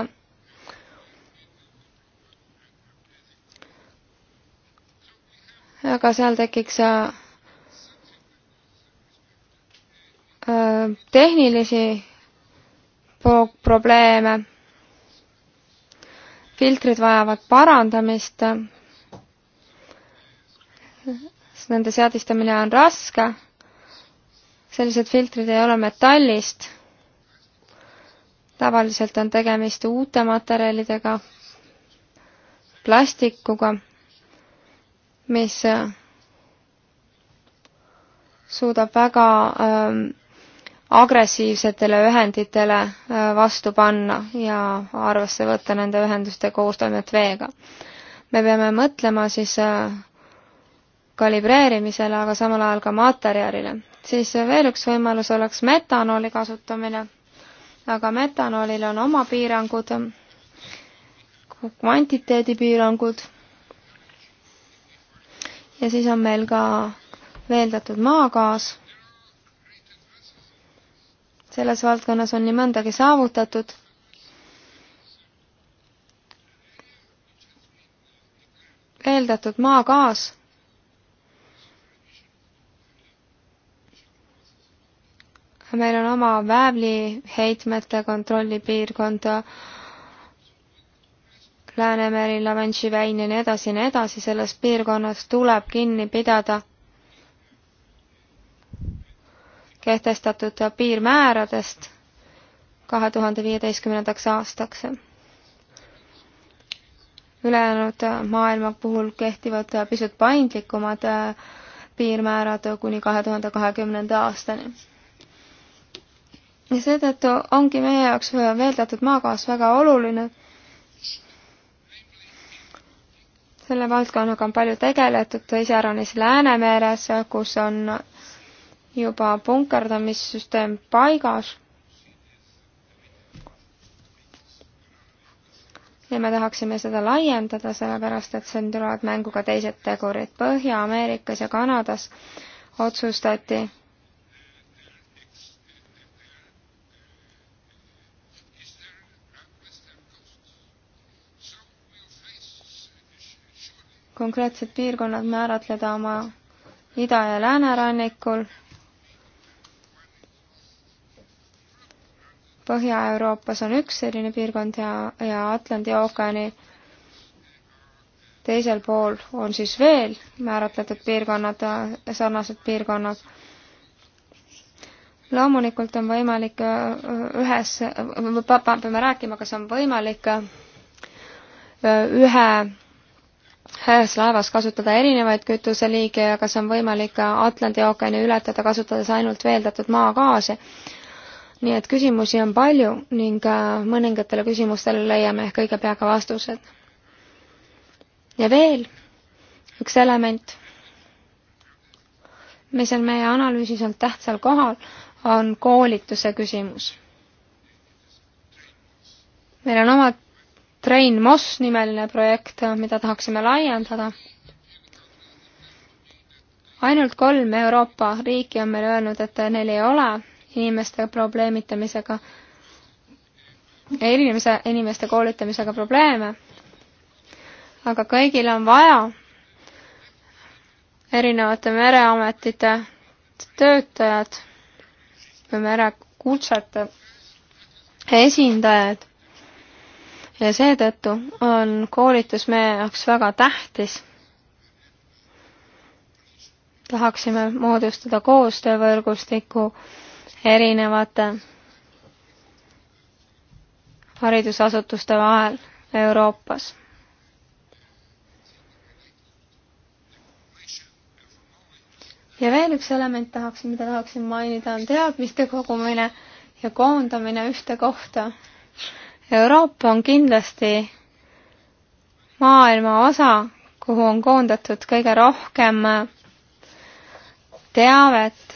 aga seal tekiks äh, tehnilisi probleeme. filtrid vajavad parandamist. sest nende seadistamine on raske sellised filtrid ei ole metallist. tavaliselt on tegemist uute materjalidega, plastikuga, mis äh, suudab väga ähm, agressiivsetele ühenditele äh, vastu panna ja arvesse võtta nende ühenduste koostoimet veega. me peame mõtlema siis äh, kalibreerimisele, aga samal ajal ka materjalile. siis veel üks võimalus oleks metanooli kasutamine, aga metanoolil on oma piirangud, kvantiteedipiirangud ja siis on meil ka veeldatud maagaas. selles valdkonnas on nii mõndagi saavutatud. veeldatud maagaas meil on oma väävliheitmete kontrollipiirkond, Läänemeri, Lavenši väin ja nii edasi ja nii edasi, selles piirkonnas tuleb kinni pidada kehtestatud piirmääradest kahe tuhande viieteistkümnendaks aastaks. ülejäänud maailma puhul kehtivad pisut paindlikumad piirmäärad kuni kahe tuhande kahekümnenda aastani ja seetõttu ongi meie jaoks veeldatud maagaas väga oluline. selle valdkonnaga on palju tegeletud, iseäranis Läänemeres, kus on juba punkerdamissüsteem paigas. ja me tahaksime seda laiendada, sellepärast et siin tulevad mängu ka teised tegurid. Põhja-Ameerikas ja Kanadas otsustati konkreetsed piirkonnad määratleda oma ida- ja läänerannikul, Põhja-Euroopas on üks selline piirkond ja, ja Atlandi ookeani teisel pool on siis veel määratletud piirkonnad, sarnased piirkonnad. loomulikult on võimalik äh, ühes, äh, peame rääkima, kas on võimalik äh, ühe ühes laevas kasutada erinevaid kütuseliige ja kas on võimalik Atlandi ookeani ületada, kasutades ainult veeldatud maagaasi. nii et küsimusi on palju ning äh, mõningatele küsimustele leiame ehk õige pea ka vastused. ja veel üks element, mis on meie analüüsis olnud tähtsal kohal, on koolituse küsimus. meil on omad Train Moss nimeline projekt, mida tahaksime laiendada. ainult kolm Euroopa riiki on meile öelnud, et neil ei ole inimeste probleemitamisega, inimese, inimeste koolitamisega probleeme. aga kõigil on vaja erinevate mereametite töötajad või merekutsete esindajad ja seetõttu on koolitus meie jaoks väga tähtis. tahaksime moodustada koostöövõrgustiku erinevate haridusasutuste vahel Euroopas. ja veel üks element tahaksin, mida tahaksin mainida, on teadmiste kogumine ja koondamine ühte kohta Euroopa on kindlasti maailma osa, kuhu on koondatud kõige rohkem teavet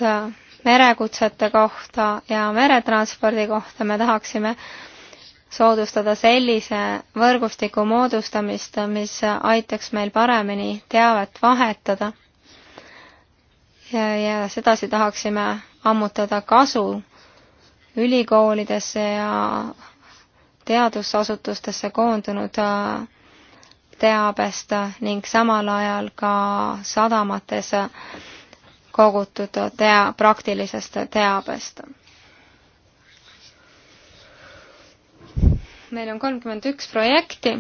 merekutsete kohta ja meretranspordi kohta. me tahaksime soodustada sellise võrgustiku moodustamist, mis aitaks meil paremini teavet vahetada. ja, ja sedasi tahaksime ammutada kasu ülikoolidesse ja teadusasutustesse koondunud äh, teabest ning samal ajal ka sadamates kogutud tea-, praktilisest teabest. meil on kolmkümmend üks projekti,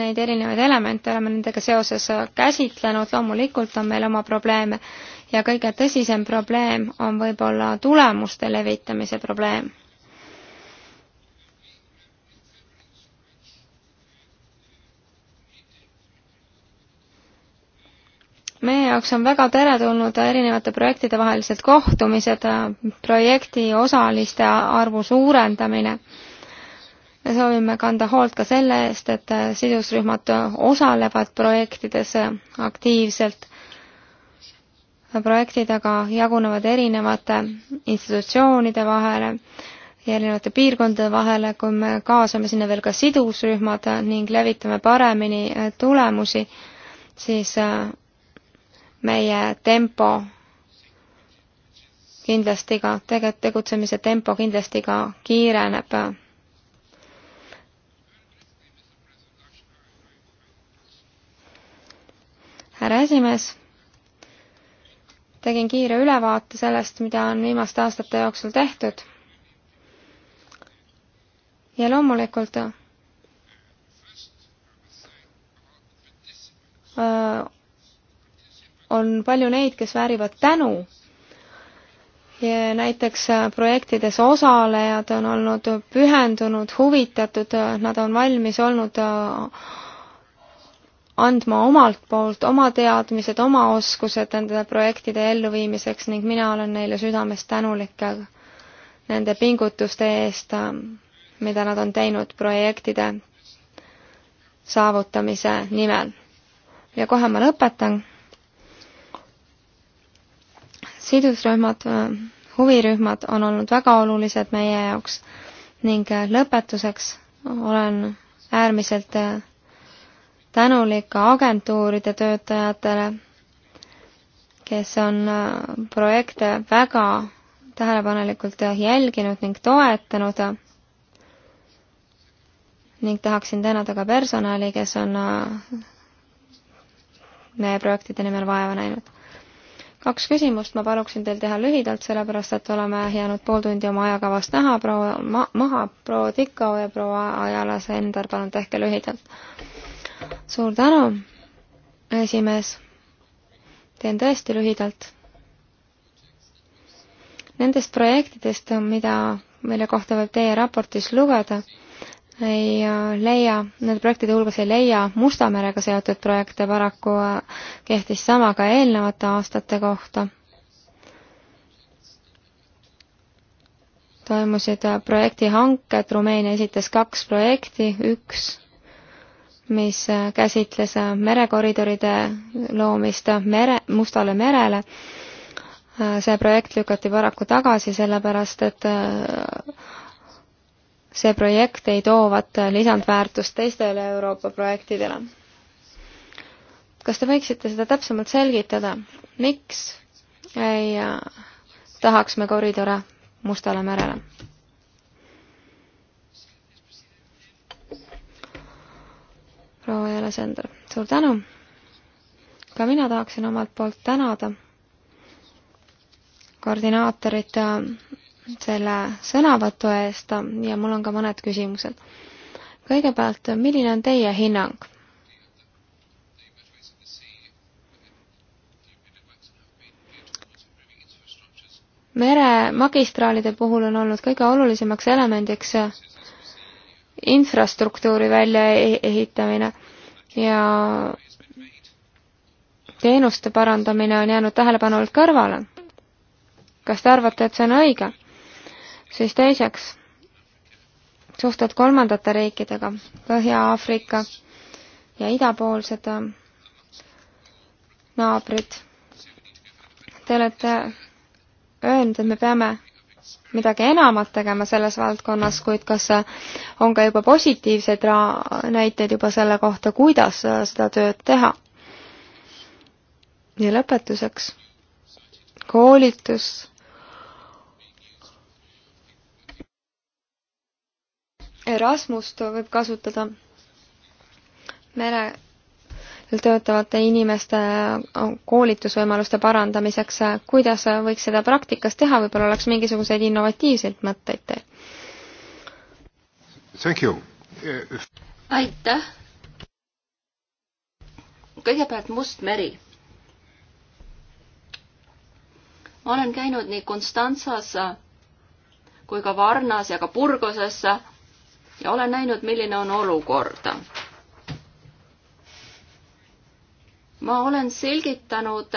neid erinevaid elemente oleme nendega seoses käsitlenud, loomulikult on meil oma probleeme ja kõige tõsisem probleem on võib-olla tulemuste levitamise probleem meie jaoks on väga teretulnud erinevate projektide vahelised kohtumised, projekti osaliste arvu suurendamine. me soovime kanda hoolt ka selle eest, et sidusrühmad osalevad projektides aktiivselt. projektid aga jagunevad erinevate institutsioonide vahele ja erinevate piirkondade vahele, kui me kaasame sinna veel ka sidusrühmad ning levitame paremini tulemusi, siis meie tempo kindlasti ka, tege-, tegutsemise tempo kindlasti ka kiireneb. härra esimees, tegin kiire ülevaate sellest, mida on viimaste aastate jooksul tehtud. ja loomulikult öö, äh, on palju neid, kes väärivad tänu. näiteks äh, projektides osalejad on olnud pühendunud, huvitatud, äh, nad on valmis olnud äh, andma omalt poolt oma teadmised, oma oskused nende projektide elluviimiseks ning mina olen neile südamest tänulik nende pingutuste eest, mida nad on teinud projektide saavutamise nimel. ja kohe ma lõpetan sidusrühmad, äh, huvirühmad on olnud väga olulised meie jaoks ning äh, lõpetuseks olen äärmiselt äh, tänulik agentuuride töötajatele, kes on projekte väga tähelepanelikult jälginud ning toetanud ning tahaksin tänada ka personali, kes on meie projektide nimel vaeva näinud kaks küsimust ma paluksin teil teha lühidalt, sellepärast et oleme jäänud pool tundi oma ajakavast näha, proua ma, maha, proua Tikao ja proua Ajala Sender, palun tehke lühidalt. suur tänu, esimees. teen tõesti lühidalt. Nendest projektidest, mida, mille kohta võib teie raportis lugeda ei äh, leia, nende projektide hulgas ei leia Musta merega seotud projekte, paraku äh, kehtis sama ka eelnevate aastate kohta. toimusid äh, projektihanked, Rumeenia esitas kaks projekti, üks mis käsitles merekoridoride loomist mere, Mustale merele. see projekt lükati paraku tagasi, sellepärast et see projekt ei toovat lisandväärtust teistele Euroopa projektidele. kas te võiksite seda täpsemalt selgitada, miks ei äh, tahaks me koridore Mustale merele? proua Jele Sender, suur tänu! ka mina tahaksin omalt poolt tänada koordinaatorite selle sõnavõtu eest ja mul on ka mõned küsimused. kõigepealt, milline on teie hinnang? meremagistraalide puhul on olnud kõige olulisemaks elemendiks infrastruktuuri väljaehitamine ja teenuste parandamine on jäänud tähelepanu alt kõrvale. kas te arvate, et see on õige? siis teiseks, suhted kolmandate riikidega, Põhja-Aafrika ja idapoolsed äh, naabrid. Te olete öelnud, et me peame midagi enamat tegema selles valdkonnas, kuid kas äh, on ka juba positiivseid näiteid juba selle kohta, kuidas äh, seda tööd teha? ja lõpetuseks koolitus Erasmust võib kasutada merel töötavate inimeste koolitusvõimaluste parandamiseks. kuidas võiks seda praktikas teha, võib-olla oleks mingisuguseid innovatiivseid mõtteid teil? aitäh! kõigepealt Mustmeri. olen käinud nii Konstantsas kui ka Varnas ja ka Burgosesse ja olen näinud, milline on olukord. ma olen selgitanud,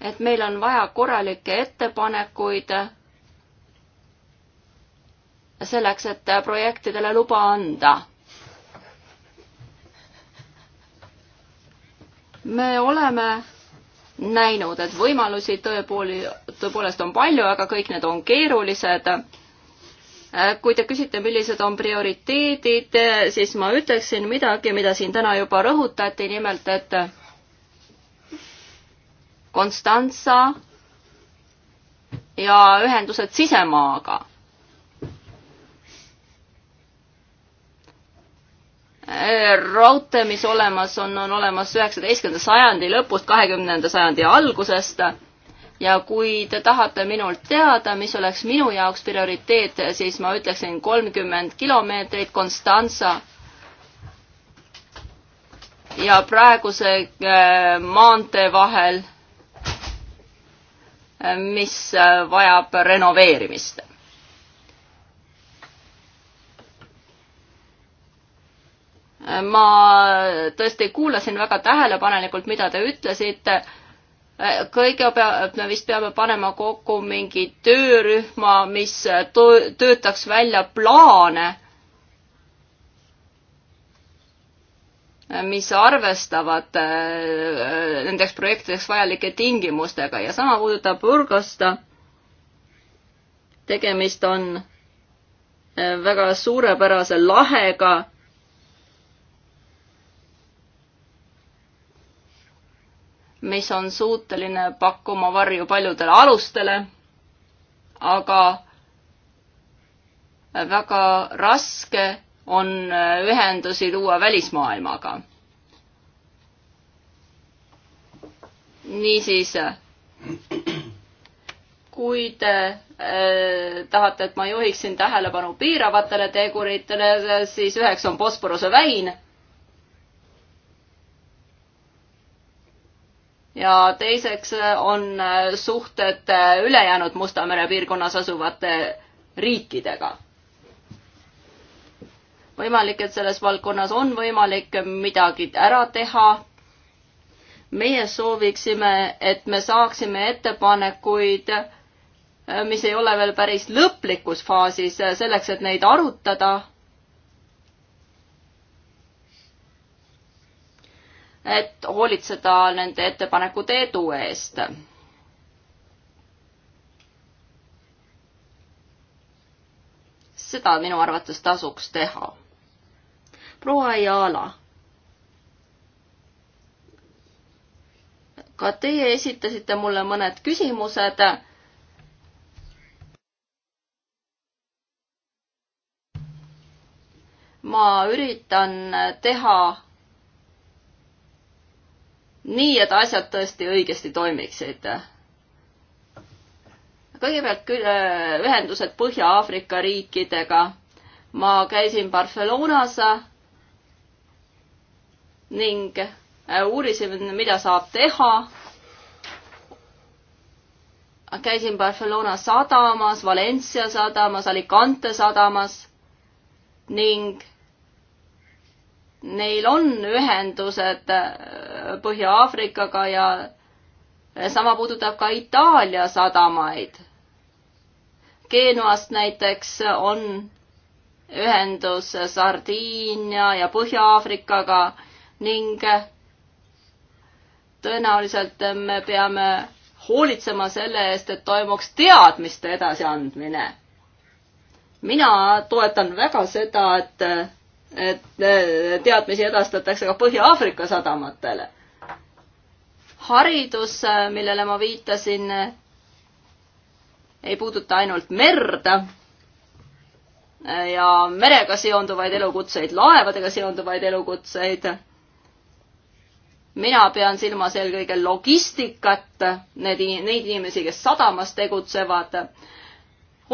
et meil on vaja korralikke ettepanekuid selleks, et projektidele luba anda me oleme näinud, et võimalusi tõepooli, tõepoolest on palju, aga kõik need on keerulised. Äh, kui te küsite, millised on prioriteedid, äh, siis ma ütleksin midagi, mida siin täna juba rõhutati, nimelt et Konstantsa ja ühendused sisemaaga. Äh, raudtee, mis olemas on, on olemas üheksateistkümnenda sajandi lõpust, kahekümnenda sajandi algusest ja kui te tahate minult teada, mis oleks minu jaoks prioriteet, siis ma ütleksin kolmkümmend kilomeetrit Konstanza. ja praeguse äh, maantee vahel, äh, mis äh, vajab renoveerimist ma tõesti kuulasin väga tähelepanelikult, mida te ütlesite kõigepealt me vist peame panema kokku mingi töörühma, mis töötaks välja plaane, mis arvestavad äh, nendeks projektideks vajalike tingimustega ja sama puudutab Urgasta. tegemist on äh, väga suurepärase lahega mis on suuteline pakkuma varju paljudele alustele, aga väga raske on äh, ühendusi luua välismaailmaga. niisiis, kui te äh, tahate, et ma juhiksin tähelepanu piiravatele teguritele, siis üheks on fosforuse väin ja teiseks eh, on eh, suhted eh, ülejäänud Musta mere piirkonnas asuvate riikidega. võimalik, et selles valdkonnas on võimalik midagi ära teha. meie sooviksime, et me saaksime ettepanekuid, mis ei ole veel päris lõplikus faasis, selleks, et neid arutada et hoolitseda nende ettepanekute edu eest. seda minu arvates tasuks teha. proua Jaala. ka teie esitasite mulle mõned küsimused ma üritan teha nii, et asjad tõesti õigesti toimiksid. kõigepealt küll äh, ühendused Põhja-Aafrika riikidega. ma käisin Barcelonas äh, ning äh, uurisin, mida saab teha. käisin Barcelona sadamas, Valencia sadamas, Alicante sadamas ning neil on ühendused äh, Põhja-Aafrikaga ja sama puudutab ka Itaalia sadamaid. Genuast näiteks on ühendus Sardiinia ja Põhja-Aafrikaga ning tõenäoliselt me peame hoolitsema selle eest, et toimuks teadmiste edasiandmine. mina toetan väga seda, et et eh, teadmisi edastatakse ka Põhja-Aafrika sadamatele. haridus, eh, millele ma viitasin, eh, ei puuduta ainult merd ja merega seonduvaid elukutseid, laevadega seonduvaid elukutseid. mina pean silmas eelkõige logistikat, need, neid inimesi, kes sadamas tegutsevad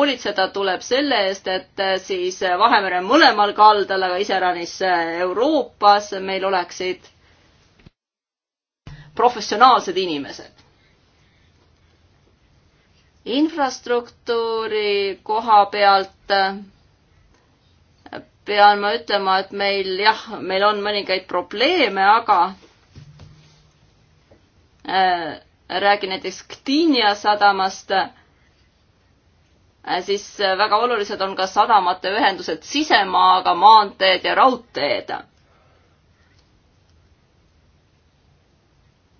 hoolitseda tuleb selle eest, et äh, siis äh, Vahemere mõlemal kaldal, aga iseäranis äh, Euroopas meil oleksid professionaalsed inimesed. infrastruktuuri koha pealt pean ma ütlema, et meil jah, meil on mõningaid probleeme, aga äh, räägin näiteks Ktiinia sadamast äh, Äh, siis äh, väga olulised on ka sadamate ühendused sisemaaga, maanteed ja raudteed.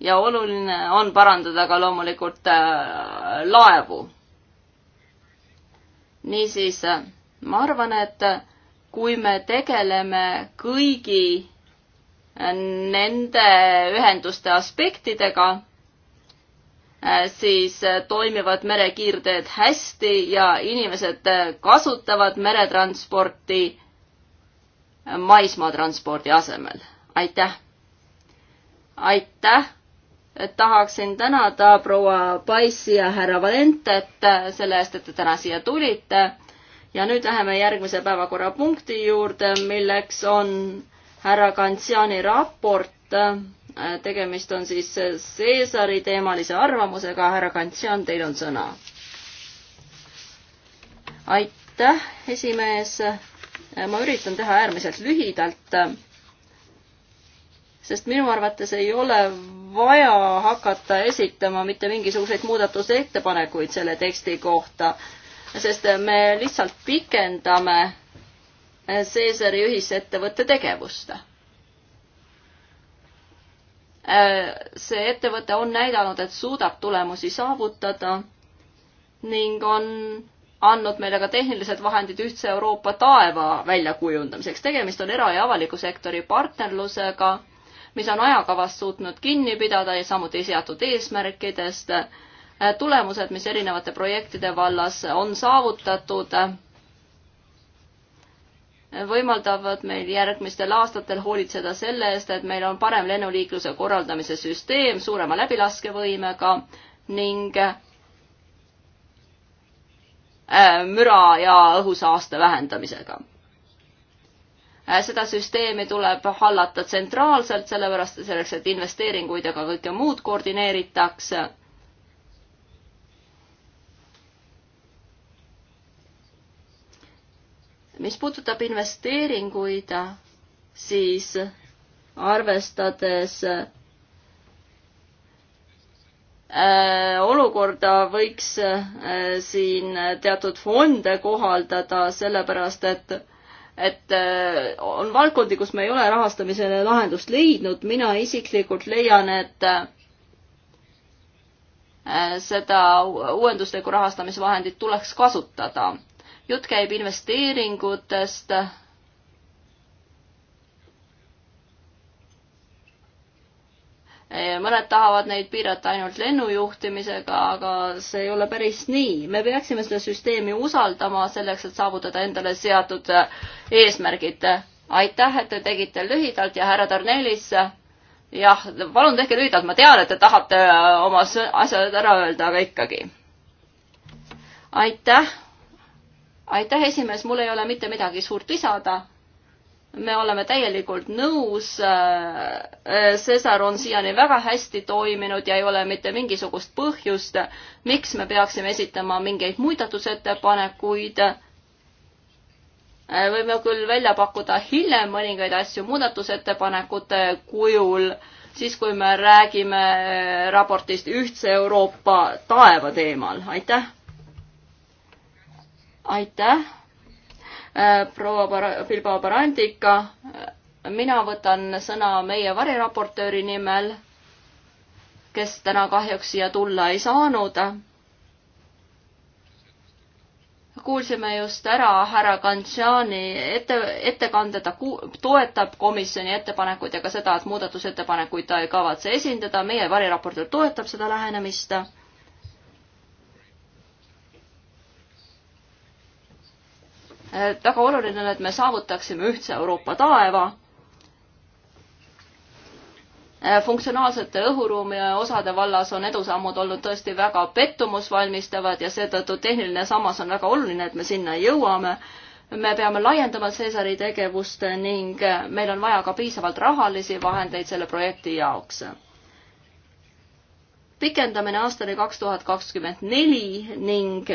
ja oluline on parandada ka loomulikult äh, laevu. niisiis, ma arvan, et kui me tegeleme kõigi nende ühenduste aspektidega Äh, siis äh, toimivad merekiirteed hästi ja inimesed äh, kasutavad meretransporti maismaatranspordi asemel. aitäh! aitäh! tahaksin tänada proua Paisi ja härra Valentet selle eest, et te täna siia tulite. ja nüüd läheme järgmise päevakorrapunkti juurde, milleks on härra Kantsiani raport tegemist on siis Seesari teemalise arvamusega, härra Kantsian, teil on sõna. aitäh, esimees. ma üritan teha äärmiselt lühidalt, sest minu arvates ei ole vaja hakata esitama mitte mingisuguseid muudatusettepanekuid selle teksti kohta, sest me lihtsalt pikendame Seesari ühisettevõtte tegevust Äh, see ettevõte on näidanud, et suudab tulemusi saavutada ning on andnud meile ka tehnilised vahendid ühtse Euroopa taeva väljakujundamiseks. tegemist on era- ja avaliku sektori partnerlusega, mis on ajakavast suutnud kinni pidada ja samuti seatud eesmärkidest. Äh, tulemused, mis erinevate projektide vallas on saavutatud võimaldavad meil järgmistel aastatel hoolitseda selle eest, et meil on parem lennuliikluse korraldamise süsteem suurema läbilaskevõimega ning äh, müra ja õhusaaste vähendamisega. Äh, seda süsteemi tuleb hallata tsentraalselt, sellepärast selleks, et investeeringuid ja ka kõike muud koordineeritakse mis puudutab investeeringuid, siis arvestades äh, olukorda võiks äh, siin teatud fonde kohaldada, sellepärast et, et äh, on valdkondi, kus me ei ole rahastamisele lahendust leidnud, mina isiklikult leian, et seda uuenduslikku rahastamisvahendit tuleks kasutada jutt käib investeeringutest. mõned tahavad neid piirata ainult lennujuhtimisega, aga see ei ole päris nii. me peaksime seda süsteemi usaldama selleks, et saavutada endale seatud eesmärgid. aitäh, et te tegite lühidalt ja härra Tarnelis jah, palun tehke lühidalt, ma tean, et te tahate oma asjad ära öelda, aga ikkagi. aitäh aitäh, esimees, mul ei ole mitte midagi suurt lisada. me oleme täielikult nõus. Äh, äh, Cesar on siiani väga hästi toiminud ja ei ole mitte mingisugust põhjust, miks me peaksime esitama mingeid muudatusettepanekuid äh, võime küll välja pakkuda hiljem mõningaid asju muudatusettepanekute kujul, siis kui me räägime raportist Ühtse Euroopa taeva teemal, aitäh! aitäh, äh, proua Bilbao Barandika. mina võtan sõna meie variraportööri nimel, kes täna kahjuks siia tulla ei saanud. kuulsime just ära härra Kantšani ette, ettekande, ta ku-, toetab komisjoni ettepanekuid ja ka seda, et muudatusettepanekuid ta ei kavatse esindada, meie variraportöör toetab seda lähenemist väga oluline on, et me saavutaksime ühtse Euroopa taeva äh, funktsionaalsete õhuruumi osade vallas on edusammud olnud tõesti väga pettumusvalmistavad ja seetõttu tehniline sammas on väga oluline, et me sinna jõuame. me peame laiendama Cäsari tegevust ning äh, meil on vaja ka piisavalt rahalisi vahendeid selle projekti jaoks. pikendamine aastani kaks tuhat kakskümmend neli ning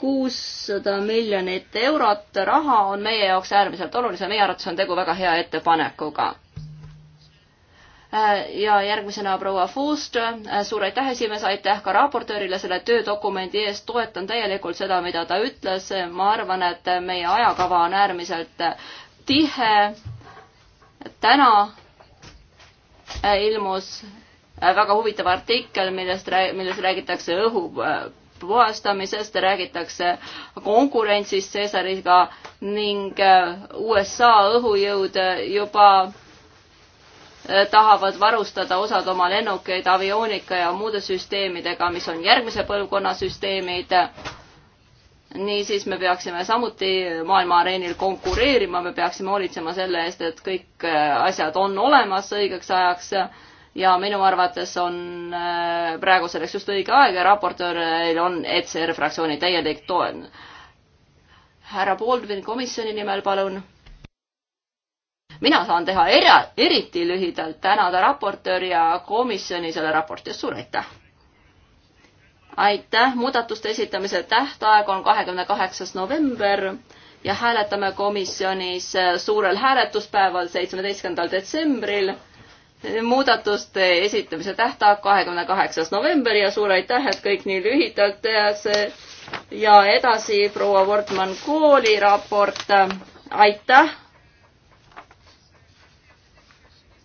kuussada miljonit eurot raha on meie jaoks äärmiselt oluline, meie arvates on tegu väga hea ettepanekuga. Äh, ja järgmisena proua Foster, äh, suur aitäh esimees, aitäh ka raportöörile selle töödokumendi eest, toetan täielikult seda, mida ta ütles, ma arvan, et meie ajakava on äärmiselt tihe. täna äh, ilmus väga huvitav artikkel, millest, milles räägitakse õhu puhastamisest, räägitakse konkurentsist Caesariga ning äh, USA õhujõud äh, juba äh, tahavad varustada osad oma lennukeid avioonika ja muude süsteemidega, mis on järgmise põlvkonna süsteemid. niisiis me peaksime samuti maailma areenil konkureerima, me peaksime hoolitsema selle eest, et kõik asjad on olemas õigeks ajaks ja minu arvates on äh, praegu selleks just õige aeg ja raportööril on ECR fraktsiooni täielik toen. härra Baldwin komisjoni nimel, palun. mina saan teha era-, eriti lühidalt tänada raportööri ja komisjoni selle raporti eest, suur aitäh! aitäh, muudatuste esitamise tähtaeg on kahekümne kaheksas november ja hääletame komisjonis suurel hääletuspäeval, seitsmeteistkümnendal detsembril muudatuste esitamise tähtaeg kahekümne kaheksas november ja suur aitäh, et kõik nii lühidalt see ja edasi proua Wortmann kooli raport, aitäh.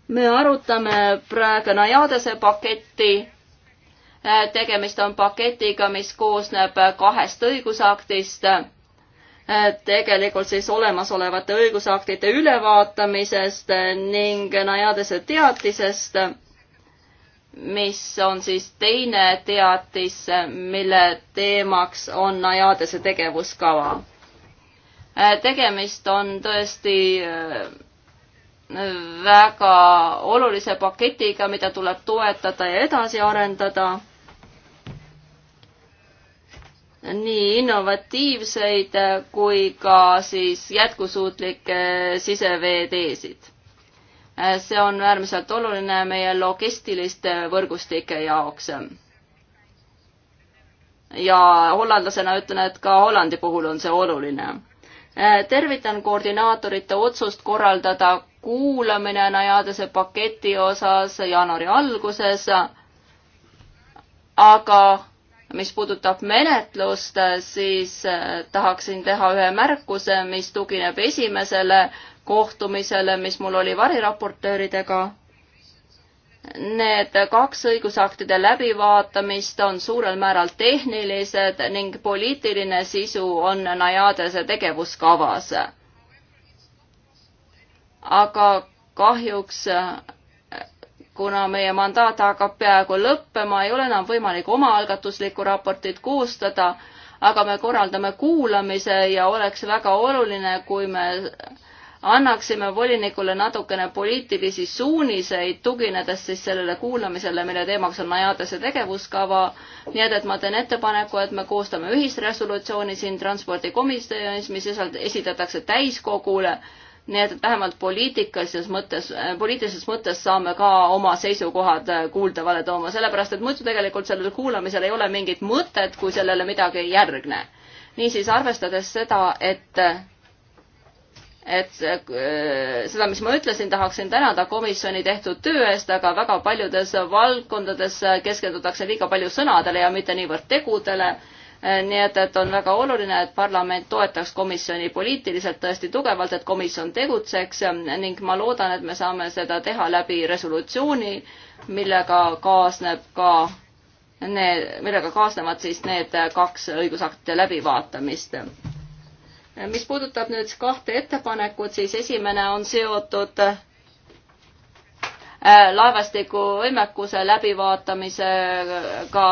me arutame praegu Najadese paketti. tegemist on paketiga, mis koosneb kahest õigusaktist Äh, tegelikult siis olemasolevate õigusaktide ülevaatamisest ning Najadese teatisest, mis on siis teine teatis, mille teemaks on Najadese tegevuskava. Äh, tegemist on tõesti äh, väga olulise paketiga, mida tuleb toetada ja edasi arendada nii innovatiivseid kui ka siis jätkusuutlikke siseveeteesid. see on äärmiselt oluline meie logistiliste võrgustike jaoks. ja hollandlasena ütlen, et ka Hollandi puhul on see oluline. tervitan koordinaatorite otsust korraldada kuulamine Najadese paketi osas jaanuari alguses, aga mis puudutab menetlust, siis äh, tahaksin teha ühe märkuse, mis tugineb esimesele kohtumisele, mis mul oli variraportööridega. Need kaks õigusaktide läbivaatamist on suurel määral tehnilised ning poliitiline sisu on Najadese tegevuskavas. aga kahjuks kuna meie mandaat hakkab peaaegu lõppema, ei ole enam võimalik omaalgatuslikku raportit koostada, aga me korraldame kuulamise ja oleks väga oluline, kui me annaksime volinikule natukene poliitilisi suuniseid, tuginedes siis sellele kuulamisele, mille teemaks on Najadese tegevuskava. nii et, et ma teen ettepaneku, et me koostame ühisresolutsiooni siin transpordikomisjonis, mis esitatakse täiskogule nii et vähemalt poliitikas mõttes, äh, poliitilises mõttes saame ka oma seisukohad äh, kuuldavale tooma, sellepärast et muidu tegelikult sellel kuulamisel ei ole mingit mõtet, kui sellele midagi ei järgne. niisiis, arvestades seda, et et äh, seda, mis ma ütlesin, tahaksin tänada komisjoni tehtud töö eest, aga väga paljudes valdkondades keskendutakse liiga palju sõnadele ja mitte niivõrd tegudele Äh, nii et, et on väga oluline, et parlament toetaks komisjoni poliitiliselt tõesti tugevalt, et komisjon tegutseks ähm, ning ma loodan, et me saame seda teha läbi resolutsiooni, millega kaasneb ka need, millega kaasnevad siis need kaks õigusaktide läbivaatamist äh, mis puudutab nüüd kahte ettepanekut, siis esimene on seotud äh, laevastiku võimekuse läbivaatamisega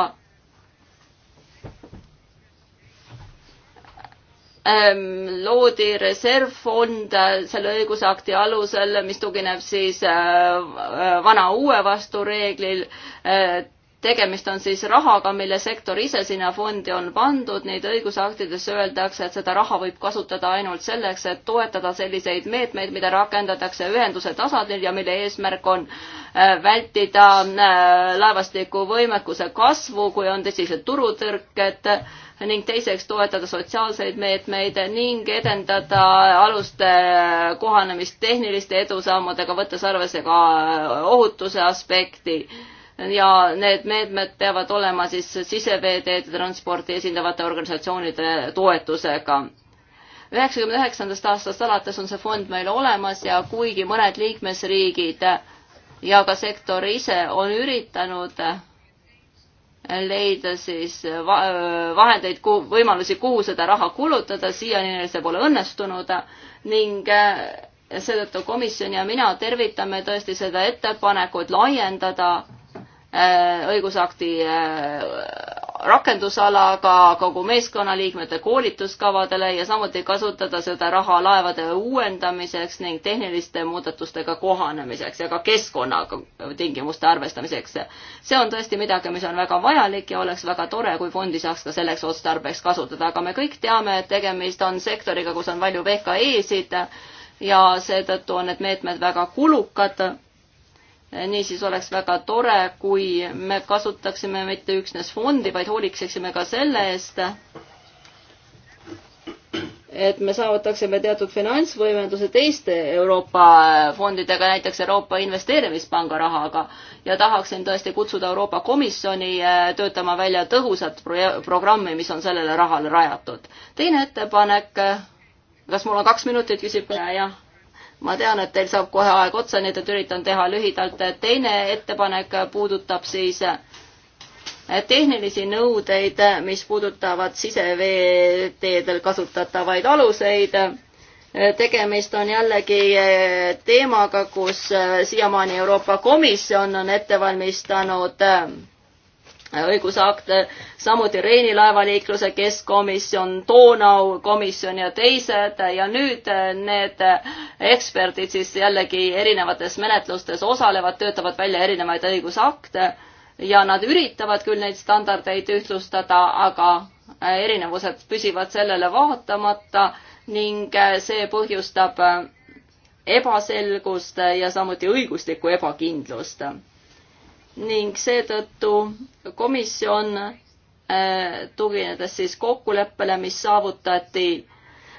Ähm, loodi reservfond äh, selle õigusakti alusel, mis tugineb siis äh, äh, vana uue vastu reeglil. tegemist on siis rahaga, mille sektor ise sinna fondi on pandud, neid õigusaktides öeldakse, et seda raha võib kasutada ainult selleks, et toetada selliseid meetmeid, mida rakendatakse ühenduse tasandil ja mille eesmärk on vältida laevastiku võimekuse kasvu, kui on tõsised turutõrked ning teiseks toetada sotsiaalseid meetmeid ning edendada aluste kohanemist tehniliste edusammudega, võttes arvesse ka ohutuse aspekti ja need meetmed peavad olema siis siseveeteede transporti esindavate organisatsioonide toetusega. üheksakümne üheksandast aastast alates on see fond meil olemas ja kuigi mõned liikmesriigid ja ka sektor ise on üritanud leida siis vahendeid, kuhu, võimalusi, kuhu seda raha kulutada, siiani neil see pole õnnestunud ning äh, seetõttu komisjon ja mina tervitame tõesti seda ettepanekut laiendada äh, õigusakti äh, rakendusalaga kogu meeskonnaliikmete koolituskavadele ja samuti kasutada seda raha laevade uuendamiseks ning tehniliste muudatustega kohanemiseks ja ka keskkonnatingimuste arvestamiseks. see on tõesti midagi, mis on väga vajalik ja oleks väga tore, kui fondi saaks ka selleks otstarbeks kasutada, aga me kõik teame, et tegemist on sektoriga, kus on palju VKE-sid ja seetõttu on need meetmed väga kulukad niisiis oleks väga tore, kui me kasutaksime mitte üksnes fondi, vaid hoolitseksime ka selle eest, et me saavutaksime teatud finantsvõimenduse teiste Euroopa fondidega, näiteks Euroopa Investeerimispanga rahaga ja tahaksin tõesti kutsuda Euroopa Komisjoni eh, töötama välja tõhusat pro programmi, mis on sellele rahale rajatud. teine ettepanek, eh, kas mul on kaks minutit, küsib kõneleja? jah ma tean, et teil saab kohe aeg otsa, nii et üritan teha lühidalt. teine ettepanek puudutab siis eh, tehnilisi nõudeid, mis puudutavad siseveeteedel kasutatavaid aluseid. tegemist on jällegi eh, teemaga, kus eh, siiamaani Euroopa Komisjon on ette valmistanud Äh, õigusakte, samuti Reini laevaliikluse keskkomisjon, Donau komisjon ja teised ja nüüd äh, need äh, eksperdid siis jällegi erinevates menetlustes osalevad, töötavad välja erinevaid õigusakte ja nad üritavad küll neid standardeid ühtlustada, aga erinevused püsivad sellele vaatamata ning see põhjustab ebaselgust ja samuti õiguslikku ebakindlust ning seetõttu komisjon äh, tuginedes siis kokkuleppele, mis saavutati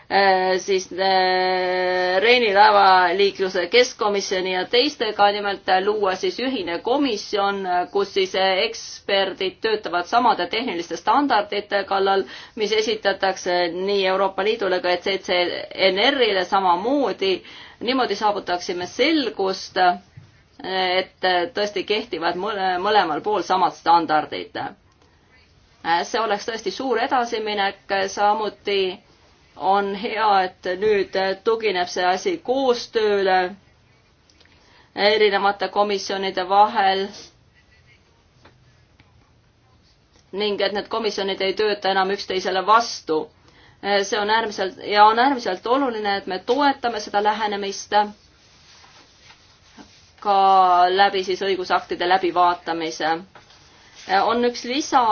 äh, siis äh, Reini laevaliikluse keskkomisjoni ja teistega, nimelt luua siis ühine komisjon, kus siis eksperdid töötavad samade tehniliste standardite kallal, mis esitatakse nii Euroopa Liidule kui CCNR-ile samamoodi. niimoodi saavutaksime selgust et äh, tõesti kehtivad mõlemal pool samad standardid. Äh, see oleks tõesti suur edasiminek, samuti on hea, et nüüd tugineb see asi koostööle erinevate komisjonide vahel ning et need komisjonid ei tööta enam üksteisele vastu. Äh, see on äärmiselt ja on äärmiselt oluline, et me toetame seda lähenemist ka läbi siis õigusaktide läbivaatamise. on üks lisa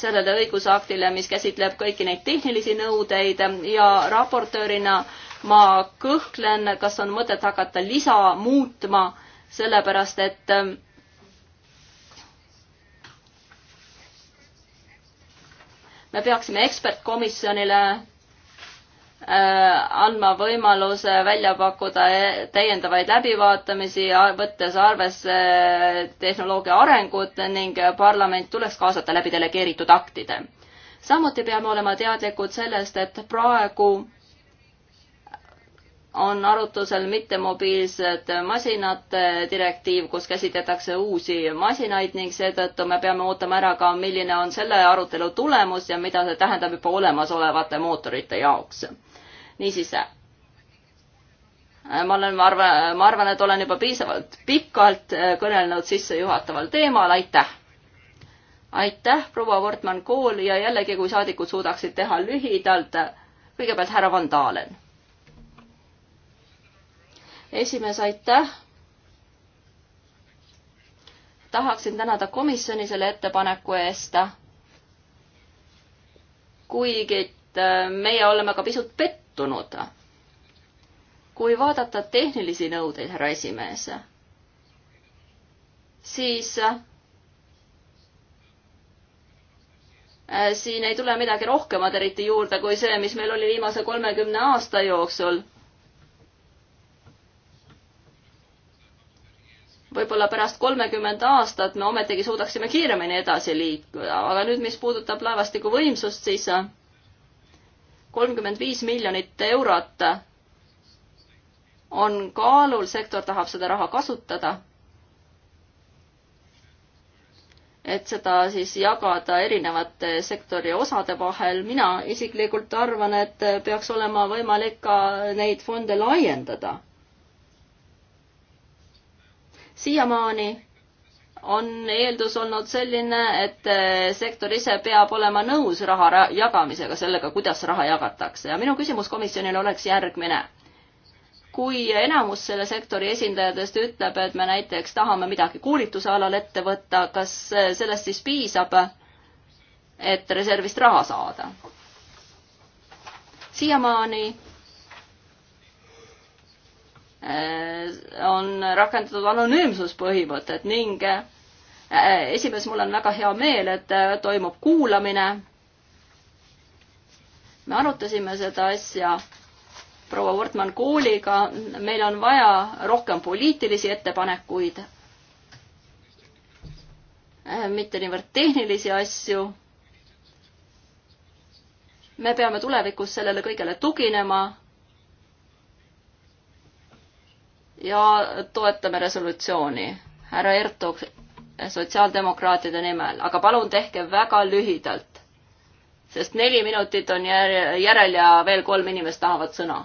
sellele õigusaktile, mis käsitleb kõiki neid tehnilisi nõudeid ja raportöörina ma kõhklen, kas on mõtet hakata lisa muutma, sellepärast et me peaksime ekspertkomisjonile Äh, andma võimaluse välja pakkuda e- täiendavaid läbivaatamisi, võttes arvesse äh, tehnoloogia arengut ning parlament tuleks kaasata läbi delegeeritud aktide. samuti peame olema teadlikud sellest, et praegu on arutusel mittemobiilsed masinad direktiiv, kus käsitletakse uusi masinaid ning seetõttu me peame ootama ära ka, milline on selle arutelu tulemus ja mida see tähendab juba olemasolevate mootorite jaoks niisiis, ma olen, ma arvan, ma arvan, et olen juba piisavalt pikalt äh, kõnelenud sissejuhataval teemal, aitäh! aitäh, proua Wortmann Kool ja jällegi, kui saadikud suudaksid teha lühidalt, kõigepealt härra Van Dalen. esimees, aitäh! tahaksin tänada komisjoni selle ettepaneku eest. kuigi äh, meie oleme ka pisut pettunud muutunud. kui vaadata tehnilisi nõudeid, härra esimees, siis äh, siin ei tule midagi rohkemat eriti juurde kui see, mis meil oli viimase kolmekümne aasta jooksul. võib-olla pärast kolmekümmend aastat me ometigi suudaksime kiiremini edasi liikuda, aga nüüd, mis puudutab laevastiku võimsust, siis kolmkümmend viis miljonit eurot on kaalul, sektor tahab seda raha kasutada. et seda siis jagada erinevate sektori osade vahel. mina isiklikult arvan, et peaks olema võimalik ka neid fonde laiendada. siiamaani on eeldus olnud selline, et äh, sektor ise peab olema nõus raha jagamisega, sellega, kuidas raha jagatakse ja minu küsimus komisjonile oleks järgmine. kui enamus selle sektori esindajatest ütleb, et me näiteks tahame midagi koolituse alal ette võtta, kas äh, sellest siis piisab, et reservist raha saada? siiamaani Äh, on rakendatud anonüümsuspõhimõtet ning äh, esimees, mul on väga hea meel, et äh, toimub kuulamine. me arutasime seda asja proua Wortmann kooliga, meil on vaja rohkem poliitilisi ettepanekuid, mitte niivõrd tehnilisi asju. me peame tulevikus sellele kõigele tuginema ja toetame resolutsiooni. härra Ertug sotsiaaldemokraatide nimel, aga palun tehke väga lühidalt, sest neli minutit on järel ja veel kolm inimest tahavad sõna.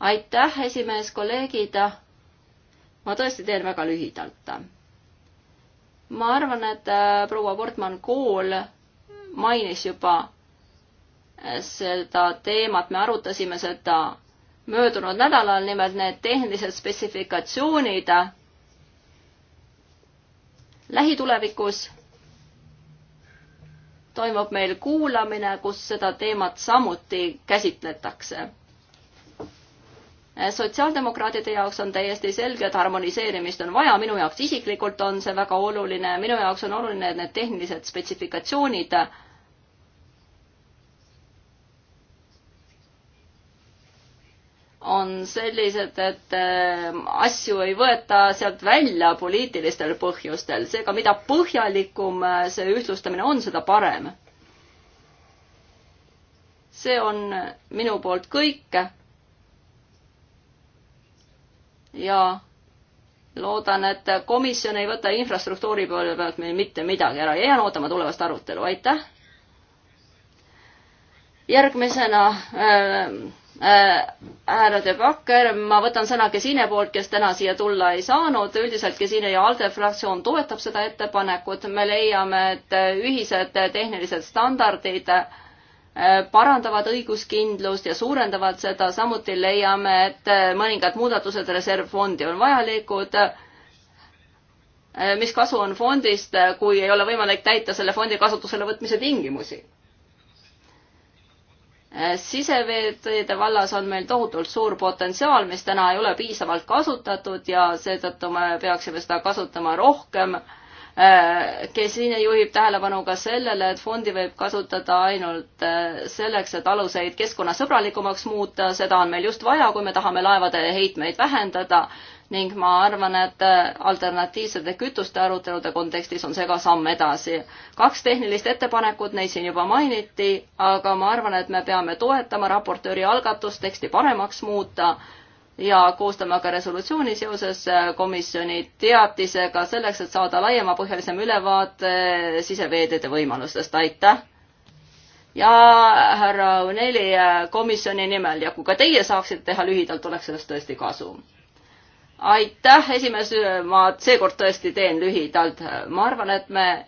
aitäh, esimees, kolleegid. ma tõesti teen väga lühidalt. ma arvan, et äh, proua Portman Kool mainis juba äh, seda teemat, me arutasime seda möödunud nädalal, nimelt need tehnilised spetsifikatsioonid lähitulevikus toimub meil kuulamine, kus seda teemat samuti käsitletakse. sotsiaaldemokraatide jaoks on täiesti selge, et harmoniseerimist on vaja, minu jaoks isiklikult on see väga oluline, minu jaoks on oluline, et need tehnilised spetsifikatsioonid äh, on sellised, et ähm, asju ei võeta sealt välja poliitilistel põhjustel, seega mida põhjalikum äh, see ühtlustamine on, seda parem. see on minu poolt kõik. ja loodan, et komisjon ei võta infrastruktuuri poole pealt meil mitte midagi ära, jään ootama tulevast arutelu, aitäh. järgmisena äh, Äh, härra De Backer, ma võtan sõna Gesine poolt, kes täna siia tulla ei saanud, üldiselt Gesine ja ALDE fraktsioon toetab seda ettepanekut, me leiame, et ühised tehnilised standardid äh, parandavad õiguskindlust ja suurendavad seda, samuti leiame, et mõningad muudatused reservfondi on vajalikud äh, mis kasu on fondist, kui ei ole võimalik täita selle fondi kasutusele võtmise tingimusi? Äh, siseveeteede vallas on meil tohutult suur potentsiaal, mis täna ei ole piisavalt kasutatud ja seetõttu me peaksime seda kasutama rohkem. Äh, Kesine juhib tähelepanu ka sellele, et fondi võib kasutada ainult äh, selleks, et aluseid keskkonnasõbralikumaks muuta, seda on meil just vaja, kui me tahame laevade heitmeid vähendada ning ma arvan, et äh, alternatiivsete kütuste arutelude kontekstis on see ka samm edasi. kaks tehnilist ettepanekut, neid siin juba mainiti, aga ma arvan, et me peame toetama raportööri algatust teksti paremaks muuta ja koostama ka resolutsiooni seoses äh, komisjoni teatisega selleks, et saada laiemapõhjalisem ülevaate äh, siseveeteede võimalustest, aitäh! ja härra Uneli komisjoni nimel ja kui ka teie saaksite teha lühidalt, oleks sellest tõesti kasu aitäh, esimees, ma seekord tõesti teen lühidalt. ma arvan, et me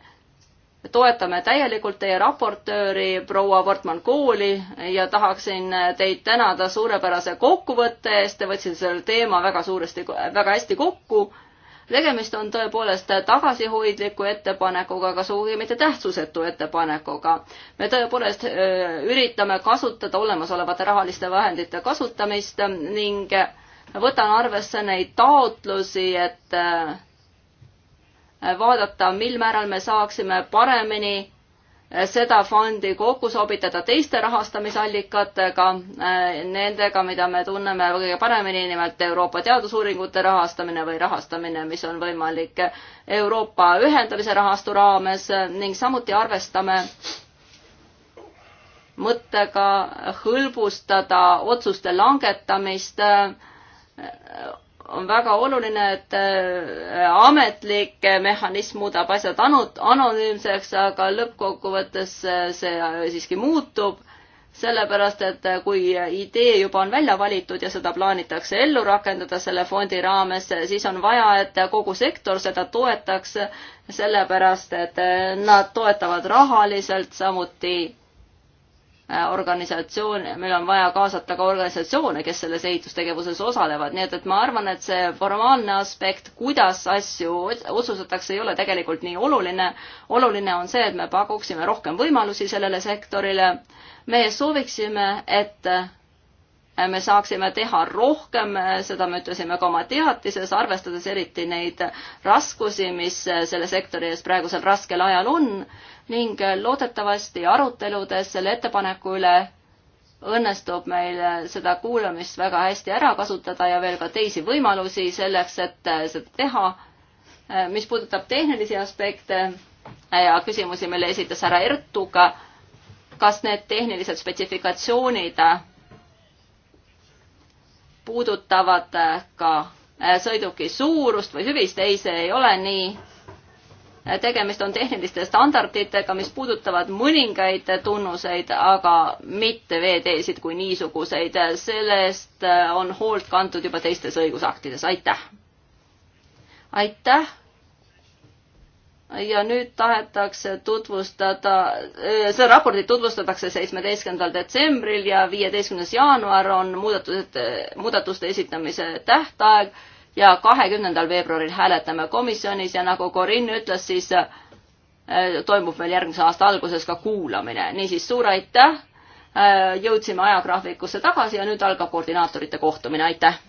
toetame täielikult teie raportööri proua Portman Kooli ja tahaksin teid tänada suurepärase kokkuvõtte eest, te võtsite selle teema väga suuresti, väga hästi kokku. tegemist on tõepoolest tagasihoidliku ettepanekuga, aga sugugi mitte tähtsusetu ettepanekuga. me tõepoolest äh, üritame kasutada olemasolevate rahaliste vahendite kasutamist ning võtan arvesse neid taotlusi, et äh, vaadata, mil määral me saaksime paremini äh, seda fondi kokku sobitada teiste rahastamisallikatega, äh, nendega, mida me tunneme kõige paremini, nimelt Euroopa teadusuuringute rahastamine või rahastamine, mis on võimalik Euroopa ühendamise rahastu raames ning samuti arvestame mõttega hõlbustada otsuste langetamist äh, on väga oluline, et äh, ametlik mehhanism muudab asjad anonüümseks, aga lõppkokkuvõttes äh, see äh, siiski muutub, sellepärast et kui idee juba on välja valitud ja seda plaanitakse ellu rakendada selle fondi raames, siis on vaja, et kogu sektor seda toetaks, sellepärast et nad toetavad rahaliselt, samuti Äh, organisatsioon, meil on vaja kaasata ka organisatsioone, kes selles ehitustegevuses osalevad, nii et, et ma arvan, et see formaalne aspekt, kuidas asju otsustatakse, ei ole tegelikult nii oluline. oluline on see, et me pakuksime rohkem võimalusi sellele sektorile. me sooviksime, et äh, me saaksime teha rohkem, äh, seda me ütlesime ka oma teatises, arvestades eriti neid raskusi, mis selle sektori ees praegusel raskel ajal on ning loodetavasti aruteludes selle ettepaneku üle õnnestub meil seda kuulamist väga hästi ära kasutada ja veel ka teisi võimalusi selleks, et seda teha. mis puudutab tehnilisi aspekte ja äh, küsimusi, mille esitas härra Ertuga, kas need tehnilised spetsifikatsioonid puudutavad ka äh, sõiduki suurust või hüvist, ei, see ei ole nii tegemist on tehniliste standarditega, mis puudutavad mõningaid tunnuseid, aga mitte veeteesid kui niisuguseid. sellest äh, on hoolt kantud juba teistes õigusaktides, aitäh! aitäh! ja nüüd tahetakse tutvustada, äh, seda raportit tutvustatakse seitsmeteistkümnendal detsembril ja viieteistkümnes jaanuar on muudatused, muudatuste esitamise tähtaeg ja kahekümnendal veebruaril hääletame komisjonis ja nagu Corinne ütles, siis äh, toimub meil järgmise aasta alguses ka kuulamine. niisiis, suur aitäh, äh, jõudsime ajagraafikusse tagasi ja nüüd algab koordinaatorite kohtumine, aitäh!